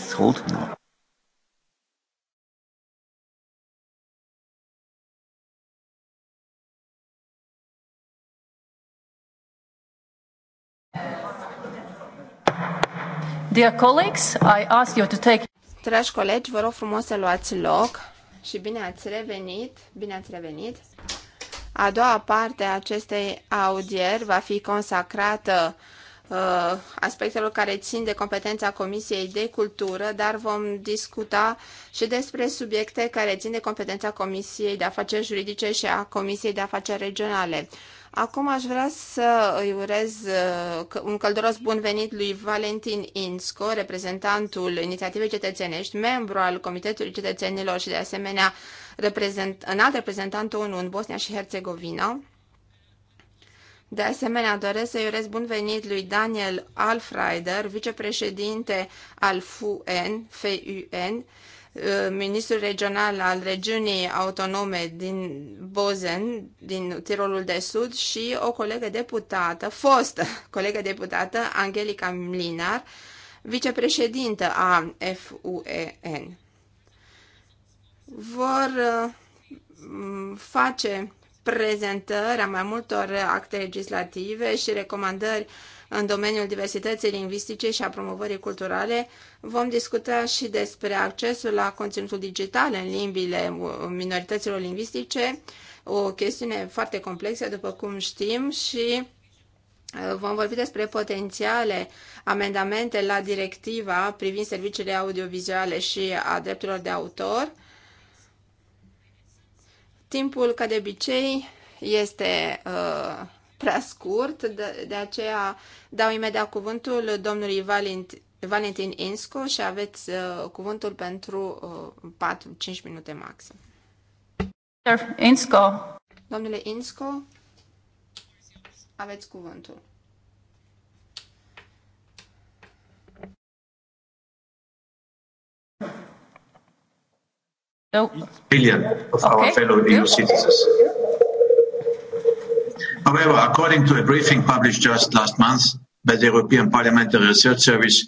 Soltno. Dear colleagues, I ask you to take... Dragi colegi, vă rog frumos să luați loc și bine ați revenit, bine ați revenit. A doua parte a acestei audieri va fi consacrată Uh, aspectelor care țin de competența Comisiei de Cultură, dar vom discuta și despre subiecte care țin de competența Comisiei de Afaceri Juridice și a Comisiei de Afaceri Regionale. Acum aș vrea să îi urez uh, un călduros bun venit lui Valentin Insco, reprezentantul Inițiativei Cetățenești, membru al Comitetului Cetățenilor și de asemenea reprezent, înalt reprezentant ONU în Bosnia și Herțegovina. De asemenea, doresc să-i urez bun venit lui Daniel Alfreider, vicepreședinte al FUN, FUN, uh, ministrul regional al regiunii autonome din Bozen, din Tirolul de Sud, și o colegă deputată, fostă colegă deputată, Angelica Mlinar, vicepreședintă a FUEN. Vor uh, face prezentări a mai multor acte legislative și recomandări în domeniul diversității lingvistice și a promovării culturale, vom discuta și despre accesul la conținutul digital în limbile minorităților lingvistice, o chestiune foarte complexă, după cum știm, și uh, vom vorbi despre potențiale amendamente la directiva privind serviciile audiovizuale și a drepturilor de autor, Timpul, ca de obicei, este uh, prea scurt, de, de aceea dau imediat cuvântul domnului Valent, Valentin Insco și aveți uh, cuvântul pentru uh, 4-5 minute maxim. Insco. Domnule Insco, aveți cuvântul so, Billion of okay. our fellow EU citizens. However, according to a briefing published just last month by the European Parliamentary Research Service,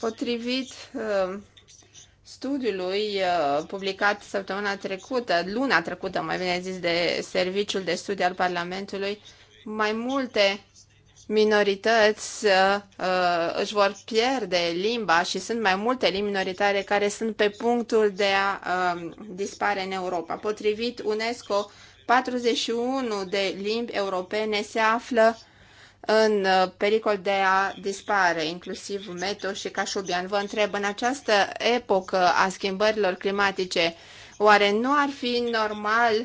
Potrivit uh, studiului uh, publicat săptămâna trecută, luna trecută, mai bine zis, de Serviciul de Studii al Parlamentului, mai multe minorități uh, uh, își vor pierde limba și sunt mai multe limbi minoritare care sunt pe punctul de a uh, dispare în Europa. Potrivit UNESCO, 41 de limbi europene se află în uh, pericol de a dispare, inclusiv Meto și Cașubian. Vă întreb, în această epocă a schimbărilor climatice, uh, Oare nu ar fi normal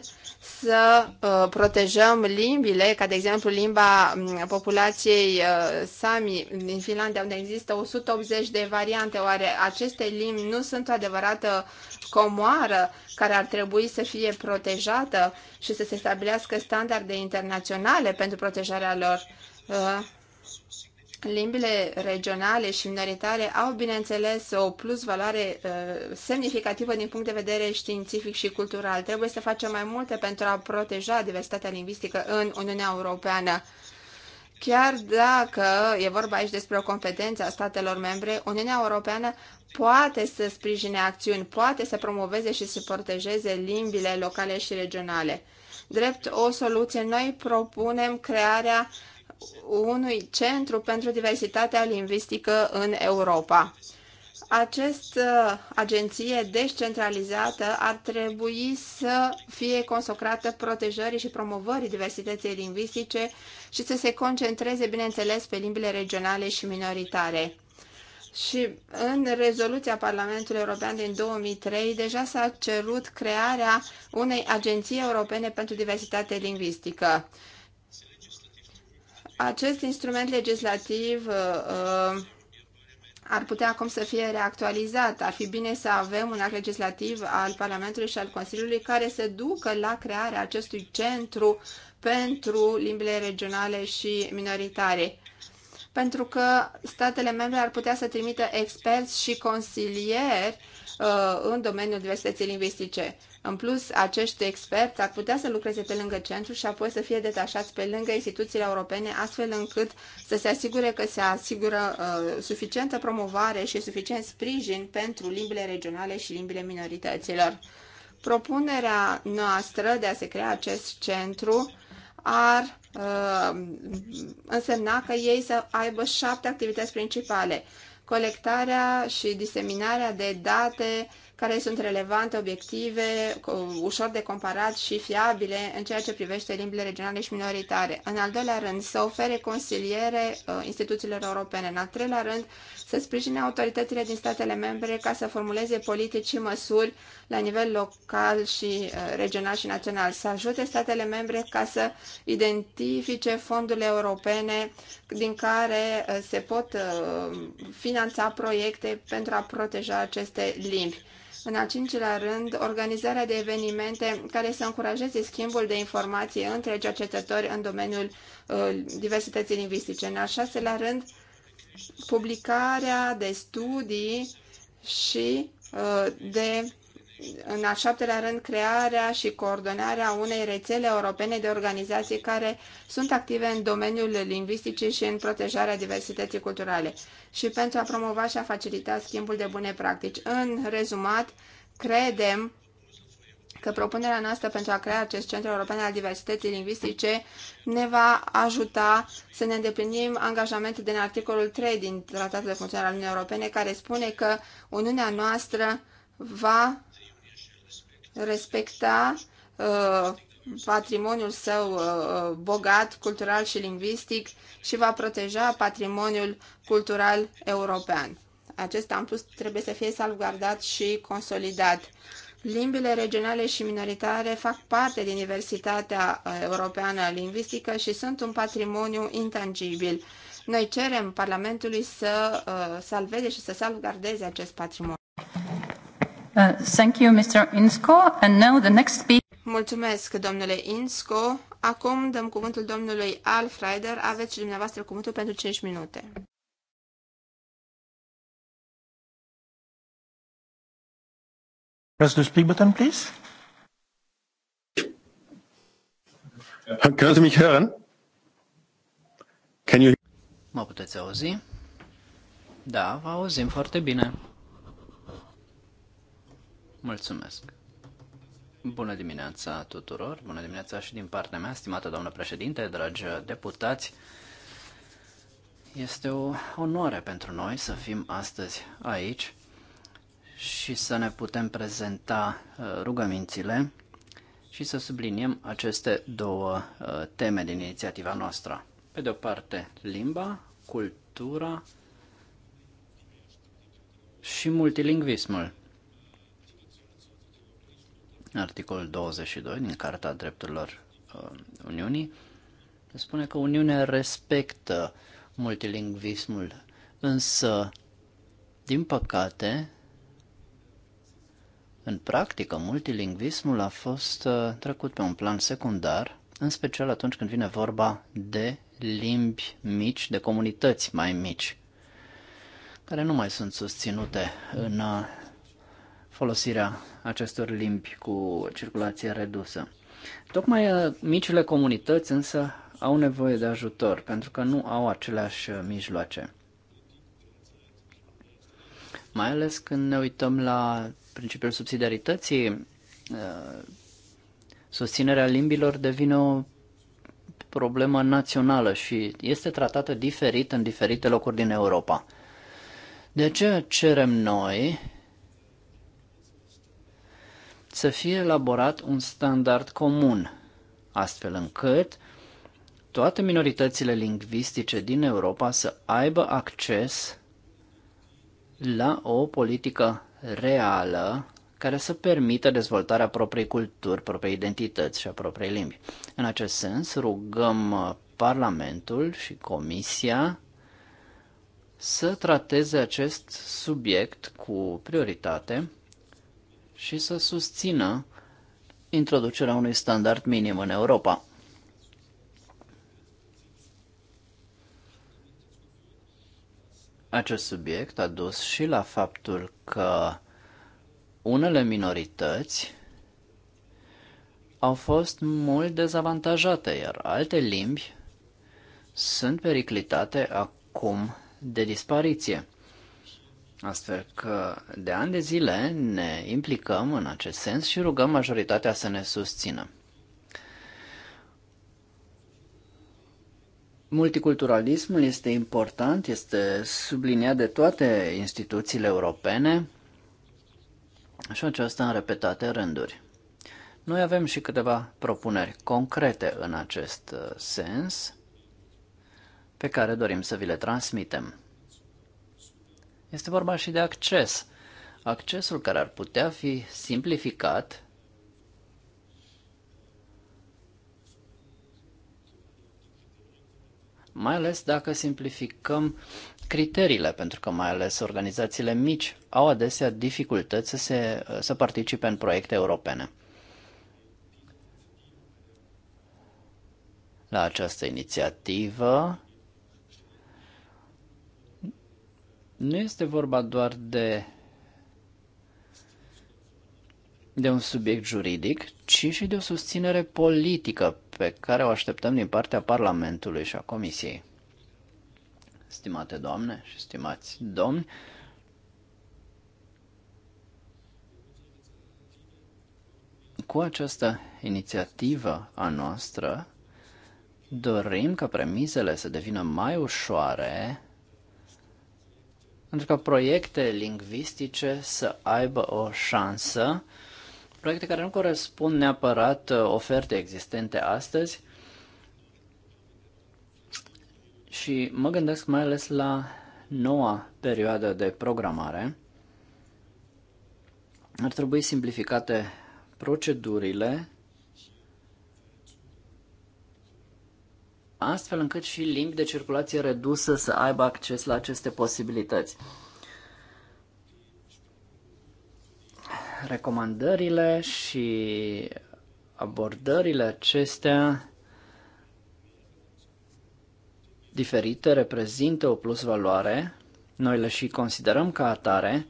să uh, protejăm limbile, ca de exemplu limba mm, populației uh, Sami din Finlandia, unde există 180 de variante? Oare aceste limbi nu sunt o adevărată comoară care ar trebui să fie protejată și să se stabilească standarde internaționale pentru protejarea lor? Uh, limbile regionale și minoritare au, bineînțeles, o plus valoare uh, semnificativă din punct de vedere științific și cultural. Trebuie să facem mai multe pentru a proteja diversitatea lingvistică în Uniunea Europeană. Chiar dacă e vorba aici despre o competență a statelor membre, Uniunea Europeană poate să sprijine acțiuni, poate să promoveze și să protejeze limbile locale și regionale. Drept o soluție, noi propunem crearea unui centru pentru diversitatea lingvistică în Europa. Această uh, agenție descentralizată ar trebui să fie consacrată protejării și promovării diversității lingvistice și să se concentreze, bineînțeles, pe limbile regionale și minoritare. Și în rezoluția Parlamentului European din 2003 deja s-a cerut crearea unei agenții europene pentru diversitate lingvistică acest instrument legislativ uh, uh, ar putea acum să fie reactualizat. Ar fi bine să avem un act legislativ al Parlamentului și al Consiliului care să ducă la crearea acestui centru pentru limbile regionale și minoritare. Pentru că statele membre ar putea să trimită experți și consilieri uh, în domeniul diversității lingvistice. În plus, acești experți ar putea să lucreze pe lângă centru și apoi să fie detașați pe lângă instituțiile europene, astfel încât să se asigure că se asigură uh, suficientă promovare și suficient sprijin pentru limbile regionale și limbile minorităților. Propunerea noastră de a se crea acest centru ar uh, însemna că ei să aibă șapte activități principale. Colectarea și diseminarea de date uh, care sunt relevante, obiective, ușor de comparat și fiabile în ceea ce privește limbile regionale și minoritare. În al doilea rând, să ofere consiliere uh, instituțiilor europene. În al treilea rând, să sprijine autoritățile din statele membre ca să formuleze politici și măsuri la nivel local și uh, regional și național. Să ajute statele membre ca să identifice fondurile europene din care uh, se pot finanța proiecte pentru a proteja aceste limbi. În al cincilea rând, organizarea de evenimente care să încurajeze schimbul de informații între cercetători în domeniul uh, diversității lingvistice. În al șaselea rând, publicarea de studii și uh, de în al șaptelea rând, crearea și coordonarea unei rețele europene de organizații care sunt active în domeniul lingvisticii și în protejarea diversității culturale și pentru a promova și a facilita schimbul de bune practici. În rezumat, credem că propunerea noastră pentru a crea acest centru european al diversității lingvistice ne va ajuta să ne îndeplinim angajamentul din articolul 3 din Tratatul de Funcționare al Uniunii Europene, care spune că Uniunea noastră va respecta uh, patrimoniul său uh, uh, bogat, cultural și lingvistic și va proteja patrimoniul cultural european. Acesta, în plus, trebuie să fie salvgardat și consolidat. Limbile regionale și minoritare fac parte din diversitatea uh, europeană lingvistică și sunt un patrimoniu intangibil. Noi cerem Parlamentului să uh, salveze și să salvgardeze acest patrimoniu. Uh, thank you, Mr. Insco. And now the next speaker. Mulțumesc, domnule Insco. Acum dăm cuvântul domnului Alfreider. Aveți și dumneavoastră cuvântul pentru 5 minute. Press the speak button, please. Können Sie mich hören? Can you... Mă puteți auzi? Da, vă auzim foarte bine. Mulțumesc. Bună dimineața tuturor, bună dimineața și din partea mea, stimată doamnă președinte, dragi deputați. Este o onoare pentru noi să fim astăzi aici și să ne putem prezenta uh, rugămințile și să subliniem aceste două uh, teme din inițiativa noastră. Pe de o parte, limba, cultura și multilingvismul articolul 22 din Carta Drepturilor uh, Uniunii, se spune că Uniunea respectă multilingvismul, însă, din păcate, în practică, multilingvismul a fost uh, trecut pe un plan secundar, în special atunci când vine vorba de limbi mici, de comunități mai mici, care nu mai sunt susținute în uh, folosirea acestor limbi cu circulație redusă. Tocmai uh, micile comunități însă au nevoie de ajutor pentru că nu au aceleași uh, mijloace. Mai ales când ne uităm la principiul subsidiarității, uh, susținerea limbilor devine o problemă națională și este tratată diferit în diferite locuri din Europa. De ce cerem noi să fie elaborat un standard comun, astfel încât toate minoritățile lingvistice din Europa să aibă acces la o politică reală care să permită dezvoltarea propriei culturi, propriei identități și a propriei limbi. În acest sens, rugăm uh, Parlamentul și Comisia să trateze acest subiect cu prioritate și să susțină introducerea unui standard minim în Europa. Acest subiect a dus și la faptul că unele minorități au fost mult dezavantajate, iar alte limbi sunt periclitate acum de dispariție. Astfel că de ani de zile ne implicăm în acest sens și rugăm majoritatea să ne susțină. Multiculturalismul este important, este subliniat de toate instituțiile europene și aceasta în repetate rânduri. Noi avem și câteva propuneri concrete în acest uh, sens pe care dorim să vi le transmitem. Este vorba și de acces. Accesul care ar putea fi simplificat mai ales dacă simplificăm criteriile, pentru că mai ales organizațiile mici au adesea dificultăți să, se, să participe în proiecte europene. La această inițiativă nu este vorba doar de, de un subiect juridic, ci și de o susținere politică pe care o așteptăm din partea Parlamentului și a Comisiei. Stimate doamne și stimați domni, cu această inițiativă a noastră dorim ca premisele să devină mai ușoare pentru ca proiecte lingvistice să aibă o șansă, proiecte care nu corespund neapărat uh, oferte existente astăzi. Și mă gândesc mai ales la noua perioadă de programare. Ar trebui simplificate procedurile astfel încât și limbi de circulație redusă să aibă acces la aceste posibilități. Recomandările și abordările acestea diferite reprezintă o plusvaloare, noi le și considerăm ca atare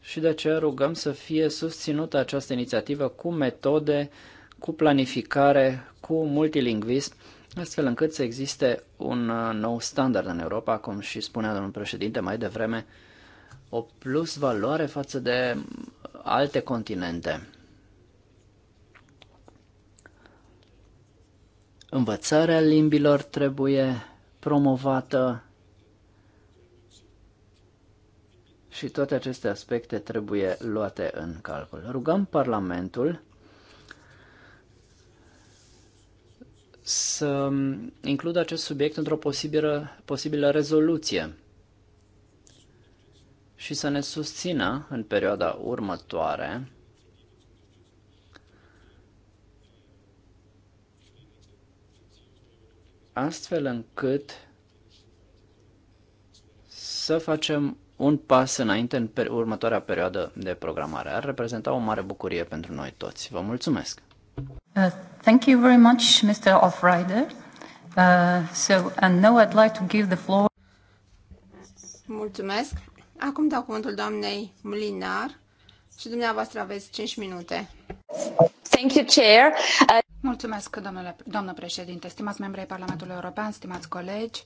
și de aceea rugăm să fie susținută această inițiativă cu metode uh, cu planificare, cu multilingvism, astfel încât să existe un uh, nou standard în Europa, cum și spunea domnul președinte mai devreme, o plus valoare față de alte continente. Învățarea limbilor trebuie promovată și toate aceste aspecte trebuie luate în calcul. Rugăm Parlamentul să includă acest subiect într-o posibilă, posibilă rezoluție și să ne susțină în perioada următoare astfel încât să facem un pas înainte în următoarea perioadă de programare. Ar reprezenta o mare bucurie pentru noi toți. Vă mulțumesc! Uh, thank you very much, Mr. Offrider. Uh, so, and now I'd like to give the floor. Mulțumesc. Acum dau cuvântul doamnei Mlinar și dumneavoastră aveți 5 minute. Thank you, Chair. Uh... Mulțumesc, domnule, doamnă președinte, stimați membrii Parlamentului European, stimați colegi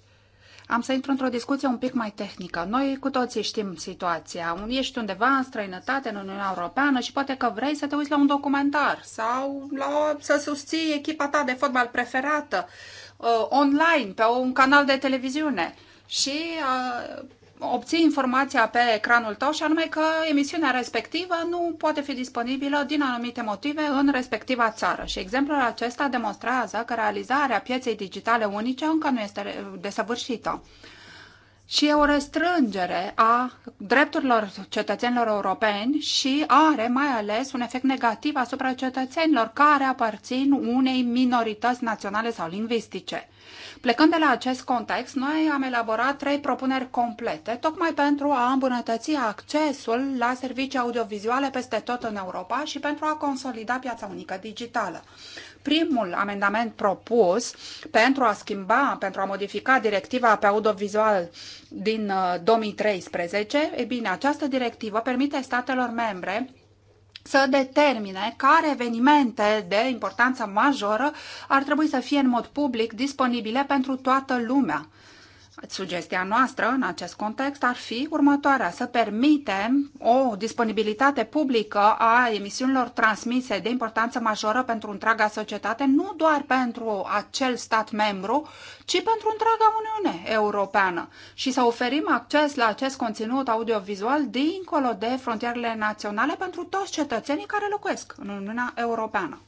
am să intru într-o discuție un pic mai tehnică. Noi cu toții știm situația. Ești undeva în străinătate, în Uniunea Europeană și poate că vrei să te uiți la un documentar sau la, să susții echipa ta de fotbal preferată uh, online, pe un canal de televiziune. Și uh, obții informația pe ecranul tău și anume că emisiunea respectivă nu poate fi disponibilă din anumite motive în respectiva țară. Și exemplul acesta demonstrează că realizarea pieței digitale unice încă nu este desăvârșită și e o restrângere a drepturilor cetățenilor europeni și are mai ales un efect negativ asupra cetățenilor care aparțin unei minorități naționale sau lingvistice. Plecând de la acest context, noi am elaborat trei propuneri complete, tocmai pentru a îmbunătăți accesul la servicii audiovizuale peste tot în Europa și pentru a consolida piața unică digitală. Primul amendament propus pentru a schimba, pentru a modifica directiva pe audiovizual din 2013, uh, e bine, această directivă permite statelor membre să determine care evenimente de importanță majoră ar trebui să fie în mod public disponibile pentru toată lumea Sugestia noastră în acest context ar fi următoarea, să permitem o disponibilitate publică a emisiunilor transmise de importanță majoră pentru întreaga societate, nu doar pentru acel stat membru, ci pentru întreaga Uniune Europeană și să oferim acces la acest conținut audiovizual dincolo de frontierele naționale pentru toți cetățenii care locuiesc în Uniunea Europeană.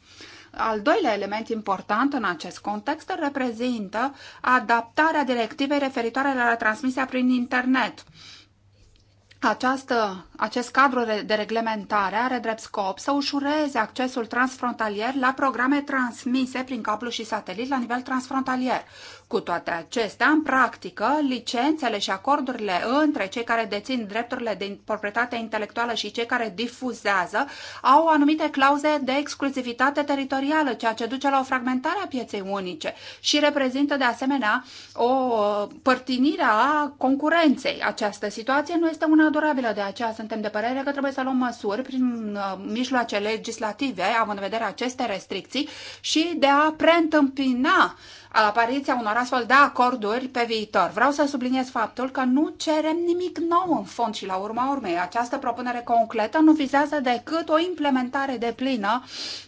Al doilea element important în acest context reprezintă adaptarea directivei referitoare la transmisia prin internet. Această, acest cadru de reglementare are drept scop să ușureze accesul transfrontalier la programe transmise prin cablu și satelit la nivel transfrontalier, cu toate acestea, în practică, licențele și acordurile între cei care dețin drepturile de proprietate intelectuală și cei care difuzează au anumite clauze de exclusivitate teritorială, ceea ce duce la o fragmentare a pieței unice și reprezintă de asemenea o uh, părtinire a concurenței. Această situație nu este una durabilă, de aceea suntem de părere că trebuie să luăm măsuri prin uh, mijloace legislative, având în vedere aceste restricții, și de a preîntâmpina apariția unor astfel de acorduri pe viitor. Vreau să subliniez faptul că nu cerem nimic nou în fond și la urma urmei. Această propunere concretă nu vizează decât o implementare de plină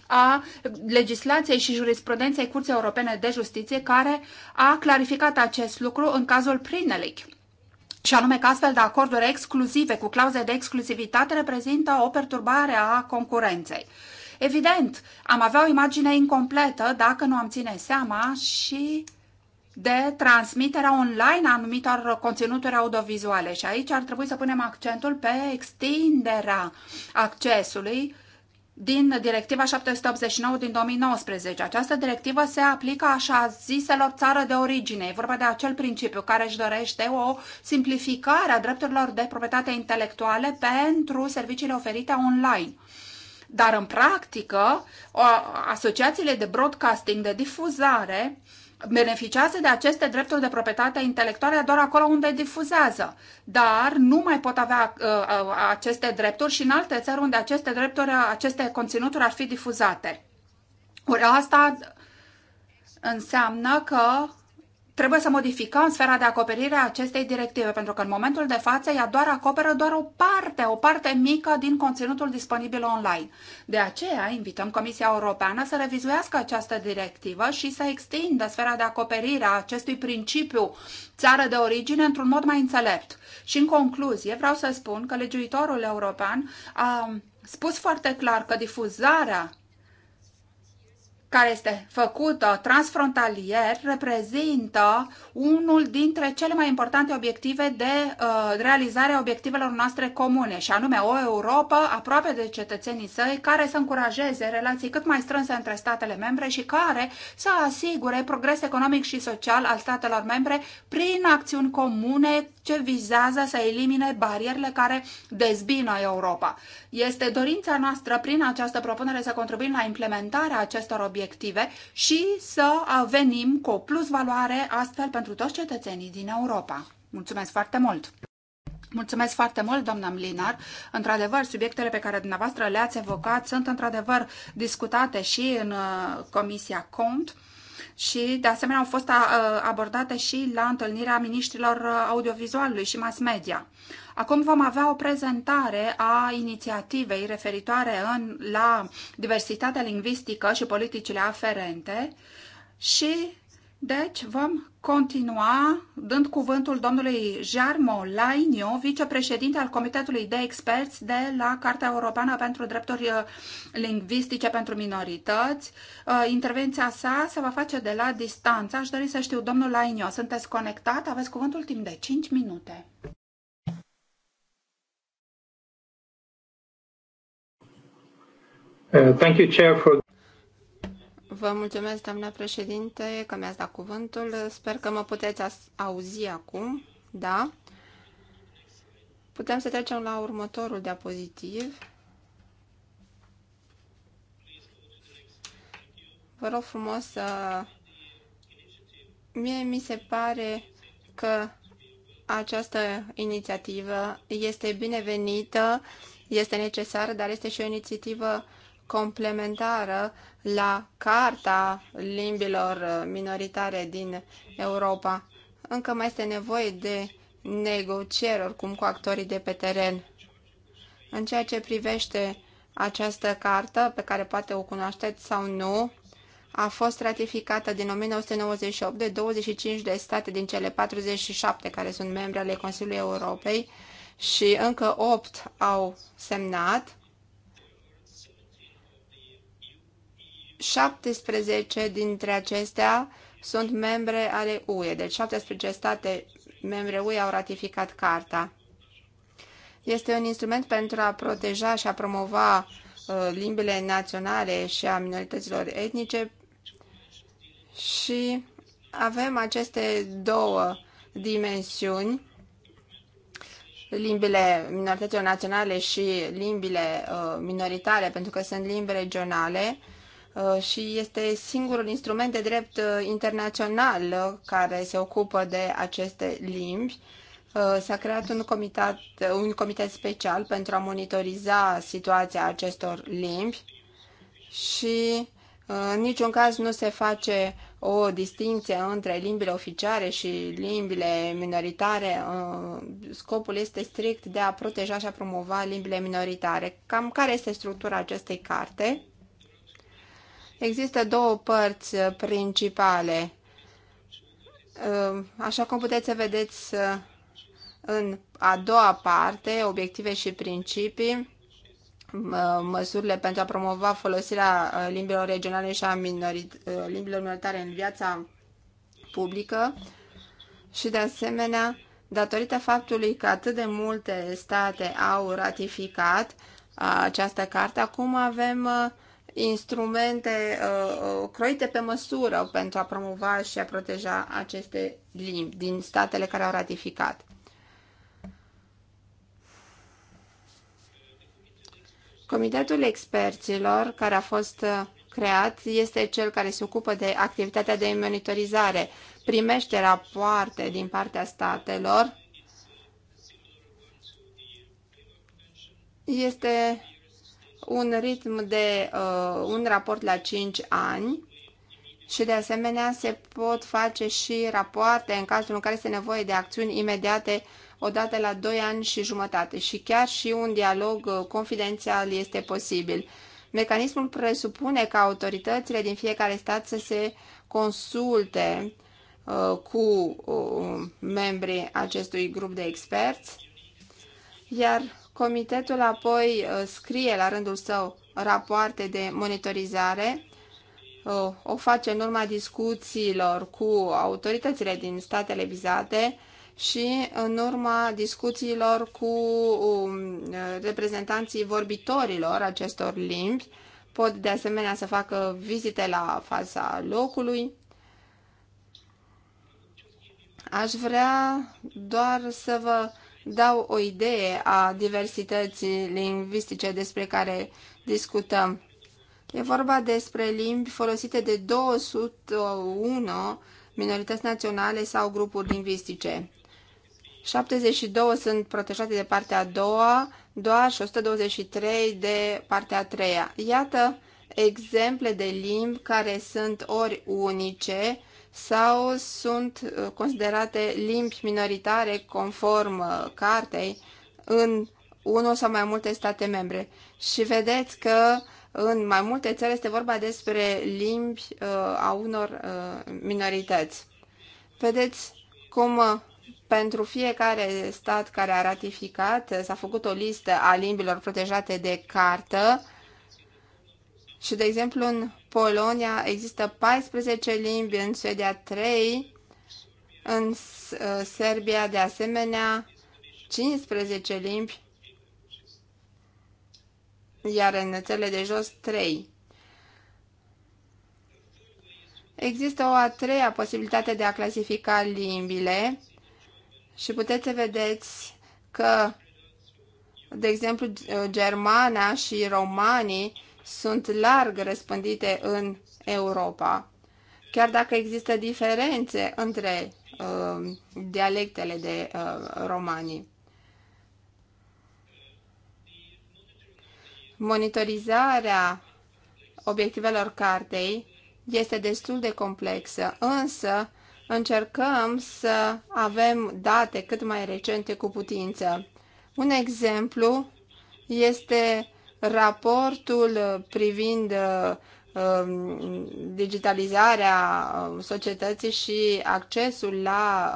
a legislației și jurisprudenței Curții Europene de Justiție care a clarificat acest lucru în cazul Prinelic și anume că astfel de acorduri exclusive cu clauze de exclusivitate reprezintă o perturbare a concurenței. Evident, am avea o imagine incompletă dacă nu am ține seama și de transmiterea online a anumitor conținuturi audiovizuale și aici ar trebui să punem accentul pe extinderea accesului din Directiva 789 din 2019. Această directivă se aplică așa ziselor țară de origine. E vorba de acel principiu care își dorește o simplificare a drepturilor de proprietate intelectuale pentru serviciile oferite online. Dar în practică, asociațiile de broadcasting, de difuzare, beneficiază de aceste drepturi de proprietate intelectuală doar acolo unde difuzează, dar nu mai pot avea uh, uh aceste drepturi și în alte țări unde aceste drepturi, uh, aceste conținuturi ar fi difuzate. Ori asta înseamnă că trebuie să modificăm sfera de acoperire a acestei directive, pentru că în momentul de față ea doar acoperă doar o parte, o parte mică din conținutul disponibil online. De aceea invităm Comisia Europeană să revizuiască această directivă și să extindă sfera de acoperire a acestui principiu țară de origine într-un mod mai înțelept. Și în concluzie vreau să spun că legiuitorul european a spus foarte clar că difuzarea care este făcută transfrontalier reprezintă unul dintre cele mai importante obiective de uh, realizare a obiectivelor noastre comune, și anume o Europa aproape de cetățenii săi, care să încurajeze relații cât mai strânse între statele membre și care să asigure progres economic și social al statelor membre prin acțiuni comune ce vizează să elimine barierele care dezbină Europa. Este dorința noastră prin această propunere să contribuim la implementarea acestor obiective și să venim cu o plus valoare astfel pentru toți cetățenii din Europa. Mulțumesc foarte mult! Mulțumesc foarte mult, doamna Mlinar. Într-adevăr, subiectele pe care dumneavoastră le-ați evocat sunt într-adevăr discutate și în uh, Comisia Cont și, de asemenea, au fost abordate și la întâlnirea ministrilor audiovizualului și mass media. Acum vom avea o prezentare a inițiativei referitoare în, la diversitatea lingvistică și politicile aferente și deci vom continua dând cuvântul domnului Jarmo Lainio, vicepreședinte al Comitetului de Experți de la Cartea Europeană pentru Drepturi uh, Lingvistice pentru Minorități. Uh, intervenția sa se va face de la distanță. Aș dori să știu, domnul Lainio, sunteți conectat? Aveți cuvântul timp de 5 minute. Uh, thank you, Chair, for Vă mulțumesc, doamna președinte, că mi-ați dat cuvântul. Sper că mă puteți auzi acum. Da? Putem să trecem la următorul diapozitiv. Vă rog frumos să... Mie mi se pare că această inițiativă este binevenită, este necesară, dar este și o inițiativă complementară la Carta Limbilor uh, Minoritare din Europa. Încă mai este nevoie de negocieri oricum cu actorii de pe teren. În ceea ce privește această cartă, pe care poate o cunoașteți sau nu, a fost ratificată din 1998 de 25 de state din cele 47 care sunt membre ale Consiliului Europei și încă 8 au semnat. 17 dintre acestea sunt membre ale UE, deci 17 state membre UE au ratificat carta. Este un instrument pentru a proteja și a promova uh, limbile naționale și a minorităților etnice și avem aceste două dimensiuni, limbile minorităților naționale și limbile uh, minoritare, pentru că sunt limbi regionale, Uh, și este singurul instrument de drept uh, internațional uh, care se ocupă de aceste limbi. S-a creat un comitet, un comitet special pentru a monitoriza situația acestor limbi și în niciun caz nu se face o distinție între limbile oficiale și limbile minoritare. Scopul este strict de a proteja și a promova limbile minoritare. Cam care este structura acestei carte? Există două părți uh, principale. Uh, așa cum puteți să vedeți uh, în a doua parte, obiective și principii, măsurile pentru a promova folosirea limbilor regionale și a minorit- limbilor minoritare în viața publică și, de asemenea, datorită faptului că atât de multe state au ratificat această carte, acum avem instrumente uh, uh, croite pe măsură pentru a promova și a proteja aceste limbi din statele care au ratificat. Comitetul experților care a fost uh, creat este cel care se ocupă de activitatea de monitorizare. Primește rapoarte din partea statelor. Este un ritm de uh, un raport la 5 ani și de asemenea se pot face și rapoarte în cazul în care este nevoie de acțiuni imediate odată la 2 ani și jumătate și chiar și un dialog uh, confidențial este posibil. Mecanismul presupune ca autoritățile din fiecare stat să se consulte uh, cu uh, membrii acestui grup de experți, iar Comitetul apoi uh, scrie la rândul său rapoarte de monitorizare, uh, o face în urma discuțiilor cu autoritățile din statele vizate și în urma discuțiilor cu um, reprezentanții vorbitorilor acestor limbi. Pot de asemenea să facă vizite la fața locului. Aș vrea doar să vă dau o idee a diversității lingvistice despre care discutăm. E vorba despre limbi folosite de 201 minorități naționale sau grupuri lingvistice. 72 sunt protejate de partea a doua, doar și 123 de partea a treia. Iată exemple de limbi care sunt ori unice, sau sunt uh, considerate limbi minoritare conform uh, cartei în unul sau mai multe state membre. Și vedeți că în mai multe țări este vorba despre limbi uh, a unor uh, minorități. Vedeți cum uh, pentru fiecare stat care a ratificat s-a făcut o listă a limbilor protejate de cartă și, de exemplu, în Polonia există 14 limbi, în Suedia 3, în uh, Serbia de asemenea 15 limbi, iar în țările de jos 3. Există o a treia posibilitate de a clasifica limbile și puteți să vedeți că, de exemplu, germana și romanii sunt larg răspândite în Europa, chiar dacă există diferențe între uh, dialectele de uh, romanii. Monitorizarea obiectivelor cartei este destul de complexă, însă încercăm să avem date cât mai recente cu putință. Un exemplu este raportul uh, privind uh, um, digitalizarea um, societății și accesul la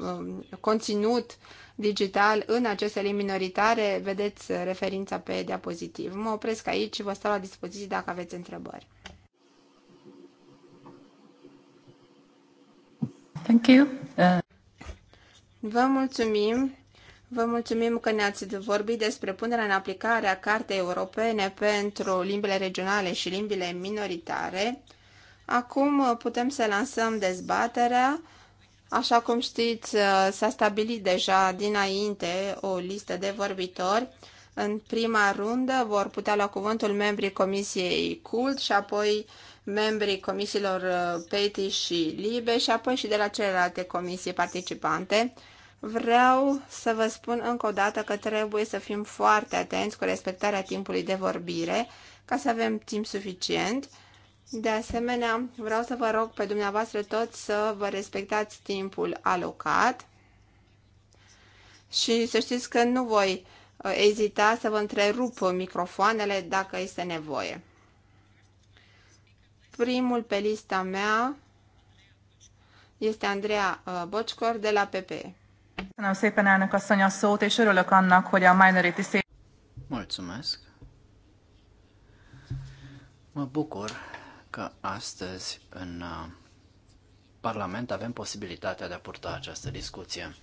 um, conținut digital în limbi minoritare, vedeți referința pe diapozitiv. Mă opresc aici și vă stau la dispoziție dacă aveți întrebări. Thank you. Uh... Vă mulțumim. Vă mulțumim că ne-ați vorbit despre punerea în aplicare a Cartei Europene pentru limbile regionale și limbile minoritare. Acum putem să lansăm dezbaterea. Așa cum știți, s-a stabilit deja dinainte o listă de vorbitori. În prima rundă vor putea lua cuvântul membrii Comisiei CULT și apoi membrii comisiilor uh, PETI și LIBE și apoi și de la celelalte comisii participante. Vreau să vă spun încă o dată că trebuie să fim foarte atenți cu respectarea timpului de vorbire, ca să avem timp suficient. De asemenea, vreau să vă rog pe dumneavoastră toți să vă respectați timpul alocat și să știți că nu voi uh, ezita să vă întrerup microfoanele dacă este nevoie. Primul pe lista mea este Andreea uh, Bocicor de la PPE. Köszönöm szépen elnök asszony a szót, és örülök annak, hogy a minority szép... Mulțumesc. Mă bucur că astăzi în uh, Parlament avem posibilitatea de a purta această discuție.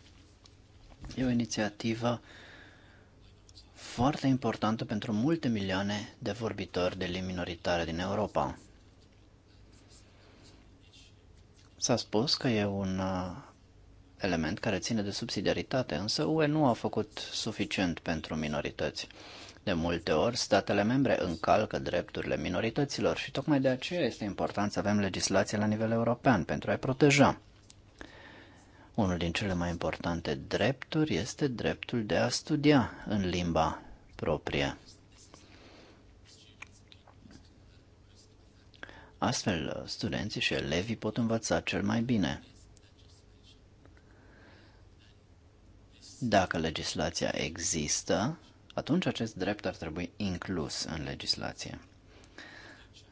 E o inițiativă foarte importantă pentru multe milioane de vorbitori de limbi minoritare din Europa. S-a spus că e un uh, element care ține de subsidiaritate, însă UE nu a făcut suficient pentru minorități. De multe ori, statele membre încalcă drepturile minorităților și tocmai de aceea este important să avem legislație la nivel european pentru a-i proteja. Unul din cele mai importante drepturi este dreptul de a studia în limba proprie. Astfel, studenții și elevii pot învăța cel mai bine. Dacă legislația există, atunci acest drept ar trebui inclus în legislație.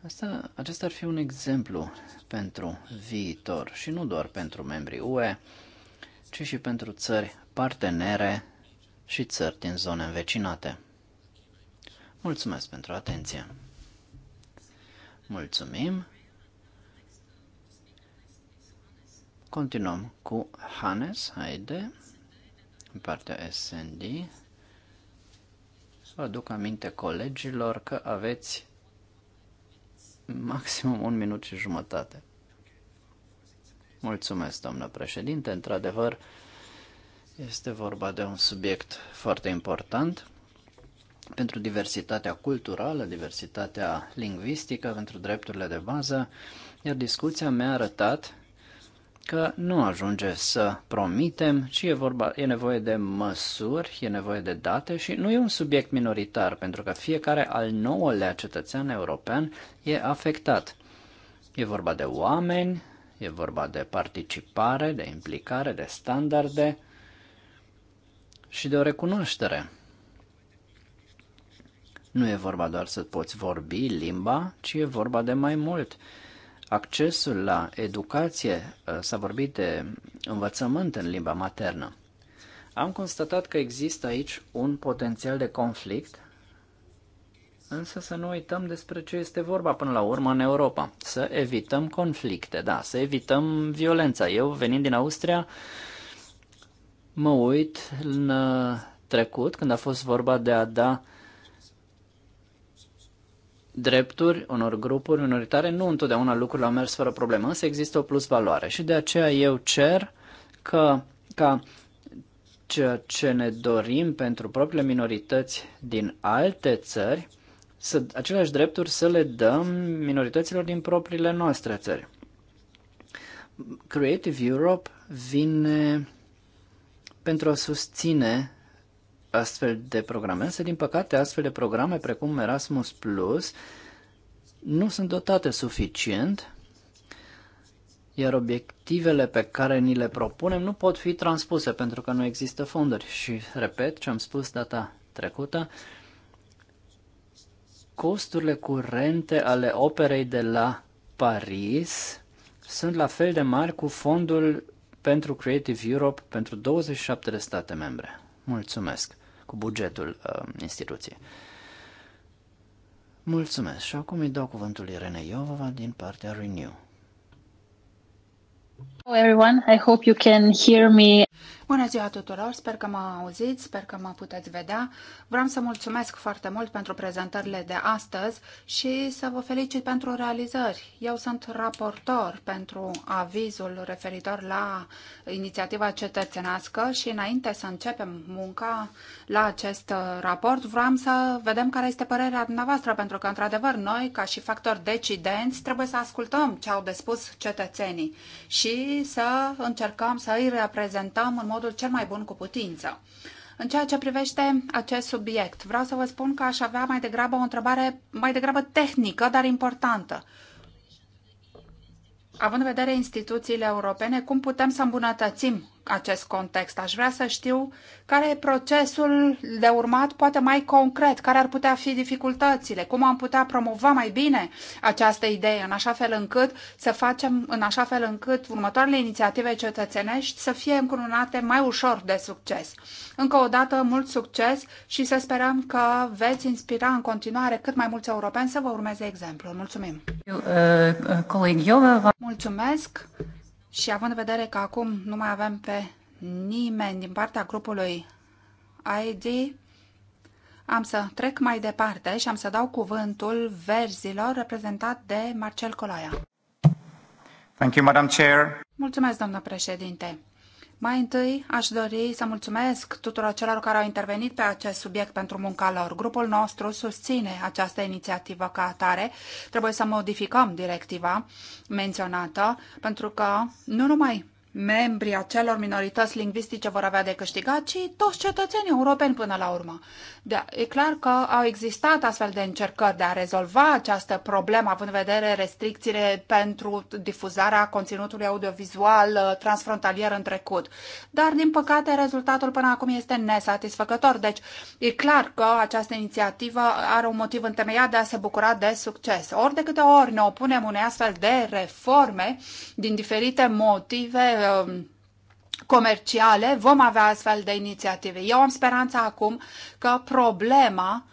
Asta, acesta ar fi un exemplu pentru viitor și nu doar pentru membrii UE, ci și pentru țări partenere și țări din zone învecinate. Mulțumesc pentru atenție! Mulțumim! Continuăm cu Hannes Haide în partea SND. Să aduc aminte colegilor că aveți maximum un minut și jumătate. Mulțumesc, doamnă președinte. Într-adevăr, este vorba de un subiect foarte important pentru diversitatea culturală, diversitatea lingvistică, pentru drepturile de bază, iar discuția mi-a arătat că nu ajunge să promitem, ci e, vorba, e nevoie de măsuri, e nevoie de date și nu e un subiect minoritar, pentru că fiecare al nouălea cetățean european e afectat. E vorba de oameni, e vorba de participare, de implicare, de standarde și de o recunoaștere. Nu e vorba doar să poți vorbi limba, ci e vorba de mai mult accesul la educație, uh, s-a vorbit de învățământ în limba maternă. Am constatat că există aici un potențial de conflict, însă să nu uităm despre ce este vorba până la urmă în Europa. Să evităm conflicte, da, să evităm violența. Eu, venind din Austria, mă uit în uh, trecut, când a fost vorba de a da uh, drepturi unor grupuri minoritare, nu întotdeauna lucrurile au mers fără probleme, însă există o plus valoare și de aceea eu cer că, ca ceea ce ne dorim pentru propriile minorități din alte țări, să, aceleași drepturi să le dăm minorităților din propriile noastre țări. Creative Europe vine pentru a susține astfel de programe. Însă, din păcate, astfel de programe precum Erasmus Plus nu sunt dotate suficient, iar obiectivele pe care ni le propunem nu pot fi transpuse pentru că nu există fonduri. Și, repet, ce am spus data trecută, costurile curente ale operei de la Paris sunt la fel de mari cu fondul pentru Creative Europe pentru 27 de state membre. Mulțumesc! cu bugetul uh, instituției. Mulțumesc și acum îi dau cuvântul Irene Iovova din partea Renew everyone, I hope you can hear me. Bună ziua tuturor, sper că mă auziți, sper că mă puteți vedea. Vreau să mulțumesc foarte mult pentru prezentările de astăzi și să vă felicit pentru realizări. Eu sunt raportor pentru avizul referitor la inițiativa cetățenească și înainte să începem munca la acest raport, vreau să vedem care este părerea dumneavoastră, pentru că, într-adevăr, noi, ca și factori decidenți, trebuie să ascultăm ce au de spus cetățenii și să încercăm să îi reprezentăm în modul cel mai bun cu putință. În ceea ce privește acest subiect, vreau să vă spun că aș avea mai degrabă o întrebare mai degrabă tehnică, dar importantă. Având în vedere instituțiile europene, cum putem să îmbunătățim acest context. Aș vrea să știu care e procesul de urmat, poate mai concret, care ar putea fi dificultățile, cum am putea promova mai bine această idee, în așa fel încât să facem, în așa fel încât următoarele inițiative cetățenești să fie încununate mai ușor de succes. Încă o dată, mult succes și să sperăm că veți inspira în continuare cât mai mulți europeni să vă urmeze exemplul. Mulțumim! Uh, uh, Mulțumesc! Și având în vedere că acum nu mai avem pe nimeni din partea grupului ID, am să trec mai departe și am să dau cuvântul verzilor reprezentat de Marcel Colaia. Thank you, Madam Chair. Mulțumesc, doamnă președinte. Mai întâi aș dori să mulțumesc tuturor celor care au intervenit pe acest subiect pentru munca lor. Grupul nostru susține această inițiativă ca atare. Trebuie să modificăm directiva menționată pentru că nu numai membrii acelor minorități lingvistice vor avea de câștigat, ci toți cetățenii europeni până la urmă. De, e clar că au existat astfel de încercări de a rezolva această problemă, având în vedere restricțiile pentru difuzarea conținutului audiovizual uh, transfrontalier în trecut. Dar, din păcate, rezultatul până acum este nesatisfăcător. Deci, e clar că această inițiativă are un motiv întemeiat de a se bucura de succes. Ori de câte ori ne opunem unei astfel de reforme, din diferite motive, Um, comerciale, vom avea astfel de inițiative. Eu am speranța acum că problema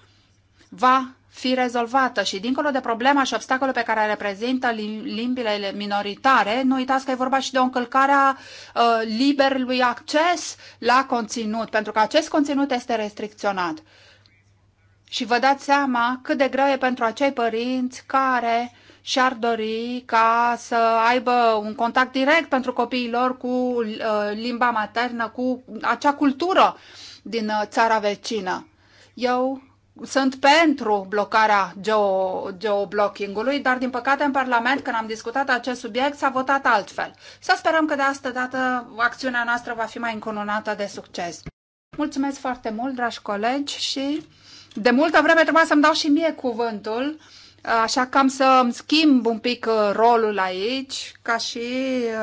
va fi rezolvată și dincolo de problema și obstacolul pe care reprezintă limbile minoritare, nu uitați că e vorba și de o încălcare a uh, liberului acces la conținut, pentru că acest conținut este restricționat. Și vă dați seama cât de greu e pentru acei părinți care uh, și-ar dori ca să aibă un contact direct pentru copiii lor cu uh, limba maternă, cu acea cultură din uh, țara vecină. Eu sunt pentru blocarea geo, geoblocking-ului, dar din păcate în Parlament, când am discutat acest subiect, s-a votat altfel. Să sperăm că de asta dată acțiunea noastră va fi mai încununată de succes. Mulțumesc foarte mult, dragi colegi, și de multă vreme trebuia să-mi dau și mie cuvântul Așa că am să îmi schimb un pic uh, rolul aici ca și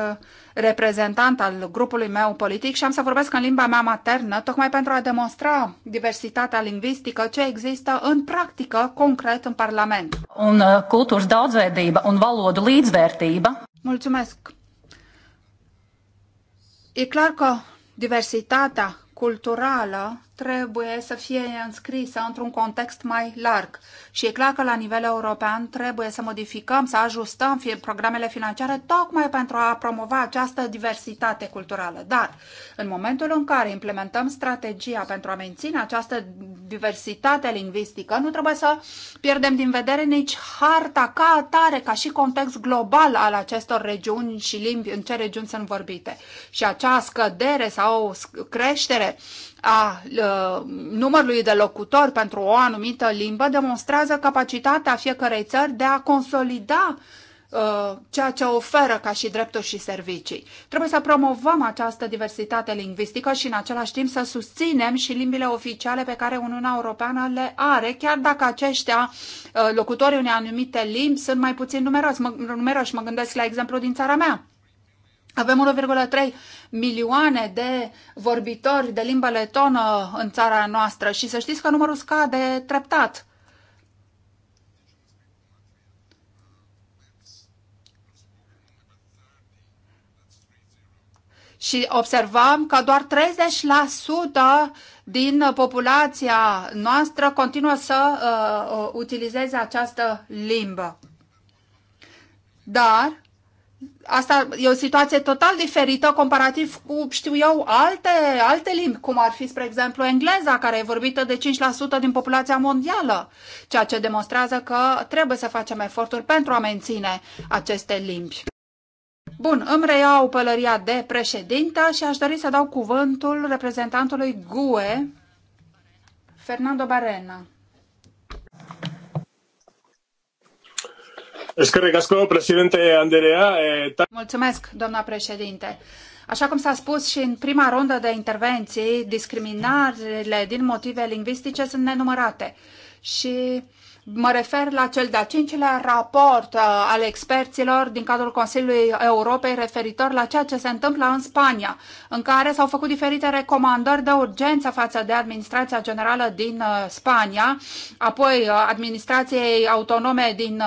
uh, reprezentant al grupului meu politic și am să vorbesc în limba mea maternă, tocmai pentru a demonstra diversitatea lingvistică ce există în practică, concret, în Parlament. Un uh, cultūras daudzveidība un valodu līdzvērtība. Mulțumesc! E clar că diversitatea culturală trebuie să fie înscrisă într-un context mai larg. Și e clar că la nivel european trebuie să modificăm, să ajustăm fie programele financiare tocmai pentru a promova această diversitate culturală. Dar în momentul în care implementăm strategia pentru a menține această diversitate lingvistică, nu trebuie să pierdem din vedere nici harta ca atare, ca și context global al acestor regiuni și limbi în ce regiuni sunt vorbite. Și acea scădere sau creștere a uh, numărului de locutori pentru o anumită limbă demonstrează capacitatea fiecarei țări de a consolida uh, ceea ce oferă ca și drepturi și servicii. Trebuie să promovăm această diversitate lingvistică și în același timp să susținem și limbile oficiale pe care Uniunea Europeană le are, chiar dacă aceștia, uh, locutorii unei anumite limbi, sunt mai puțin numeroși. Mă, numeroși. mă gândesc la exemplu din țara mea avem 1,3 milioane de vorbitori de limba letonă în țara noastră și să știți că numărul scade treptat. și observăm că doar 30% din populația noastră continuă să uh, uh utilizeze această limbă. Dar asta e o situație total diferită comparativ cu, știu eu, alte, alte limbi, cum ar fi, spre exemplu, engleza, care e vorbită de 5% din populația mondială, ceea ce demonstrează că trebuie să facem eforturi pentru a menține aceste limbi. Bun, îmi reiau pălăria de președintă și aș dori să dau cuvântul reprezentantului GUE, Fernando Barena. Eskerrik asko, presidente Anderea. Eh, Mulțumesc, doamna președinte. Așa cum s-a spus și în prima rundă de intervenții, discriminările din motive lingvistice sunt nenumărate. Și Mă refer la cel de-a cincilea raport uh, al experților din cadrul Consiliului Europei referitor la ceea ce se întâmplă în Spania, în care s-au făcut diferite recomandări de urgență față de administrația generală din uh, Spania, apoi uh, administrației autonome din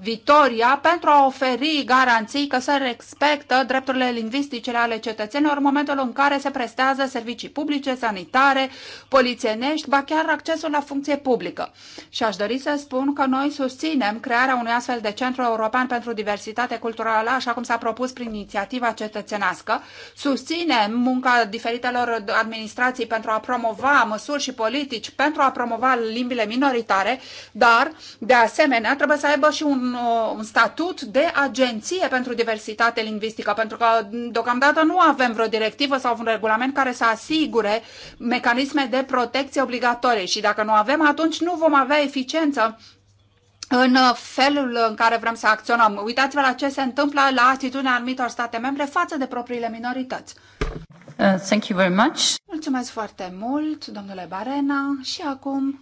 Vitoria, pentru a oferi garanții că se respectă drepturile lingvistice ale cetățenilor în momentul în care se prestează servicii publice, sanitare, polițienești, ba chiar accesul la funcție publică. Și aș dori să spun că noi susținem crearea unui astfel de centru european pentru diversitate culturală, așa cum s-a propus prin inițiativa cetățenească. Susținem munca diferitelor administrații pentru a promova măsuri și politici, pentru a promova limbile minoritare, dar, de asemenea, trebuie să aibă și un, un statut de agenție pentru diversitate lingvistică, pentru că, deocamdată, nu avem vreo directivă sau un regulament care să asigure mecanisme de protecție obligatorie și dacă nu avem, atunci nu vom avea eficiență în uh, felul în care vrem să acționăm. Uitați-vă la ce se întâmplă la atitudinea anumitor state membre față de propriile minorități. Uh, thank you very much. Mulțumesc foarte mult, domnule Barena. Și acum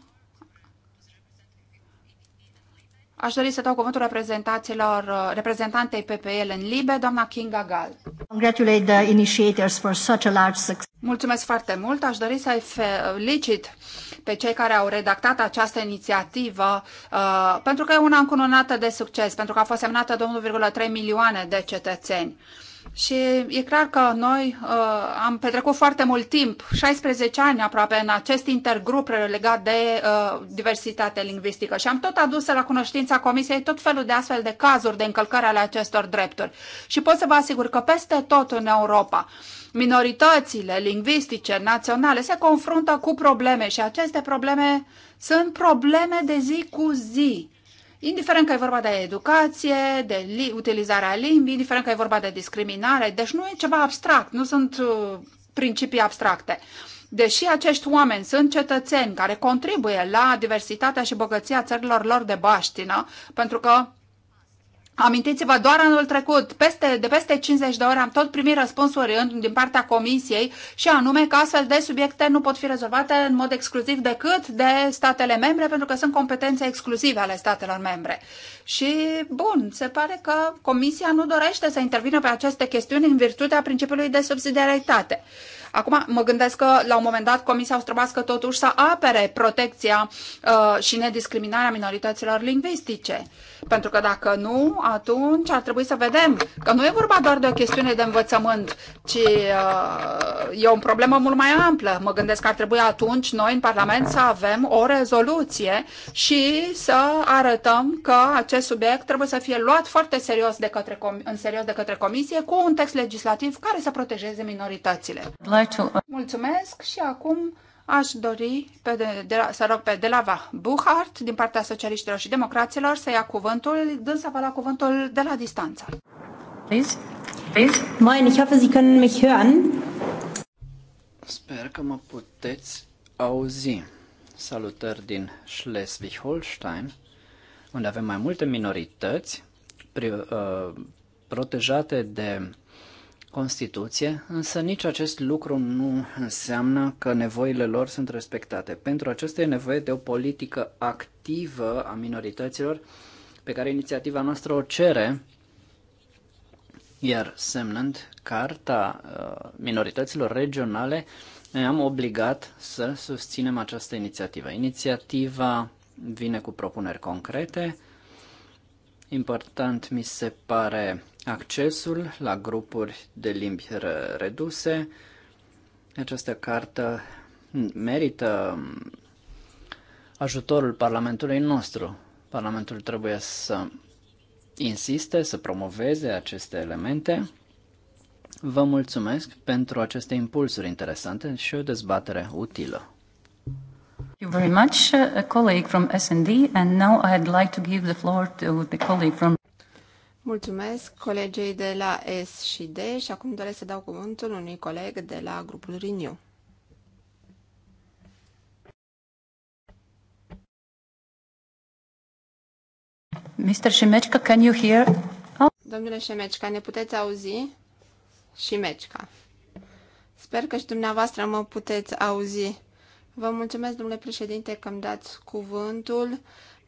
Aș dori să dau cuvântul reprezentanților, uh, reprezentantei PPL în Libe, doamna Kinga Gal. Congratulate the initiators for such a large success. Mulțumesc foarte mult. Aș dori să-i felicit pe cei care au redactat această inițiativă, uh, pentru că e una încununată de succes, pentru că a fost semnată 2,3 milioane de cetățeni. Și e clar că noi uh, am petrecut foarte mult timp, 16 ani aproape, în acest intergrup legat de uh, diversitate lingvistică și am tot adus la cunoștința Comisiei tot felul de astfel de cazuri de încălcare ale acestor drepturi. Și pot să vă asigur că peste tot în Europa minoritățile lingvistice naționale se confruntă cu probleme și aceste probleme sunt probleme de zi cu zi indiferent că e vorba de educație, de li utilizarea limbii, indiferent că e vorba de discriminare, deci nu e ceva abstract, nu sunt uh, principii abstracte. Deși acești oameni sunt cetățeni care contribuie la diversitatea și bogăția țărilor lor de baștină, pentru că Amintiți-vă, doar anul trecut, peste, de peste 50 de ore am tot primit răspunsuri în, din partea comisiei și anume că astfel de subiecte nu pot fi rezolvate în mod exclusiv decât de statele membre pentru că sunt competențe exclusive ale statelor membre. Și, bun, se pare că comisia nu dorește să intervină pe aceste chestiuni în virtutea principiului de subsidiaritate. Uh, Acum mă gândesc că la un moment dat Comisia Austrobască totuși să apere protecția uh, și nediscriminarea minorităților lingvistice. Pentru că dacă nu, atunci ar trebui să vedem că nu e vorba doar de o chestiune de învățământ, ci uh, e o problemă mult mai amplă. Mă gândesc că ar trebui atunci noi în Parlament să avem o rezoluție și să arătăm că acest subiect trebuie să fie luat foarte serios de către, în serios de către Comisie cu un text legislativ care să protejeze minoritățile like to... Mulțumesc și acum aș dori pe de, de la, să rog pe Delava Buhart din partea socialiștilor și democraților să ia cuvântul. Dânsa va lua cuvântul de la distanță. Please. Please. Moin, ich hoffe, Sie können mich hören. Sper că mă puteți auzi. Salutări din Schleswig-Holstein, unde avem mai multe minorități pri, uh, protejate de Constituție, însă nici acest lucru nu înseamnă că nevoile lor sunt respectate. Pentru aceste e nevoie de o politică activă a minorităților pe care inițiativa noastră o cere, iar semnând Carta uh, Minorităților Regionale, ne-am obligat să susținem această inițiativă. Inițiativa vine cu propuneri concrete. Important mi se pare accesul la grupuri de limbi reduse. Această carte merită ajutorul Parlamentului nostru. Parlamentul trebuie să insiste, să promoveze aceste elemente. Vă mulțumesc pentru aceste impulsuri interesante și o dezbatere utilă. Thank you very much, uh, a colleague from S&D, and now I'd like to give the floor to the colleague from Mulțumesc colegei de la S și D și acum doresc să dau cuvântul unui coleg de la grupul Renew. Mr. Șimecica, can you hear? Oh. Domnule Șimecica, ne puteți auzi? Șimecica. Sper că și dumneavoastră mă puteți auzi. Vă mulțumesc, domnule președinte, că îmi dați cuvântul.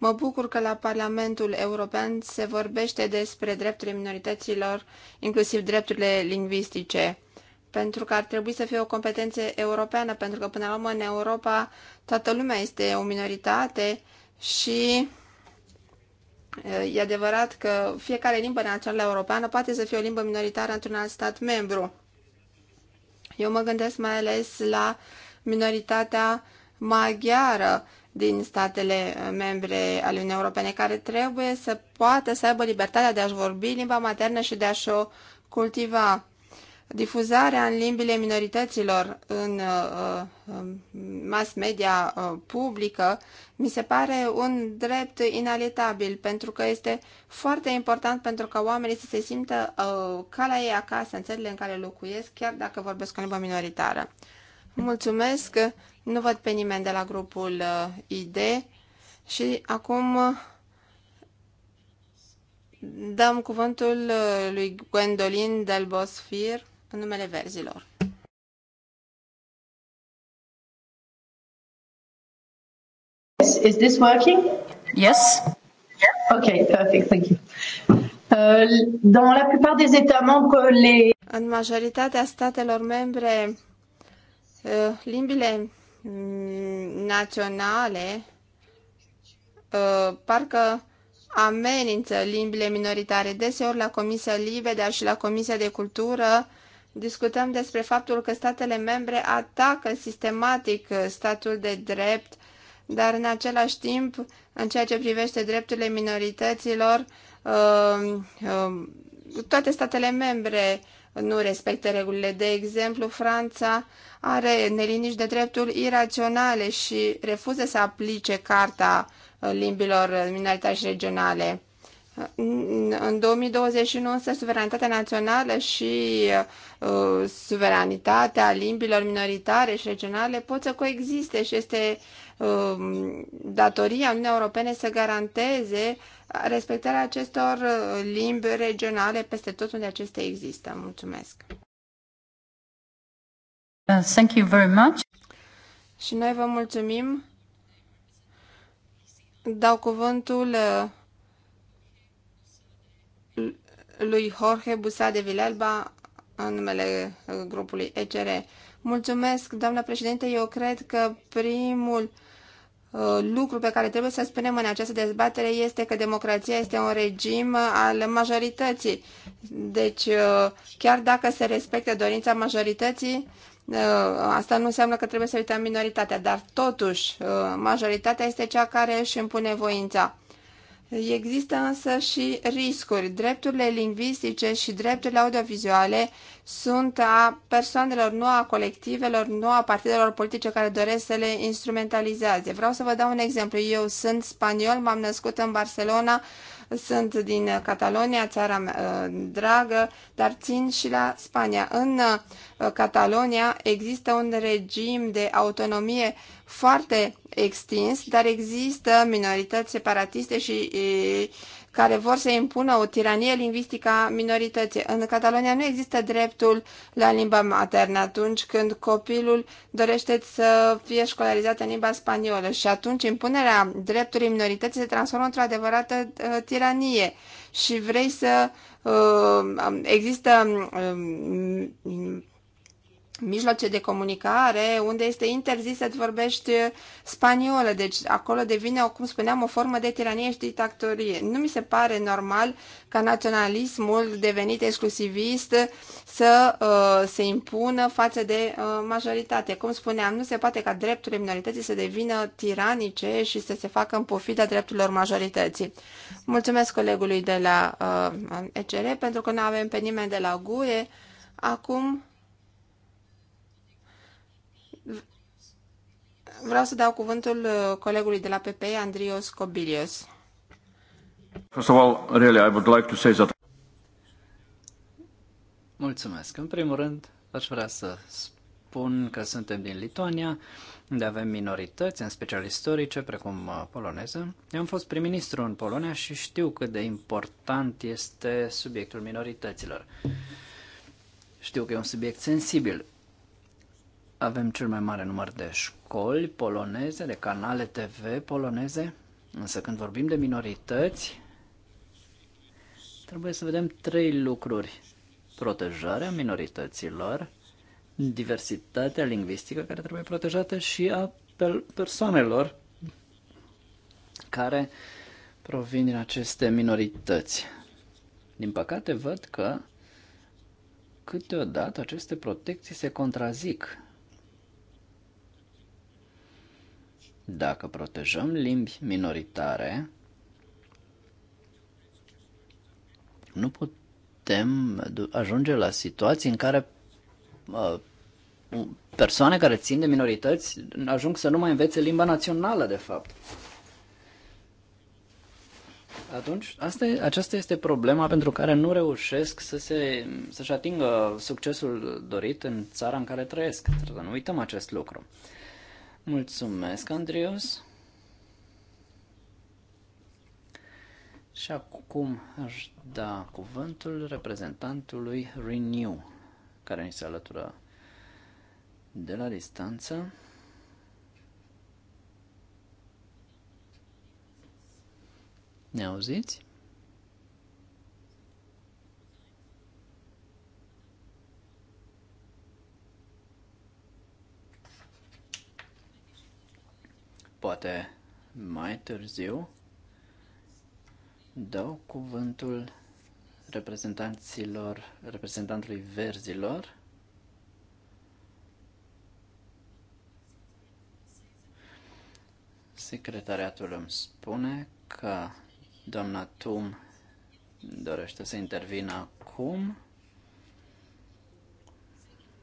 Mă bucur că la Parlamentul European se vorbește despre drepturile minorităților, inclusiv drepturile lingvistice, pentru că ar trebui să fie o competență europeană, pentru că până la urmă în Europa toată lumea este o minoritate și e adevărat că fiecare limbă națională europeană poate să fie o limbă minoritară într-un alt stat membru. Eu mă gândesc mai ales la minoritatea maghiară, din statele membre ale Uniunii Europene care trebuie să poată să aibă libertatea de a-și vorbi limba maternă și de a-și o cultiva. Difuzarea în limbile minorităților în uh, uh, mass media uh, publică mi se pare un drept inalitabil pentru că este foarte important pentru ca oamenii să se simtă ca la ei acasă în țările în care locuiesc, chiar dacă vorbesc o limbă minoritară. Mulțumesc! Nu văd pe nimeni de la grupul uh, ID și acum uh, dăm cuvântul uh, lui Gwendolyn del Bosfir în numele verzilor. Is this working? Yes. Okay, perfect, thank you. Uh, dans la plupart des États membres, les... În majoritatea statelor membre, uh, limbile Mm, naționale uh, parcă amenință limbile minoritare. Deseori la Comisia Libe, dar și la Comisia de Cultură discutăm despre faptul că statele membre atacă sistematic statul de drept, dar în același timp, în ceea ce privește drepturile minorităților, uh, uh, toate statele membre nu respectă regulile. De exemplu, Franța are neliniști de drepturi iraționale și refuză să aplice Carta uh, Limbilor uh, Minoritare și Regionale. În 2021 însă suveranitatea națională și uh, suveranitatea limbilor minoritare și regionale pot să coexiste și este Um, datoria Uniunii Europene să garanteze respectarea acestor uh, limbi regionale peste tot unde acestea există. Mulțumesc! Uh, thank you very much. Și noi vă mulțumim. Dau cuvântul uh, lui Jorge Busa de Vilelba în numele grupului ECR. Mulțumesc, doamna președinte. Eu cred că primul Uh, lucru pe care trebuie să spunem în această dezbatere este că democrația este un regim al majorității. Deci, uh, chiar dacă se respectă dorința majorității, uh, asta nu înseamnă că trebuie să uităm minoritatea, dar totuși majoritatea este cea care își impune voința. Există însă și riscuri. Drepturile lingvistice și drepturile audiovizuale sunt a persoanelor, nu a colectivelor, nu a partidelor politice care doresc să le instrumentalizeze. Vreau să vă dau un exemplu. Eu sunt spaniol, m-am născut în Barcelona, sunt din Catalonia, țara mea uh, dragă, dar țin și la Spania. În uh, Catalonia există un regim de autonomie foarte extins, dar există minorități separatiste și e, care vor să impună o tiranie lingvistică a minorității. În Catalonia nu există dreptul la limba maternă atunci când copilul dorește să fie școlarizat în limba spaniolă și atunci impunerea dreptului minorității se transformă într-o adevărată tiranie și vrei să uh, există uh, mijloace de comunicare unde este interzis să-ți vorbești spaniolă. Deci acolo devine, cum spuneam, o formă de tiranie și dictatorie. Nu mi se pare normal ca naționalismul devenit exclusivist să uh, se impună față de uh, majoritate. Cum spuneam, nu se poate ca drepturile minorității să devină tiranice și să se facă în pofida drepturilor majorității. Mulțumesc colegului de la uh, ECR pentru că nu avem pe nimeni de la GUE. Acum Vreau să dau cuvântul uh, colegului de la PP, Andrios Cobilios. First of all, really, I would like to say that... Mulțumesc. În primul rând, aș vrea să spun că suntem din Lituania, unde avem minorități, în special istorice, precum uh, poloneză. Eu am fost prim-ministru în Polonia și știu cât de important este subiectul minorităților. Știu că e un subiect sensibil. Avem cel mai mare număr de școli poloneze, de canale TV poloneze, însă când vorbim de minorități, trebuie să vedem trei lucruri. Protejarea minorităților, diversitatea lingvistică care trebuie protejată și a persoanelor care provin din aceste minorități. Din păcate, văd că câteodată aceste protecții se contrazic. Dacă protejăm limbi minoritare, nu putem ajunge la situații în care uh, persoane care țin de minorități ajung să nu mai învețe limba națională, de fapt. Atunci, asta, aceasta este problema pentru care nu reușesc să se, să-și atingă succesul dorit în țara în care trăiesc. Trebuie să nu uităm acest lucru. Uh, Mulțumesc, Andrius. Și acum aș da cuvântul reprezentantului Renew, care ni se alătură de la distanță. Ne auziți? poate mai târziu, dau cuvântul reprezentanților, reprezentantului verzilor. Secretariatul îmi spune că doamna Tum dorește să intervină acum.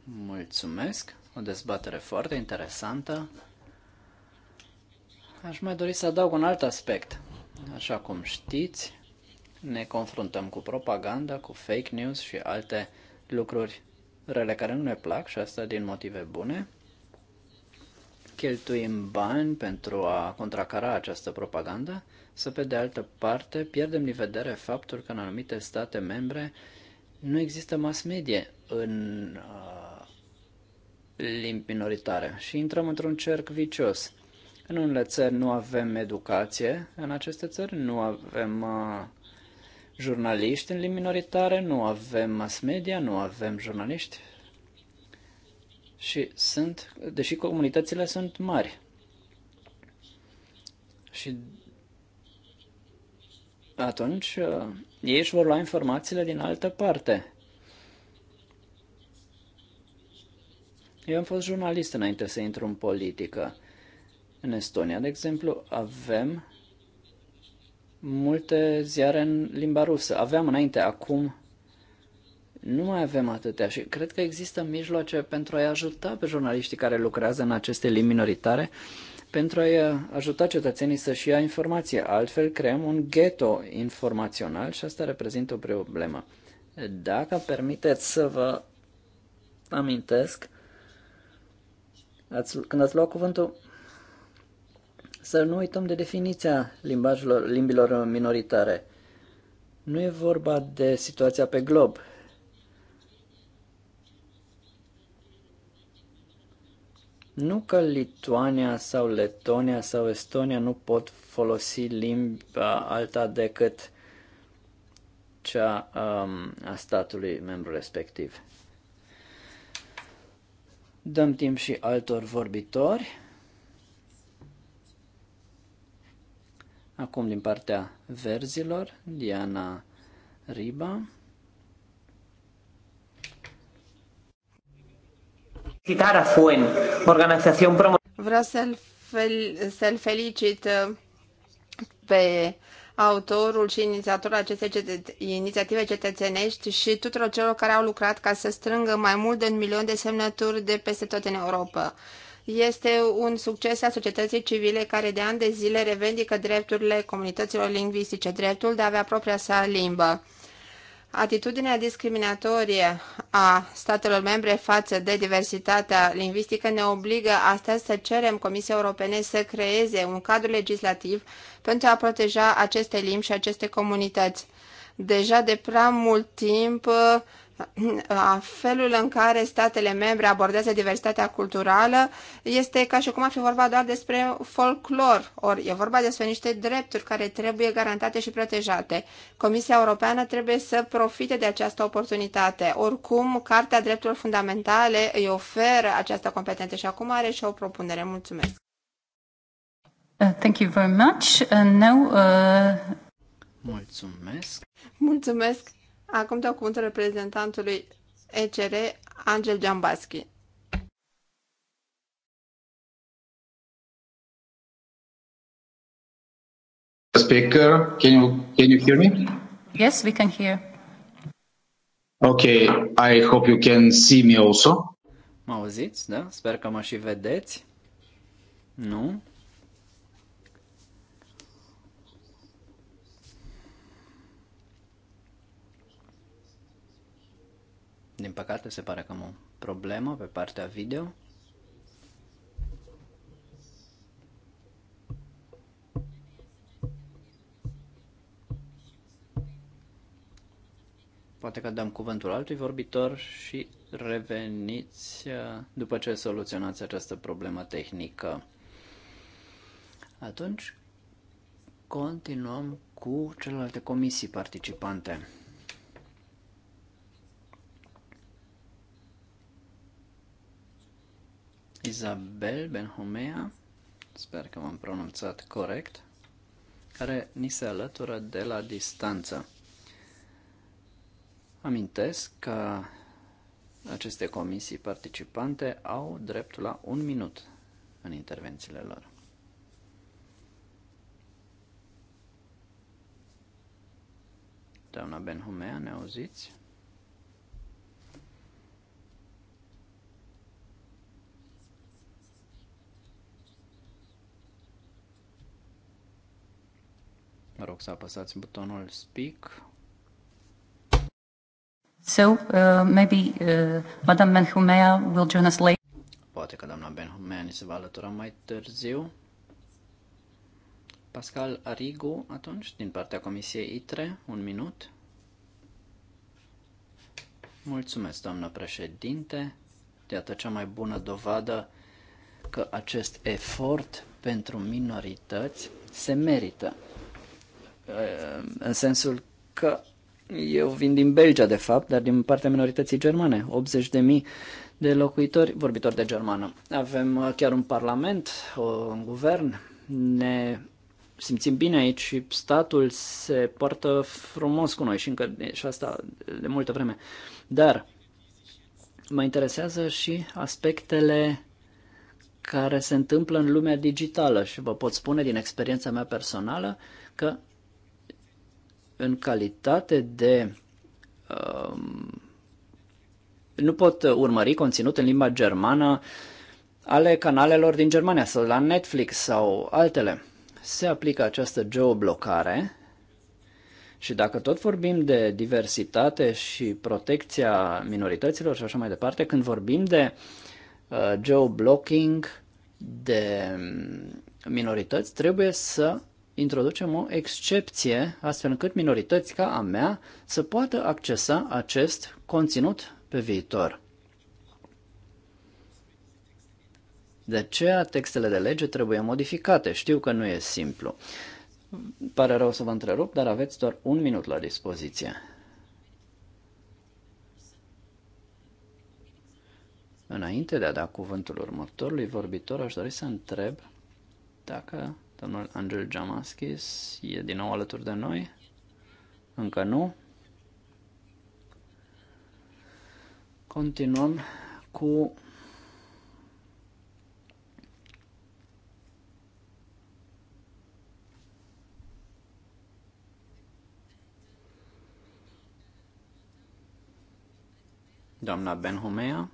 Mulțumesc, o dezbatere foarte interesantă. Aș mai dori să adaug un alt aspect. Așa cum știți, ne confruntăm cu propaganda, cu fake news și alte lucruri rele care nu ne plac și asta din motive bune. Cheltuim bani pentru a contracara această propagandă, să pe de altă parte pierdem din vedere faptul că în anumite state membre nu există mass media în uh, limbi minoritare și intrăm într-un cerc vicios – în unele țări nu avem educație, în aceste țări nu avem uh, jurnaliști în limbi minoritare, nu avem mass media, nu avem jurnaliști. Și sunt, deși comunitățile sunt mari. Și atunci uh, ei își vor lua informațiile din altă parte. Eu am fost jurnalist înainte să intru în politică în Estonia, de exemplu, avem multe ziare în limba rusă. Aveam înainte, acum nu mai avem atâtea și cred că există mijloace pentru a-i ajuta pe jurnaliștii care lucrează în aceste limbi minoritare, pentru a-i uh, ajuta cetățenii să-și ia informație. Altfel creăm un ghetto informațional și asta reprezintă o problemă. Dacă permiteți să vă amintesc, ați, când ați luat cuvântul, să nu uităm de definiția limbajelor, limbilor minoritare. Nu e vorba de situația pe glob. Nu că Lituania sau Letonia sau Estonia nu pot folosi limba alta decât cea um, a statului membru respectiv. Dăm timp și altor vorbitori. Acum din partea verzilor, Diana Riba. Fuen, Vreau să-l fel, să felicit uh, pe autorul și inițiatorul acestei cete, inițiative cetățenești și tuturor celor care au lucrat ca să strângă mai mult de un milion de semnături de peste tot în Europa este un succes al societății civile care de ani de zile revendică drepturile comunităților lingvistice, dreptul de a avea propria sa limbă. Atitudinea discriminatorie a statelor membre față de diversitatea lingvistică ne obligă astăzi să cerem Comisiei Europene să creeze un cadru legislativ pentru a proteja aceste limbi și aceste comunități. Deja de prea mult timp a felul în care statele membre abordează diversitatea culturală este ca și cum ar fi vorba doar despre folclor, ori e vorba despre niște drepturi care trebuie garantate și protejate. Comisia Europeană trebuie să profite de această oportunitate. Oricum, Cartea Drepturilor Fundamentale îi oferă această competență și acum are și o propunere. Mulțumesc! Uh, thank you very much. And uh, now, uh... Mulțumesc! Mulțumesc! Acum dau cuvântul reprezentantului ECR, Angel Giambaschi. Speaker, can you, can you hear me? Yes, we can hear. Okay, I hope you can see me also. Mă auziți, da? Sper că mă și vedeți. Nu? Din păcate, se pare că am o problemă pe partea video. Poate că dăm cuvântul altui vorbitor și reveniți uh, după ce soluționați această problemă tehnică. Atunci, continuăm cu celelalte comisii participante. Isabel Benhomea, sper că m-am pronunțat corect, care ni se alătură de la distanță. Amintesc că aceste comisii participante au dreptul la un minut în intervențiile lor. Doamna Benhomea, ne auziți? rog să apăsați butonul Speak. So, uh, maybe uh, Madame Benhumea will join us later. Poate că doamna Benhumea ni se va alătura mai târziu. Pascal Arigu, atunci, din partea Comisiei ITRE, un minut. Mulțumesc, doamnă președinte. Iată cea mai bună dovadă că acest efort pentru minorități se merită. Uh, în sensul că eu vin din Belgia, de fapt, dar din partea minorității germane, 80.000 de locuitori vorbitori de germană. Avem uh, chiar un parlament, un guvern, ne simțim bine aici și statul se poartă frumos cu noi și încă și asta de multă vreme. Dar mă interesează și aspectele care se întâmplă în lumea digitală și vă pot spune din experiența mea personală că în calitate de Uh, nu pot urmări conținut în limba germană ale canalelor din Germania sau la Netflix sau altele. Se aplică această geoblocare și dacă tot vorbim de diversitate și protecția minorităților și așa mai departe, când vorbim de uh, geoblocking, de um, minorități, trebuie să introducem o excepție astfel încât minorități ca a mea să poată accesa acest conținut pe viitor. De aceea textele de lege trebuie modificate. Știu că nu e simplu. Pare rău să vă întrerup, dar aveți doar un minut la dispoziție. Înainte de a da cuvântul următorului vorbitor, aș dori să întreb dacă Domnul Angel Jamaskis e din nou alături de noi? Încă nu. Continuăm cu doamna Benhomea.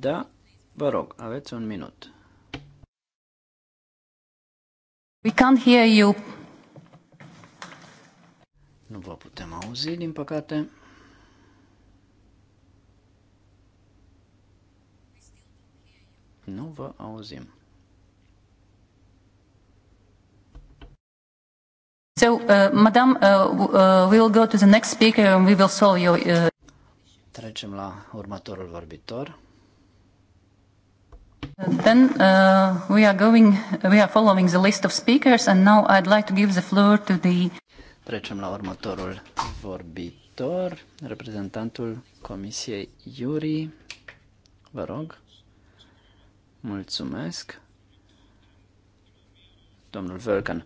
Da, Vă rog, aveți un minut. We can't hear you. Nu vă putem auzi, din păcate. Nu vă auzim. So, uh, madam, uh, uh, we will go to the next speaker and we will solve your... Uh... Trecem la următorul vorbitor. Then uh, we are going, we are following the list of speakers and now I'd like to give the floor to the... Trecem la următorul vorbitor, reprezentantul Comisiei Iuri. Vă rog. Mulțumesc. Domnul Verkan,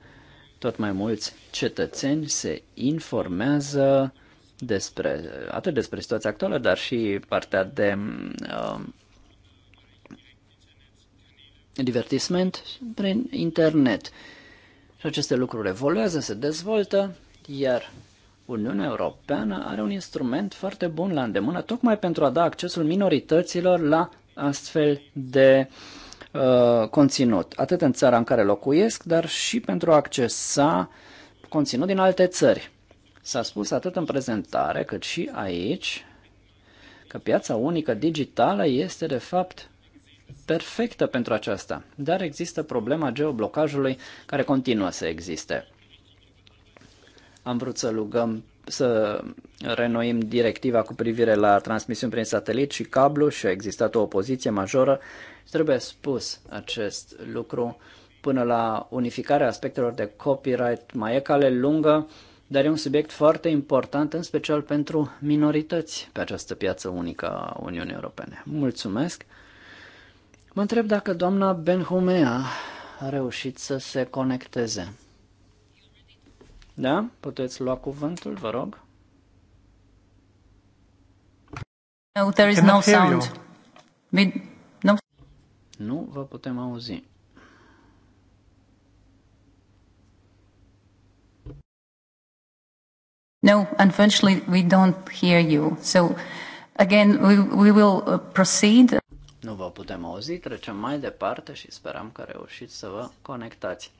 tot mai mulți cetățeni se informează despre, atât despre situația actuală, dar și partea de um, divertisment prin internet. Și aceste lucruri evoluează, se dezvoltă, iar Uniunea Europeană are un instrument foarte bun la îndemână, tocmai pentru a da accesul minorităților la astfel de uh, conținut, atât în țara în care locuiesc, dar și pentru a accesa conținut din alte țări. S-a spus atât în prezentare cât și aici că piața unică digitală este de fapt perfectă pentru aceasta, dar există problema geoblocajului care continuă să existe. Am vrut să lugăm, să renoim directiva cu privire la transmisiuni prin satelit și cablu și a existat o opoziție majoră. Trebuie spus acest lucru până la unificarea aspectelor de copyright. Mai e cale lungă, dar e un subiect foarte important, în special pentru minorități pe această piață unică a Uniunii Europene. Mulțumesc! Mă întreb dacă doamna Benhumea a reușit să se conecteze. Da? Puteți lua cuvântul, vă rog? No, there is no sound. We... No. Nu vă putem auzi. No, unfortunately, we don't hear you. So, again, we, we will uh, proceed. Nu vă putem auzi, trecem mai departe și sperăm că reușiți să vă conectați.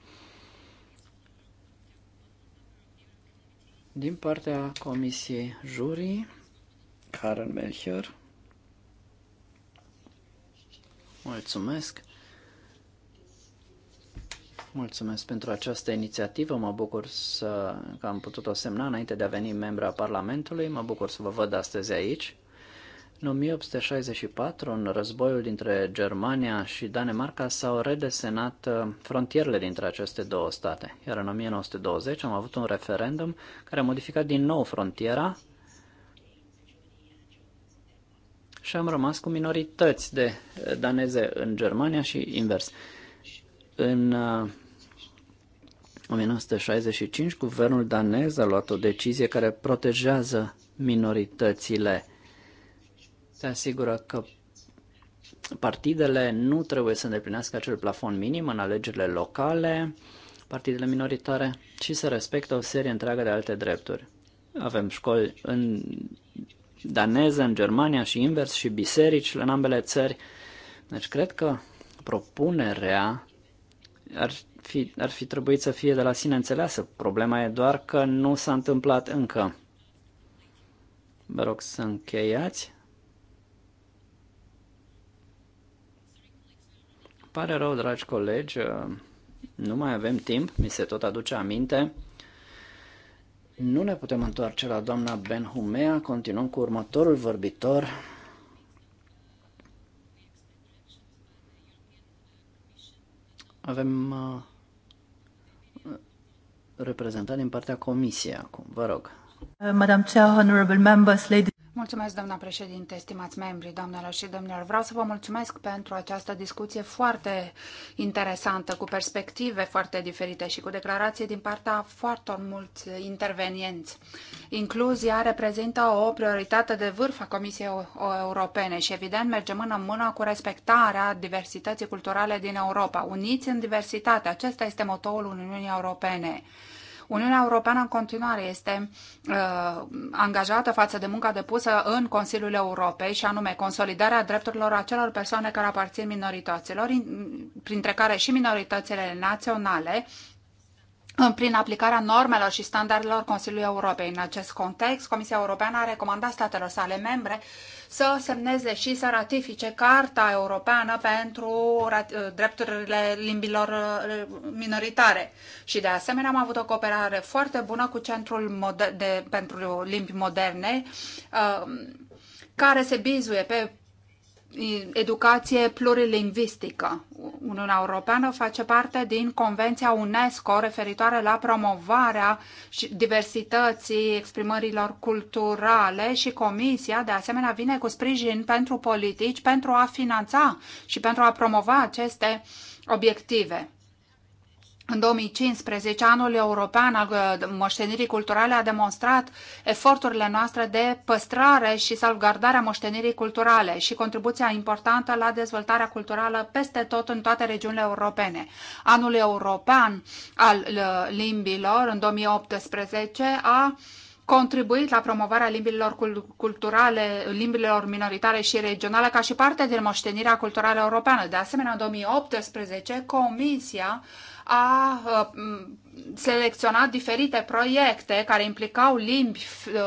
Din partea Comisiei Jurii, Karen Melchior, mulțumesc. Mulțumesc pentru această inițiativă. Mă bucur să, că am putut o semna înainte de a veni membra Parlamentului. Mă bucur să vă văd astăzi aici. În 1864, în războiul dintre Germania și Danemarca, s-au redesenat uh, frontierele dintre aceste două state. Iar în 1920 am avut un referendum care a modificat din nou frontiera și am rămas cu minorități de uh, daneze în Germania și invers. În 1965, uh, guvernul danez a luat o decizie care protejează minoritățile se asigură că partidele nu trebuie să îndeplinească acel plafon minim în alegerile locale, partidele minoritare, și să respectă o serie întreagă de alte drepturi. Avem școli în daneză, în Germania și invers, și biserici în ambele țări. Deci cred că propunerea ar fi, ar fi trebuit să fie de la sine înțeleasă. Problema e doar că nu s-a întâmplat încă. Vă rog să încheiați. pare rău, dragi colegi, uh, nu mai avem timp, mi se tot aduce aminte. Nu ne putem întoarce la doamna Ben Humea, continuăm cu următorul vorbitor. Avem uh, reprezentat din partea comisiei acum, vă rog. Uh, Madam Chair, honorable members, ladies Mulțumesc, doamna președinte, stimați membri, doamnelor și domnilor. Vreau să vă mulțumesc pentru această discuție foarte interesantă, cu perspective foarte diferite și cu declarații din partea foarte mulți intervenienți. Incluzia reprezintă o prioritate de vârf a Comisiei Europene și, evident, merge mână în mână cu respectarea diversității culturale din Europa. Uniți în diversitate, acesta este motoul Uniunii Europene. Uniunea Europeană în continuare este uh, angajată față de munca depusă în Consiliul Europei și anume consolidarea drepturilor acelor persoane care aparțin minorităților, printre care și minoritățile naționale, prin aplicarea normelor și standardelor Consiliului Europei. În acest context, Comisia Europeană a recomandat statelor sale membre să semneze și să ratifice Carta Europeană pentru drepturile limbilor uh, minoritare. Și de asemenea am avut o cooperare foarte bună cu Centrul de, pentru Limbi Moderne, uh, care se bizuie pe educație plurilingvistică. Uniunea Europeană face parte din Convenția UNESCO referitoare la promovarea diversității exprimărilor culturale și Comisia, de asemenea, vine cu sprijin pentru politici pentru a finanța și pentru a promova aceste obiective. În 2015, anul european al uh, moștenirii culturale a demonstrat eforturile noastre de păstrare și salvgardare a moștenirii culturale și contribuția importantă la dezvoltarea culturală peste tot în toate regiunile europene. Anul european al uh, limbilor în 2018 a contribuit la promovarea limbilor culturale, limbilor minoritare și regionale ca și parte din moștenirea culturală europeană. De asemenea, în 2018, Comisia a uh, selecționat diferite proiecte care implicau limbi uh,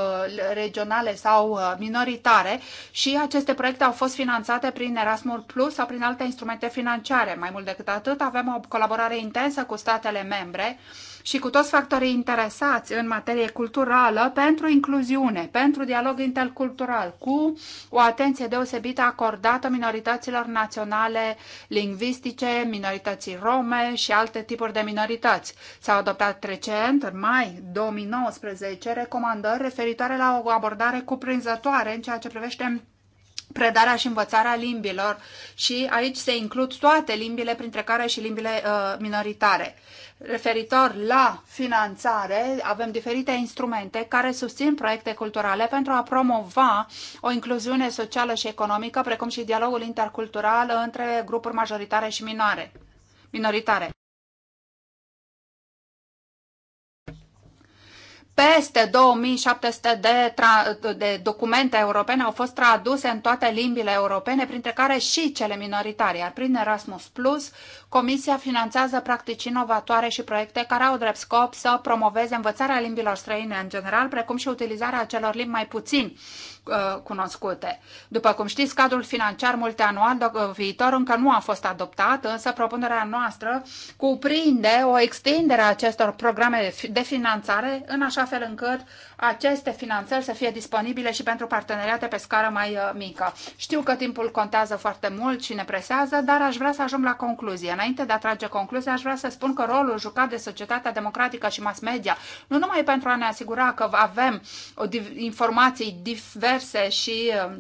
regionale sau uh, minoritare și aceste proiecte au fost finanțate prin Erasmus Plus sau prin alte instrumente financiare. Mai mult decât atât, avem o colaborare intensă cu statele membre și cu toți factorii interesați în materie culturală pentru incluziune, pentru dialog intercultural, cu o atenție deosebită acordată minorităților naționale, lingvistice, minorității rome și alte tipuri de minorități. S-au adoptat recent, în mai 2019, recomandări referitoare la o abordare cuprinzătoare în ceea ce privește predarea și învățarea limbilor și aici se includ toate limbile, printre care și limbile uh, minoritare. Referitor la finanțare, avem diferite instrumente care susțin proiecte culturale pentru a promova o incluziune socială și economică, precum și dialogul intercultural între grupuri majoritare și minore, minoritare. peste 2700 de, de documente europene au fost traduse în toate limbile europene, printre care și cele minoritare. Iar prin Erasmus Plus, Comisia finanțează practici inovatoare și proiecte care au drept scop să promoveze învățarea limbilor străine în general, precum și utilizarea celor limbi mai puțin Uh, cunoscute. După cum știți, cadrul financiar multianual uh, viitor încă nu a fost adoptat, însă propunerea noastră cuprinde o extindere a acestor programe de finanțare în așa fel încât aceste finanțări să fie disponibile și pentru parteneriate pe scară mai uh, mică. Știu că timpul contează foarte mult și ne presează, dar aș vrea să ajung la concluzie. Înainte de a trage concluzia, aș vrea să spun că rolul jucat de societatea democratică și mass media, nu numai pentru a ne asigura că avem informații diverse și uh,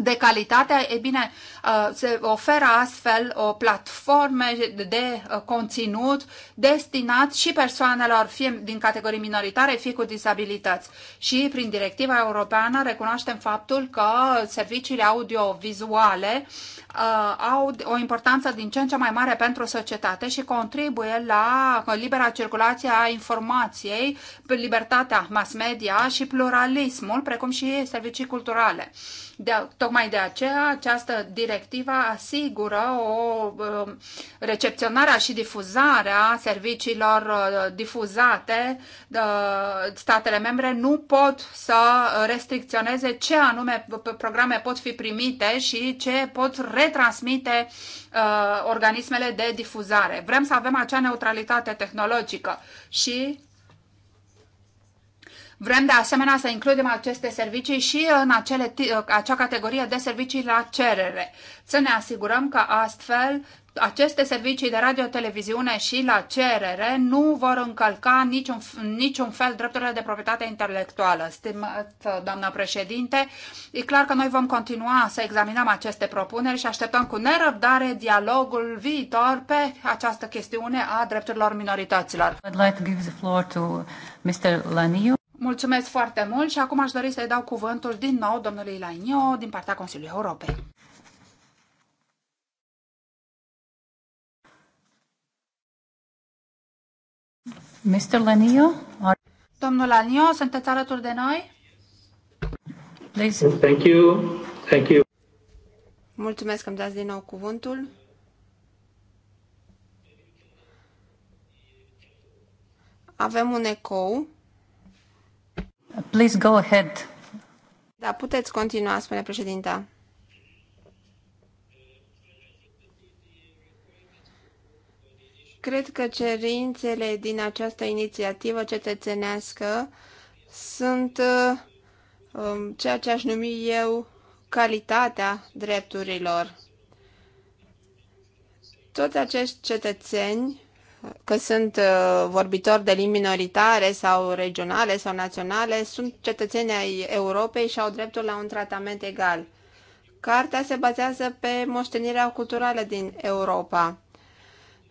de calitate, e bine, uh, se oferă astfel o platforme de uh, conținut destinat și persoanelor fie din categorii minoritare, fie cu disabilități. Și prin directiva europeană recunoaștem faptul că serviciile audio-vizuale uh, au o importanță din ce în ce mai mare pentru societate și contribuie la libera circulație a informației, libertatea mass media și pluralismul, precum și servicii culturale. De, tocmai de aceea, această directivă asigură o um, recepționarea și difuzarea serviciilor uh, difuzate. Uh, statele membre nu pot să restricționeze ce anume programe pot fi primite și ce pot retransmite uh, organismele de difuzare. Vrem să avem acea neutralitate tehnologică și Vrem de asemenea să includem aceste servicii și în acele, acea categorie de servicii la cerere. Să ne asigurăm că astfel aceste servicii de radio, televiziune și la cerere nu vor încălca niciun, niciun fel drepturile de proprietate intelectuală. Stimată doamna președinte, e clar că noi vom continua să examinăm aceste propuneri și așteptăm cu nerăbdare dialogul viitor pe această chestiune a drepturilor minorităților. I'd like to give the floor to Mr. Laniu. Mulțumesc foarte mult și acum aș dori să-i dau cuvântul din nou domnului Lainio din partea Consiliului Europei. Mr. Lanio? Are... Domnul Lanio, sunteți alături de noi? Please. Thank you. Thank you. Mulțumesc că îmi dați din nou cuvântul. Avem un ecou. Please go ahead. Da, puteți continua, spune președinta. Cred că cerințele din această inițiativă cetățenească sunt uh, ceea ce aș numi eu calitatea drepturilor. Toți acești cetățeni că sunt uh, vorbitori de limbi minoritare sau regionale sau naționale, sunt cetățeni ai Europei și au dreptul la un tratament egal. Cartea se bazează pe moștenirea culturală din Europa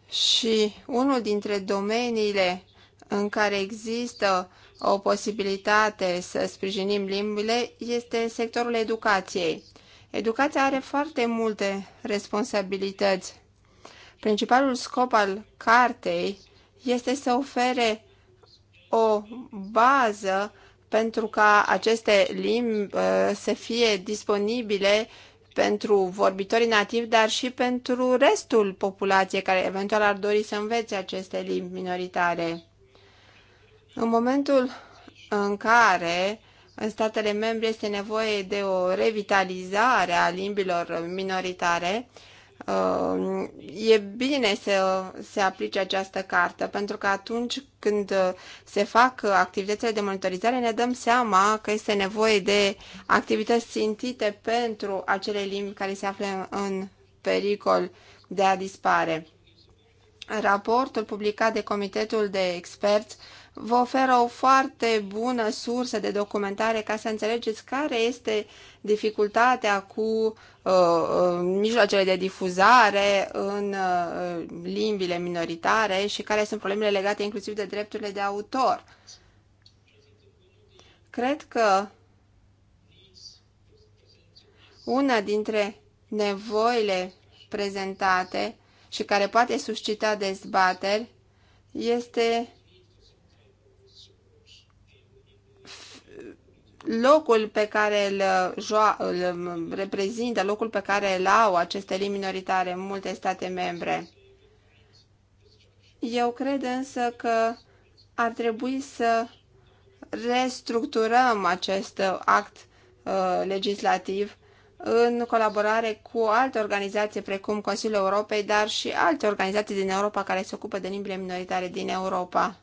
și unul dintre domeniile în care există o posibilitate să sprijinim limbile este sectorul educației. Educația are foarte multe responsabilități Principalul scop al cartei este să ofere o bază pentru ca aceste limbi uh, să fie disponibile pentru vorbitorii nativi, dar și pentru restul populației care eventual ar dori să învețe aceste limbi minoritare. În momentul în care în statele membre este nevoie de o revitalizare a limbilor minoritare, Um, e bine să se aplice această carte, pentru că atunci când se fac activitățile de monitorizare, ne dăm seama că este nevoie de activități țintite pentru acele limbi care se află în pericol de a dispare. Raportul publicat de Comitetul de Experți vă oferă o foarte bună sursă de documentare ca să înțelegeți care este dificultatea cu uh, uh, mijloacele de difuzare în uh, uh, limbile minoritare și care sunt problemele legate inclusiv de drepturile de autor. Cred că una dintre nevoile prezentate și care poate suscita dezbateri este locul pe care îl, uh, joa, îl um, reprezintă, locul pe care îl au aceste limbi minoritare în multe state membre. Eu cred însă că ar trebui să restructurăm acest uh, act uh, legislativ în colaborare cu alte organizații precum Consiliul Europei, dar și alte organizații din Europa care se ocupă de limbile minoritare din Europa.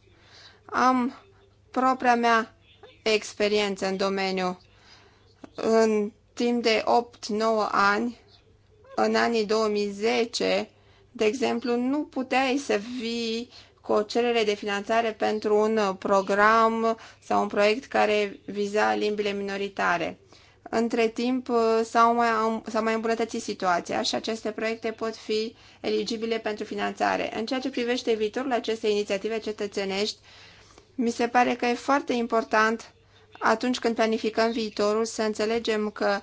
Am propria mea experiență în domeniu. În timp de 8-9 ani, în anii 2010, de exemplu, nu puteai să vii cu o cerere de finanțare pentru un program sau un proiect care viza limbile minoritare. Între timp s au mai, mai îmbunătățit situația și aceste proiecte pot fi eligibile pentru finanțare. În ceea ce privește viitorul acestei inițiative cetățenești, mi se pare că e foarte important atunci când planificăm viitorul să înțelegem că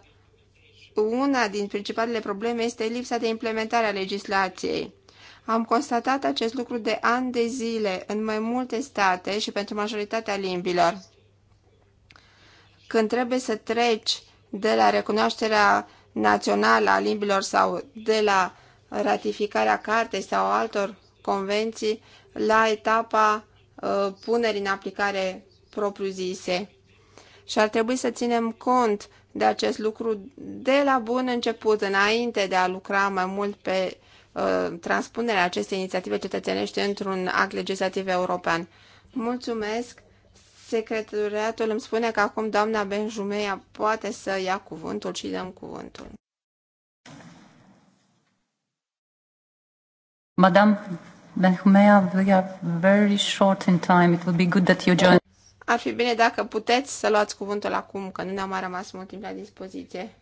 una din principalele probleme este lipsa de implementare a legislației. Am constatat acest lucru de ani de zile în mai multe state și pentru majoritatea limbilor. Când trebuie să treci de la recunoașterea națională a limbilor sau de la ratificarea cartei sau altor convenții la etapa Uh, puneri în aplicare propriu-zise. Și ar trebui să ținem cont de acest lucru de la bun început, înainte de a lucra mai mult pe uh, transpunerea acestei inițiative cetățenești într-un act legislativ european. Mulțumesc! Secretariatul îmi spune că acum doamna Benjumea poate să ia cuvântul și dăm cuvântul. Madame, Then Humea, we are very short in time. It would be good that you join. Ar fi bine dacă puteți să luați cuvântul acum, că nu ne-a mai rămas mult timp la dispoziție.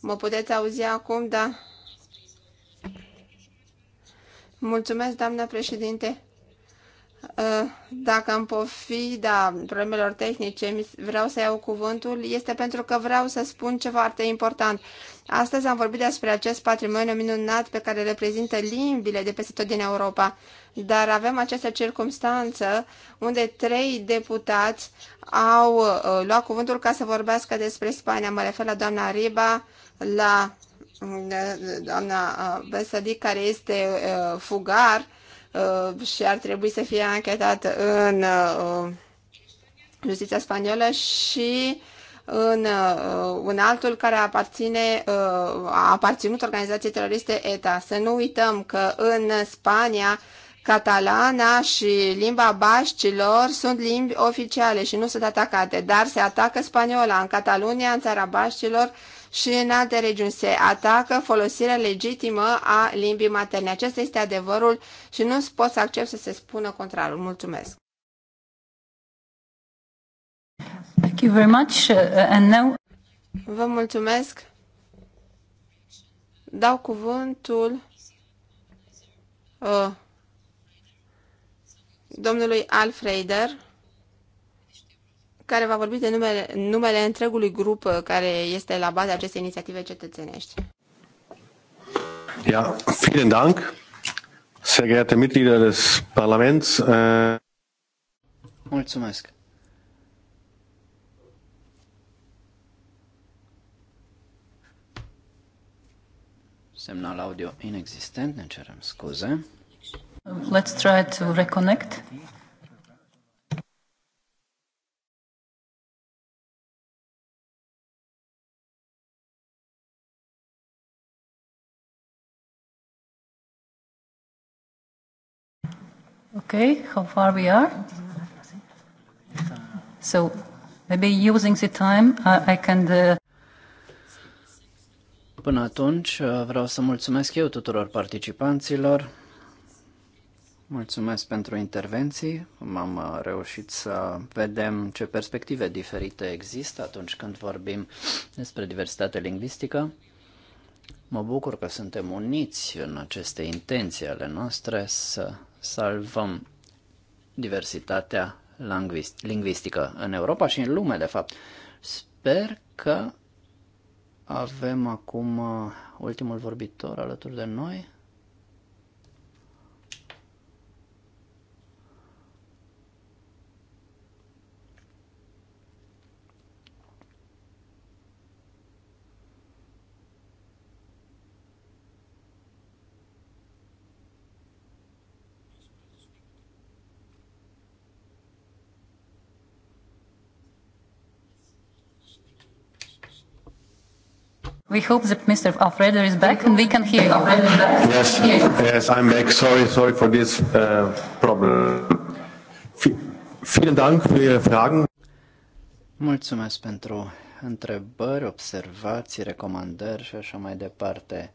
Mă puteți auzi acum, da? Mulțumesc, doamnă președinte. Ă, dacă în da, problemelor tehnice vreau să iau cuvântul, este pentru că vreau să spun ceva foarte important. Astăzi am vorbit despre acest patrimoniu minunat pe care reprezintă limbile de peste tot din Europa, dar avem această circumstanță unde trei deputați au uh, luat cuvântul ca să vorbească despre Spania. Mă refer la doamna Riba, la mm, uh, doamna Besădic, uh, care este uh, fugar uh, și ar trebui să fie anchetat în uh, justiția spaniolă și uh, în, în uh, altul care aparține, uh, a aparținut organizației teroriste ETA. Să nu uităm că în Spania catalana și limba bașcilor sunt limbi oficiale și nu sunt atacate, dar se atacă spaniola în Catalunia, în țara bașcilor și în alte regiuni. Se atacă folosirea legitimă a limbii materne. Acesta este adevărul și nu pot să accept să se spună contrarul. Mulțumesc! Thank you very much. Uh, and now... Vă mulțumesc. Dau cuvântul uh, domnului Alfreder, care va vorbi de numele, numele întregului grup uh, care este la baza acestei inițiative cetățenești. Ja, vielen Dank, sehr geehrte Mitglieder des Parlaments. Äh, mulțumesc. Semnal audio inexistent, ne cerem scuze. Let's try to reconnect. Okay, how far we are? So maybe using the time, I, I can. Uh, Până atunci, uh, vreau să mulțumesc eu tuturor participanților. Mulțumesc pentru intervenții. M-am uh, reușit să vedem ce perspective diferite există atunci când vorbim despre diversitate lingvistică. Mă bucur că suntem uniți în aceste intenții ale noastre să salvăm diversitatea lingvistică în Europa și în lume, de fapt. Sper că avem acum uh, ultimul vorbitor alături de noi, We hope that Mr. Alfredo is back and we can hear you. Yes, yes, I'm back. Sorry, sorry for this uh, problem. Vielen Dank für Ihre Fragen. Mulțumesc pentru întrebări, observații, recomandări și așa mai departe.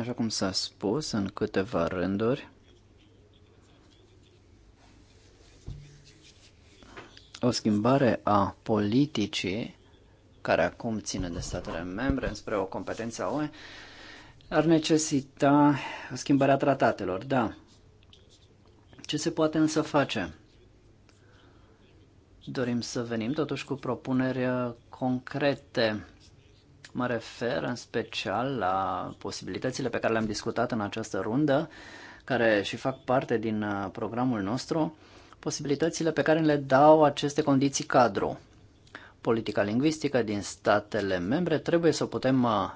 Așa cum s-a spus în câteva rânduri, o schimbare a politicii, care acum ține de statele membre, înspre o competență a UE, ar necesita o schimbare a tratatelor, da. Ce se poate însă face? Dorim să venim totuși cu propuneri uh, concrete. Mă refer în special la posibilitățile pe care le-am discutat în această rundă, care și fac parte din uh, programul nostru posibilitățile pe care le dau aceste condiții cadru. Politica lingvistică din statele membre trebuie să o putem uh,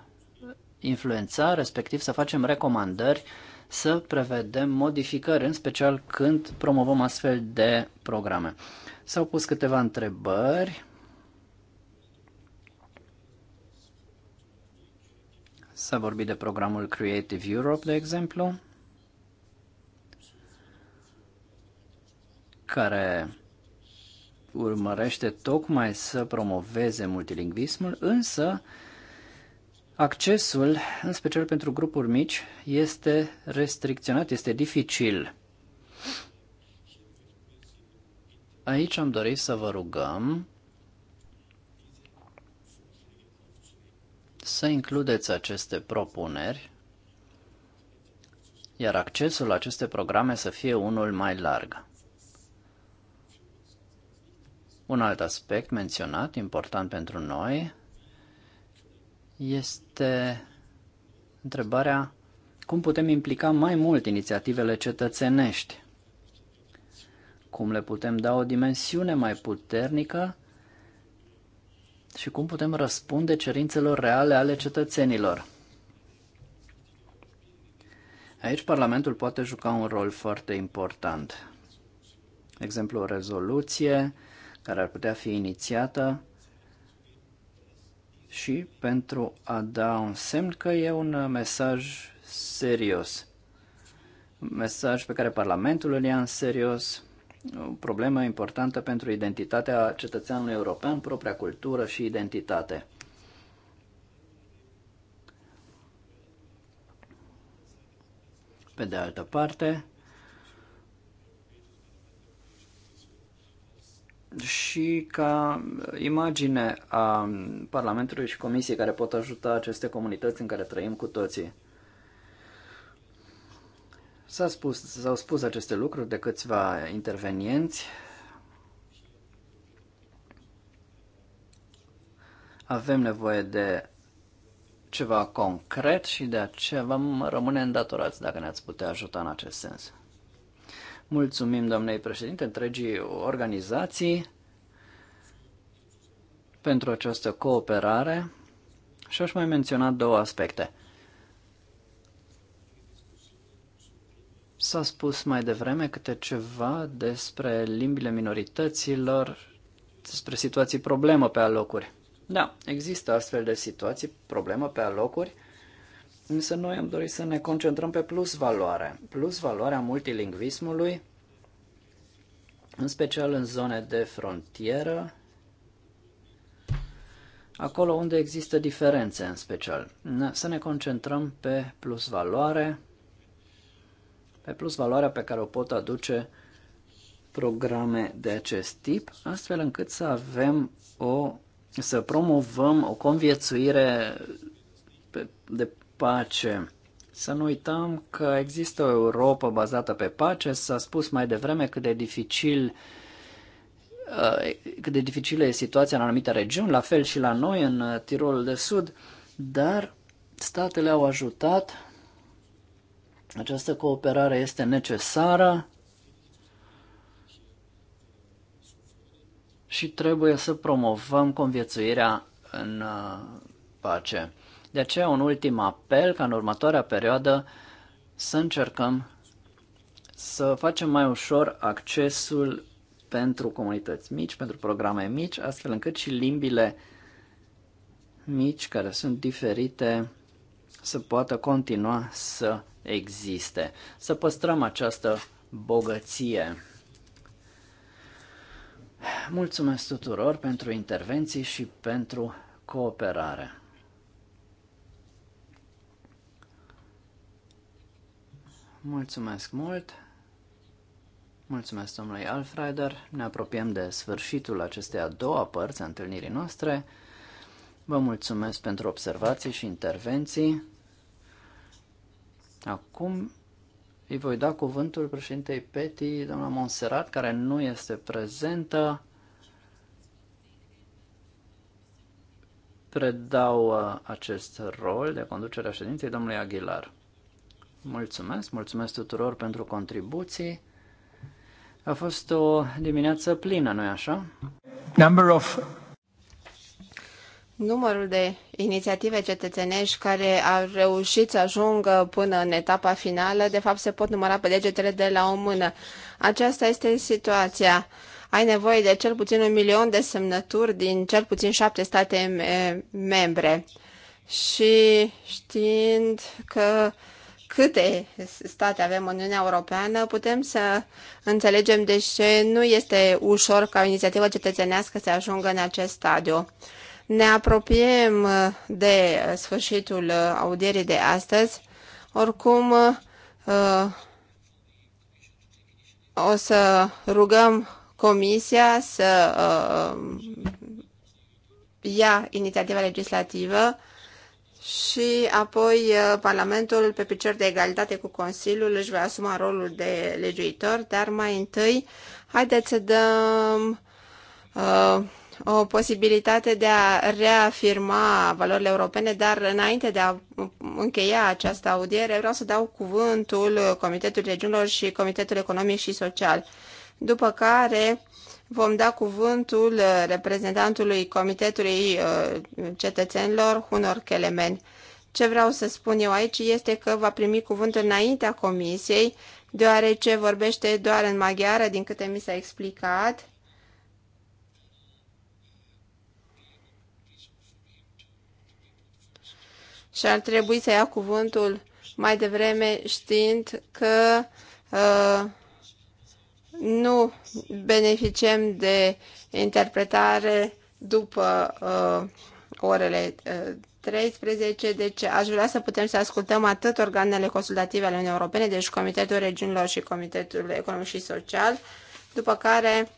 influența, respectiv să facem recomandări, să prevedem modificări, în special când promovăm astfel de programe. S-au pus câteva întrebări. S-a vorbit de programul Creative Europe, de exemplu. care urmărește tocmai să promoveze multilingvismul, însă accesul, în special pentru grupuri mici, este restricționat, este dificil. Aici am dorit să vă rugăm să includeți aceste propuneri, iar accesul la aceste programe să fie unul mai larg. Un alt aspect menționat, important pentru noi, este întrebarea cum putem implica mai mult inițiativele cetățenești, cum le putem da o dimensiune mai puternică și cum putem răspunde cerințelor reale ale cetățenilor. Aici Parlamentul poate juca un rol foarte important. exemplu, o rezoluție care ar putea fi inițiată și pentru a da un semn că e un mesaj serios. Un mesaj pe care Parlamentul îl ia în serios, o problemă importantă pentru identitatea cetățeanului european, propria cultură și identitate. Pe de altă parte, și ca imagine a Parlamentului și Comisiei care pot ajuta aceste comunități în care trăim cu toții. S-au spus, s-au spus aceste lucruri de câțiva intervenienți. Avem nevoie de ceva concret și de aceea vă rămâne îndatorați dacă ne-ați putea ajuta în acest sens. Mulțumim, doamnei președinte, întregii organizații pentru această cooperare și aș mai menționa două aspecte. S-a spus mai devreme câte ceva despre limbile minorităților, despre situații problemă pe alocuri. Da, există astfel de situații problemă pe alocuri, Însă noi am dorit să ne concentrăm pe plus valoare, plus valoarea multilingvismului, în special în zone de frontieră, acolo unde există diferențe în special. Să ne concentrăm pe plus valoare, pe plus valoarea pe care o pot aduce programe de acest tip, astfel încât să avem o să promovăm o conviețuire de pace. Să nu uităm că există o Europa bazată pe pace. S-a spus mai devreme cât de dificil uh, cât de dificilă e situația în anumite regiuni, la fel și la noi în uh, Tirolul de Sud, dar statele au ajutat. Această cooperare este necesară și trebuie să promovăm conviețuirea în uh, pace. De aceea un ultim apel ca în următoarea perioadă să încercăm să facem mai ușor accesul pentru comunități mici, pentru programe mici, astfel încât și limbile mici care sunt diferite să poată continua să existe. Să păstrăm această bogăție. Mulțumesc tuturor pentru intervenții și pentru cooperare. Mulțumesc mult! Mulțumesc domnului Alfreder. Ne apropiem de sfârșitul acestei a doua părți a întâlnirii noastre. Vă mulțumesc pentru observații și intervenții. Acum îi voi da cuvântul președintei Peti, doamna Monserat, care nu este prezentă. Predau uh, acest rol de conducere a ședinței domnului Aguilar. Mulțumesc, mulțumesc tuturor pentru contribuții. A fost o dimineață plină, nu-i așa? Number of Numărul de inițiative cetățenești care au reușit să ajungă până în etapa finală, de fapt, se pot număra pe degetele de la o mână. Aceasta este situația. Ai nevoie de cel puțin un milion de semnături din cel puțin șapte state membre. Și știind că câte state avem în Uniunea Europeană, putem să înțelegem de ce nu este ușor ca o inițiativă cetățenească să ajungă în acest stadiu. Ne apropiem de sfârșitul audierii de astăzi. Oricum, uh, o să rugăm Comisia să uh, ia inițiativa legislativă și apoi uh, Parlamentul, pe picior de egalitate cu Consiliul, își va asuma rolul de legiuitor, dar mai întâi, haideți să dăm uh, o posibilitate de a reafirma valorile europene, dar înainte de a încheia această audiere, vreau să dau cuvântul Comitetului Regiunilor și Comitetul Economic și Social, după care vom da cuvântul uh, reprezentantului Comitetului uh, Cetățenilor, Hunor Kelemen. Ce vreau să spun eu aici este că va primi cuvântul înaintea comisiei, deoarece vorbește doar în maghiară, din câte mi s-a explicat. Și ar trebui să ia cuvântul mai devreme știind că uh, nu beneficiem de interpretare după uh, orele uh, 13, deci aș vrea să putem să ascultăm atât organele consultative ale Uniunii Europene, deci Comitetul Regiunilor și Comitetul Economic și Social, după care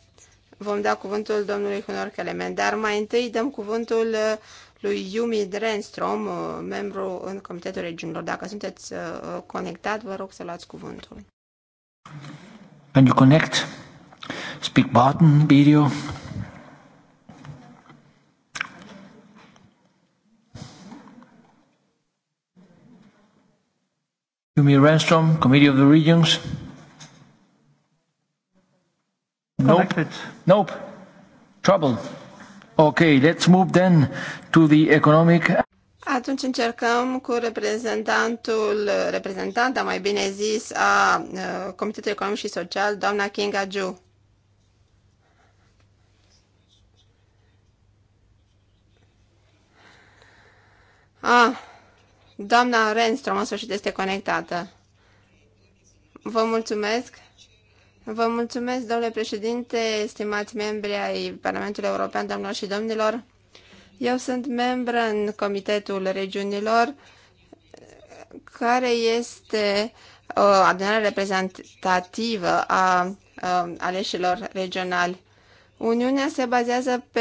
vom da cuvântul domnului Hunor Kelemen, dar mai întâi dăm cuvântul uh, lui Yumi Drenstrom, uh, membru în Comitetul Regiunilor. Dacă sunteți uh, conectat, vă rog să luați cuvântul. When you connect, speak button, video. Yumi Renstrom, Committee of the Regions. Nope. Nope. Trouble. Okay, let's move then to the economic. Atunci încercăm cu reprezentantul, reprezentanta, mai bine zis, a Comitetului Economic și Social, doamna Kinga Ju. A, doamna Renstrom, în sfârșit, este conectată. Vă mulțumesc. Vă mulțumesc, domnule președinte, stimați membri ai Parlamentului European, doamnelor și domnilor. Eu sunt membru în Comitetul Regiunilor, care este o uh, adunare reprezentativă a uh, aleșilor regionali. Uniunea se bazează pe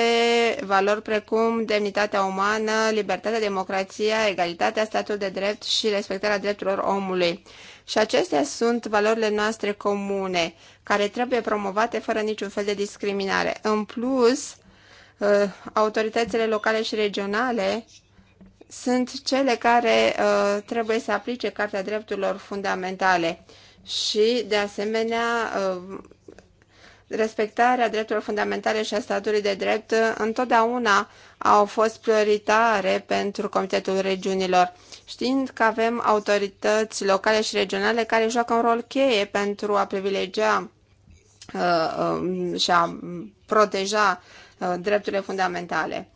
valori precum demnitatea umană, libertatea, democrația, egalitatea, statul de drept și respectarea drepturilor omului. Și acestea sunt valorile noastre comune, care trebuie promovate fără niciun fel de discriminare. În plus, Uh, autoritățile locale și regionale sunt cele care uh, trebuie să aplice Cartea Drepturilor Fundamentale și, de asemenea, uh, respectarea drepturilor fundamentale și a statului de drept uh, întotdeauna au fost prioritare pentru Comitetul Regiunilor, știind că avem autorități locale și regionale care joacă un rol cheie pentru a privilegia uh, uh, și a proteja Uh, drepturile fundamentale.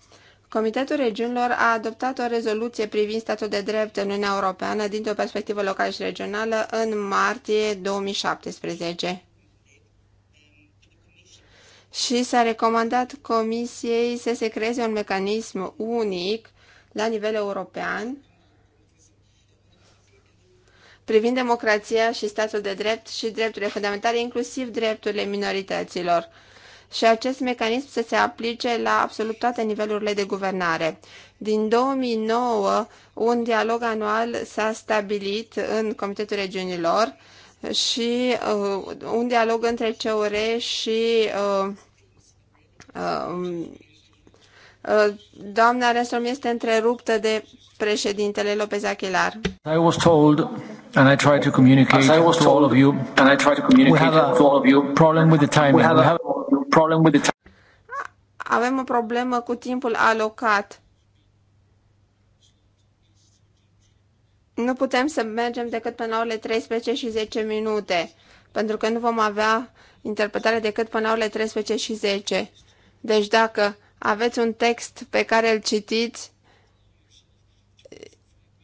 Comitetul Regiunilor a adoptat o rezoluție privind statul de drept în Uniunea Europeană dintr-o perspectivă locală și regională în martie 2017 și s-a recomandat Comisiei să se creeze un mecanism unic la nivel european privind democrația și statul de drept și drepturile fundamentale, inclusiv drepturile minorităților și acest mecanism să se aplice la absolut toate nivelurile de guvernare. Din 2009, un dialog anual s-a stabilit în Comitetul Regiunilor și uh, un dialog între CEUR și uh, uh, uh, Doamna Renström este întreruptă de președintele Lopez Achilar. I was told and I tried to communicate to all of you. And I tried to communicate to all of you. Problem with the timing. We have a, we have a problem with the time. Avem o problemă cu timpul alocat. Nu putem să mergem decât până la orele 13 și 10 minute, pentru că nu vom avea interpretare decât până la orele 13 și 10. Deci dacă aveți un text pe care îl citiți,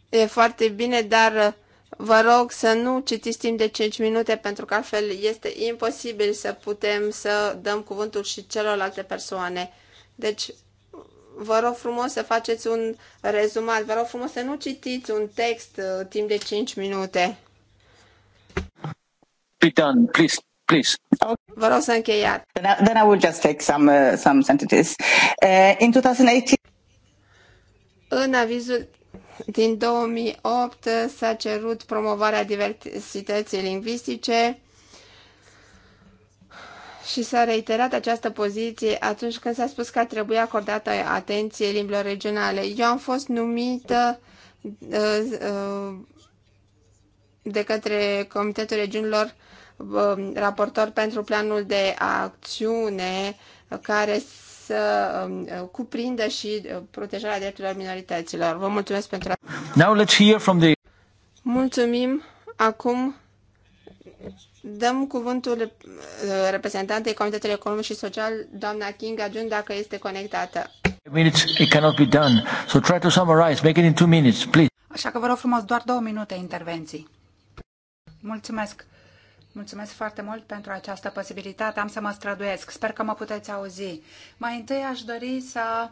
e foarte bine, dar Vă rog să nu citiți timp de 5 minute, pentru că altfel este imposibil să putem să dăm cuvântul și celorlalte persoane. Deci, vă rog frumos să faceți un rezumat, vă rog frumos să nu citiți un text uh, timp de 5 minute. Pitan, please. Please. Vă rog să încheiați. Then I, then I will just take some, uh, some sentences. Uh, in 2018... În avizul din 2008 s-a cerut promovarea diversității lingvistice și s-a reiterat această poziție atunci când s-a spus că ar trebui acordată atenție limbilor regionale. Eu am fost numită uh, uh, de către Comitetul Regiunilor uh, raportor pentru planul de acțiune care să um, uh, cuprindă și uh, protejarea drepturilor minorităților. Vă mulțumesc pentru Now let's hear from the... Mulțumim. Acum dăm cuvântul uh, reprezentantei Comitetului Economic și Social, doamna King Ajun, dacă este conectată. it cannot be done. So try to make it in two minutes, please. Așa că vă rog frumos doar două minute intervenții. Mulțumesc. Mulțumesc foarte mult pentru această posibilitate. Am să mă străduiesc. Sper că mă puteți auzi. Mai întâi aș dori să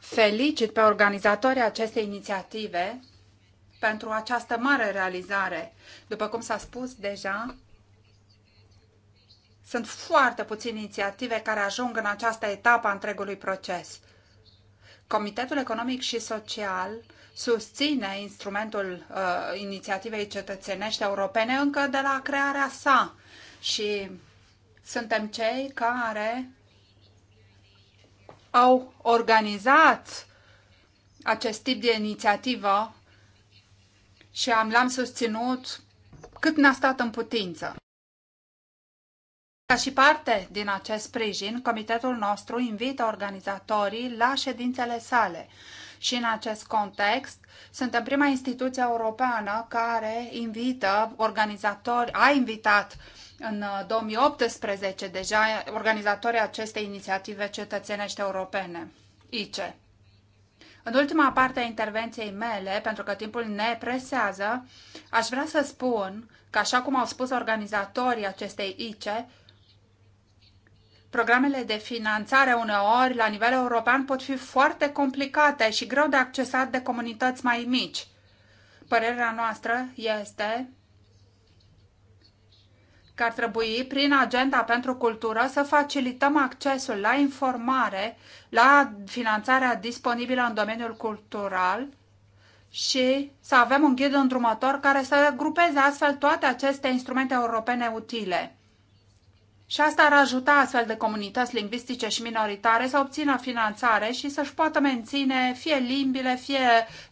felicit pe organizatorii acestei inițiative pentru această mare realizare. După cum s-a spus deja, sunt foarte puține inițiative care ajung în această etapă a întregului proces. Comitetul Economic și Social susține instrumentul uh, inițiativei cetățenești europene încă de la crearea sa și suntem cei care au organizat acest tip de inițiativă și am, l-am susținut cât ne-a stat în putință. Ca și parte din acest sprijin, comitetul nostru invită organizatorii la ședințele sale și în acest context, suntem prima instituție europeană care invită organizatori, a invitat în 2018 uh, deja organizatorii acestei inițiative cetățenești europene, ICE. În ultima parte a intervenției mele, pentru că timpul ne presează, aș vrea să spun că, așa cum au spus organizatorii acestei ICE, Programele de finanțare uneori la nivel european pot fi foarte complicate și greu de accesat de comunități mai mici. Părerea noastră este că ar trebui, prin agenda pentru cultură, să facilităm accesul la informare, la finanțarea disponibilă în domeniul cultural și să avem un ghid îndrumător care să grupeze astfel toate aceste instrumente europene utile. Și asta ar ajuta astfel de comunități lingvistice și minoritare să obțină finanțare și să-și poată menține fie limbile, fie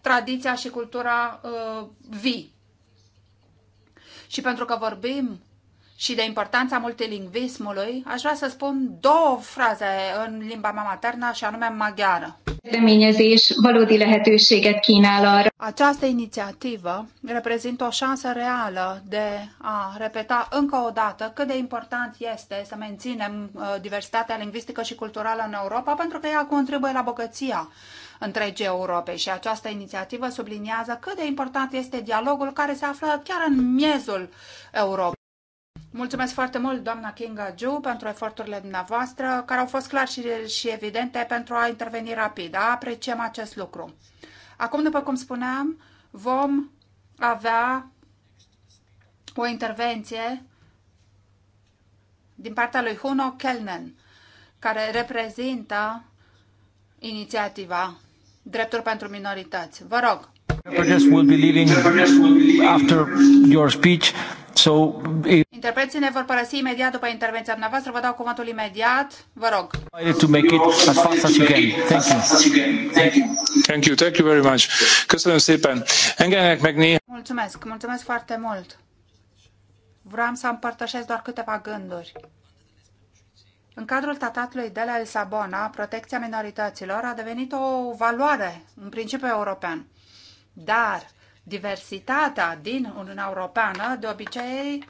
tradiția și cultura uh, vii. Și pentru că vorbim și de importanța multilingvismului, aș vrea să spun două fraze în limba mea maternă și anume maghiară. Această inițiativă reprezintă o șansă reală de a repeta încă o dată cât de important este să menținem uh, diversitatea lingvistică și culturală în Europa, pentru că ea contribuie la bogăția întregii Europei și această inițiativă subliniază cât de important este dialogul care se află chiar în miezul Europei. Mulțumesc foarte mult, doamna Kinga Ju, pentru eforturile dumneavoastră, care au fost clar și, și evidente pentru a interveni rapid. Apreciem acest lucru. Acum, după cum spuneam, vom avea o intervenție din partea lui Huno Kelnen, care reprezintă inițiativa Drepturi pentru Minorități. Vă rog! will be leaving after your speech, so... Interpreții ne vor părăsi imediat după intervenția dumneavoastră. Vă dau cuvântul imediat. Vă rog. To make it as fast as you can. Thank you. Thank you. Thank you very much. Köszönöm szépen. meg Mulțumesc. Mulțumesc foarte mult. Vreau să împărtășesc doar câteva gânduri. În cadrul tratatului de la Lisabona, protecția minorităților a devenit o valoare, în principiu european. Dar diversitatea din Uniunea Europeană de obicei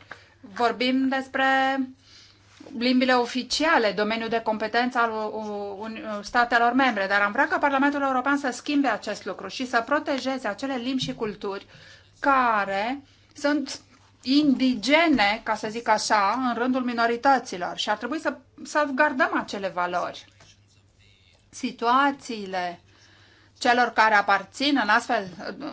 vorbim despre limbile oficiale, domeniul de competență al statelor membre, dar am vrea ca Parlamentul European să schimbe acest lucru și să protejeze acele limbi și culturi care sunt indigene, ca să zic așa, în rândul minorităților și ar trebui să salvgardăm acele valori. Situațiile celor care aparțin, în astfel,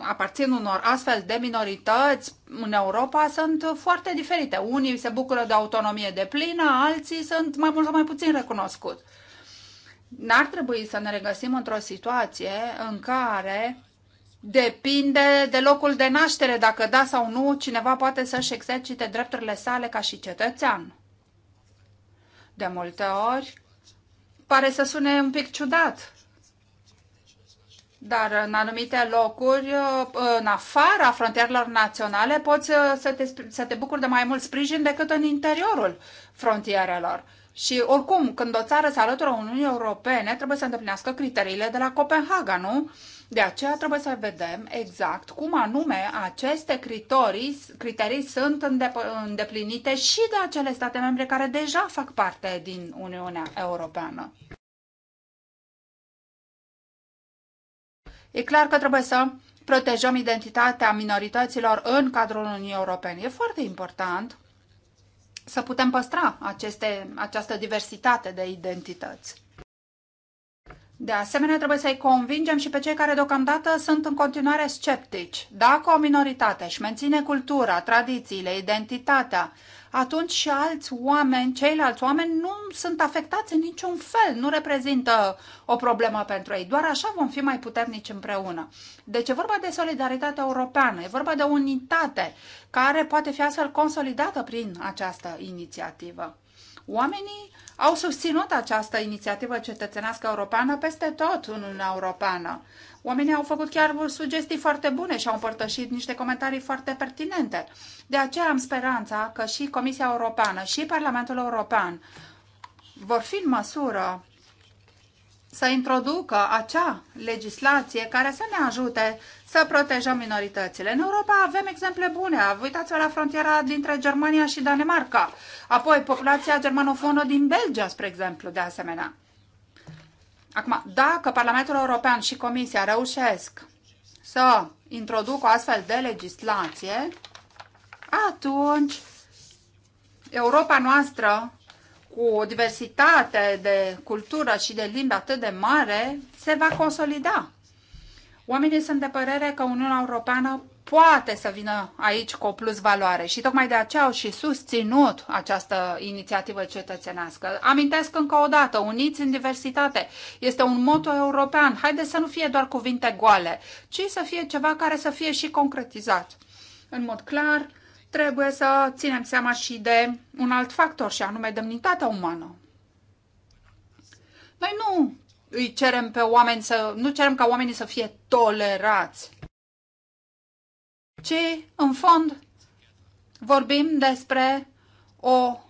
aparțin unor astfel de minorități în Europa sunt foarte diferite. Unii se bucură de autonomie de plină, alții sunt mai mult sau mai puțin recunoscuți. N-ar trebui să ne regăsim într-o situație în care depinde de locul de naștere, dacă da sau nu, cineva poate să-și exercite drepturile sale ca și cetățean. De multe ori, pare să sune un pic ciudat, dar în anumite locuri, uh, în afara frontierelor naționale, poți uh, să te, să te bucuri de mai mult sprijin decât în interiorul frontierelor. Și oricum, când o țară se alătură Uniunii Europene, trebuie să îndeplinească criteriile de la Copenhaga, nu? De aceea trebuie să vedem exact cum anume aceste criterii, criterii sunt îndeplinite și de acele state membre care deja fac parte din Uniunea Europeană. E clar că trebuie să protejăm identitatea minorităților în cadrul Uniunii Europene. E foarte important să putem păstra aceste, această diversitate de identități. De asemenea, trebuie să-i convingem și pe cei care deocamdată sunt în continuare sceptici. Dacă o minoritate își menține cultura, tradițiile, identitatea, atunci și alți oameni, ceilalți oameni nu sunt afectați în niciun fel, nu reprezintă o problemă pentru ei. Doar așa vom fi mai puternici împreună. Deci e vorba de solidaritate europeană, e vorba de unitate care poate fi astfel consolidată prin această inițiativă. Oamenii au susținut această inițiativă cetățenească europeană peste tot în Uniunea Europeană. Oamenii au făcut chiar sugestii foarte bune și au împărtășit niște comentarii foarte pertinente. De aceea am speranța că și Comisia Europeană și Parlamentul European vor fi în măsură să introducă acea legislație care să ne ajute să protejăm minoritățile. În Europa avem exemple bune. Uitați-vă la frontiera dintre Germania și Danemarca. Apoi, populația germanofonă din Belgia, spre exemplu, de asemenea. Acum, dacă Parlamentul European și Comisia reușesc să introducă o astfel de legislație, atunci Europa noastră cu o diversitate de cultură și de limbi atât de mare, se va consolida. Oamenii sunt de părere că Uniunea Europeană poate să vină aici cu o plus valoare și tocmai de aceea au și susținut această inițiativă cetățenească. Amintesc încă o dată, uniți în diversitate. Este un moto european. Haideți să nu fie doar cuvinte goale, ci să fie ceva care să fie și concretizat. În mod clar, trebuie să ținem seama și de un alt factor, și anume demnitatea umană. Noi nu îi cerem pe oameni să, nu cerem ca oamenii să fie tolerați, ci, în fond, vorbim despre o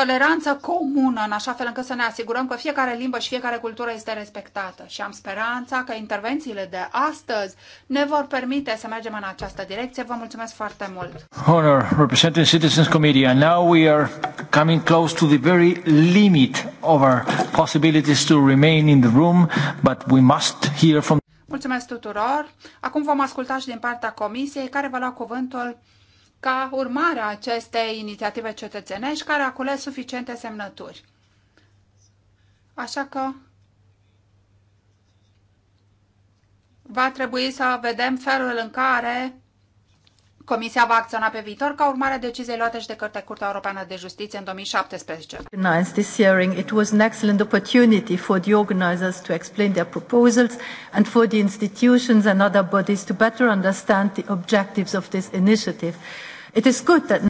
toleranță comună, în așa fel încât să ne asigurăm că fiecare limbă și fiecare cultură este respectată. Și am speranța că intervențiile de astăzi ne vor permite să mergem în această direcție. Vă mulțumesc foarte mult! Honor, representing Citizens Committee, and now we are coming close to the very limit of our possibilities to remain in the room, but we must hear from... Mulțumesc tuturor! Acum vom asculta și din partea comisiei care va lua cuvântul ca urmare a acestei inițiative cetățenești care a cules suficiente semnături. Așa că va trebui să vedem felul în care Comisia va acționa pe viitor ca urmare a deciziei luate și de către Curtea Europeană de Justiție în 2017. This hearing, it was an excellent opportunity for the organizers to explain their proposals and for the institutions and other bodies to better understand the objectives of this initiative. It is good that...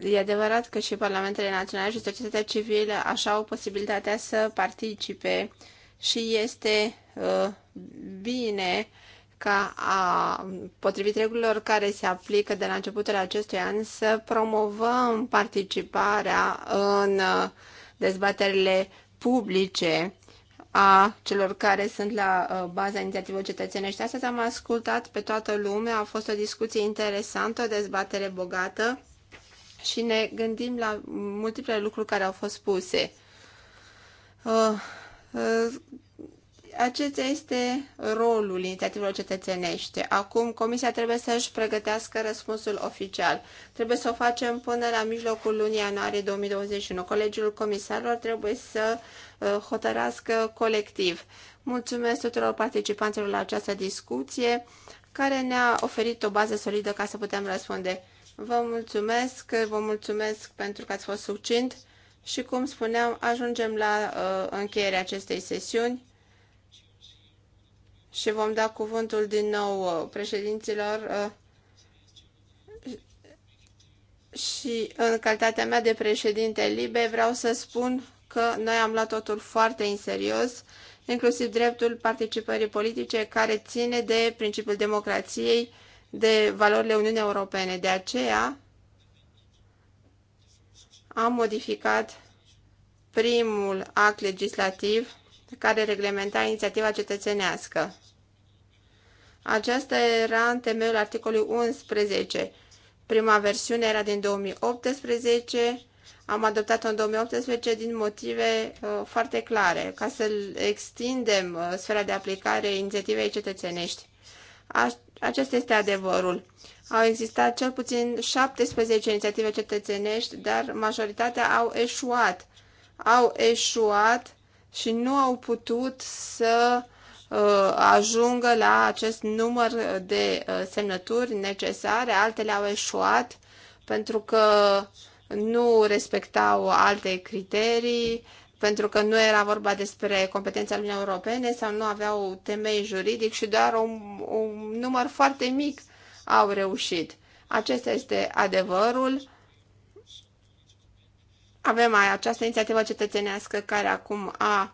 E adevărat că și parlamentele naționale și societatea civilă așa au posibilitatea să participe și este uh, bine ca, a, potrivit regulilor care se aplică de la începutul acestui an, să promovăm participarea în uh, dezbaterile publice a celor care sunt la uh, baza inițiativei cetățenești. Astăzi am ascultat pe toată lumea, a fost o discuție interesantă, o dezbatere bogată și ne gândim la multiple lucruri care au fost puse. Uh, uh, acesta este rolul inițiativelor cetățenești. Acum Comisia trebuie să-și pregătească răspunsul oficial. Trebuie să o facem până la mijlocul lunii ianuarie 2021. Colegiul comisarilor trebuie să uh, hotărască colectiv. Mulțumesc tuturor participanților la această discuție care ne-a oferit o bază solidă ca să putem răspunde. Vă mulțumesc, vă mulțumesc pentru că ați fost succint și, cum spuneam, ajungem la uh, încheierea acestei sesiuni și vom da cuvântul din nou uh, președinților uh, și în calitatea mea de președinte libe vreau să spun că noi am luat totul foarte în serios, inclusiv dreptul participării politice care ține de principiul democrației, de valorile Uniunii Europene. De aceea am modificat primul act legislativ care reglementa inițiativa cetățenească. Aceasta era în temeiul articolului 11. Prima versiune era din 2018, am adoptat-o în 2018 din motive uh, foarte clare, ca să extindem uh, sfera de aplicare inițiativei cetățenești. A, acesta este adevărul. Au existat cel puțin 17 inițiative cetățenești, dar majoritatea au eșuat. Au eșuat și nu au putut să uh, ajungă la acest număr de uh, semnături necesare, altele au eșuat pentru că nu respectau alte criterii, pentru că nu era vorba despre competența Uniunii Europene sau nu aveau temei juridic și doar un, un număr foarte mic au reușit. Acesta este adevărul avem această inițiativă cetățenească care acum a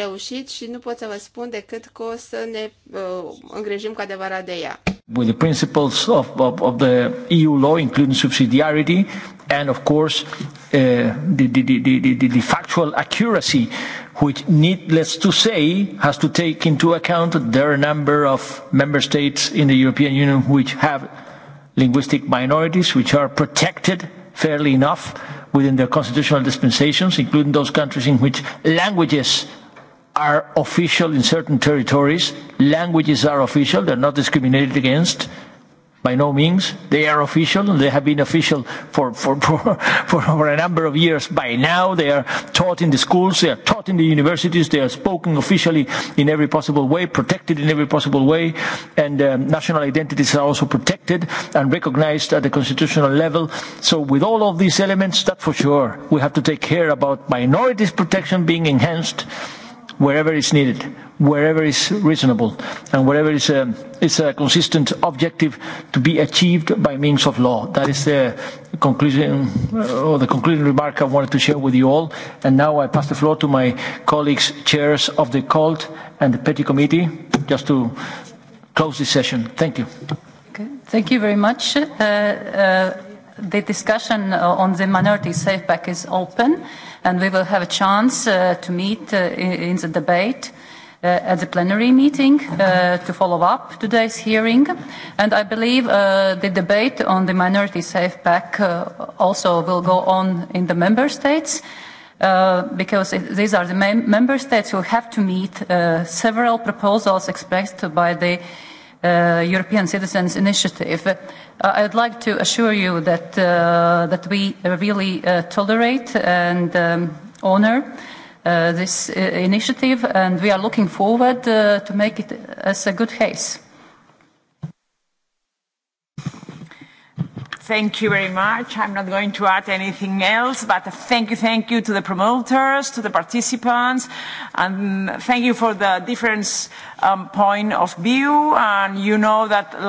reușit și nu pot să vă spun decât că o să ne uh, îngrijim cu adevărat de ea. With the principles of, of, of the EU law, including subsidiarity, and of course uh, the, the, the, the, the factual accuracy, which needless to say has to take into account that there are a number of member states in the European Union which have linguistic minorities which are protected fairly enough within their constitutional dispensations, including those countries in which languages are official in certain territories. Languages are official, they're not discriminated against By no means. They are official. They have been official for, for, for, for over a number of years. By now, they are taught in the schools. They are taught in the universities. They are spoken officially in every possible way, protected in every possible way. And um, national identities are also protected and recognized at the constitutional level. So with all of these elements, that for sure, we have to take care about minorities protection being enhanced wherever it's needed, wherever it's reasonable, and wherever it's a, it's a consistent objective to be achieved by means of law. That is the conclusion or the concluding remark I wanted to share with you all. And now I pass the floor to my colleagues, chairs of the COLT and the Petty Committee, just to close this session. Thank you. Okay. Thank you very much. Uh, uh, the discussion uh, on the minority safe pack is open, and we will have a chance uh, to meet uh, in the debate uh, at the plenary meeting uh, to follow up today's hearing. And I believe uh, the debate on the minority safe pack uh, also will go on in the member states. Uh, because it, these are the mem member states who have to meet uh, several proposals expressed by the uh, uh, European Citizens Initiative. Uh, I'd like to assure you that, uh, that we really uh, tolerate and um, honor uh, this uh, initiative and we are looking forward uh, to make it as a good case. Thank you very much. I'm not going to add anything else, but thank you, thank you to the promoters, to the participants, and thank you for the different um, point of view. And you know that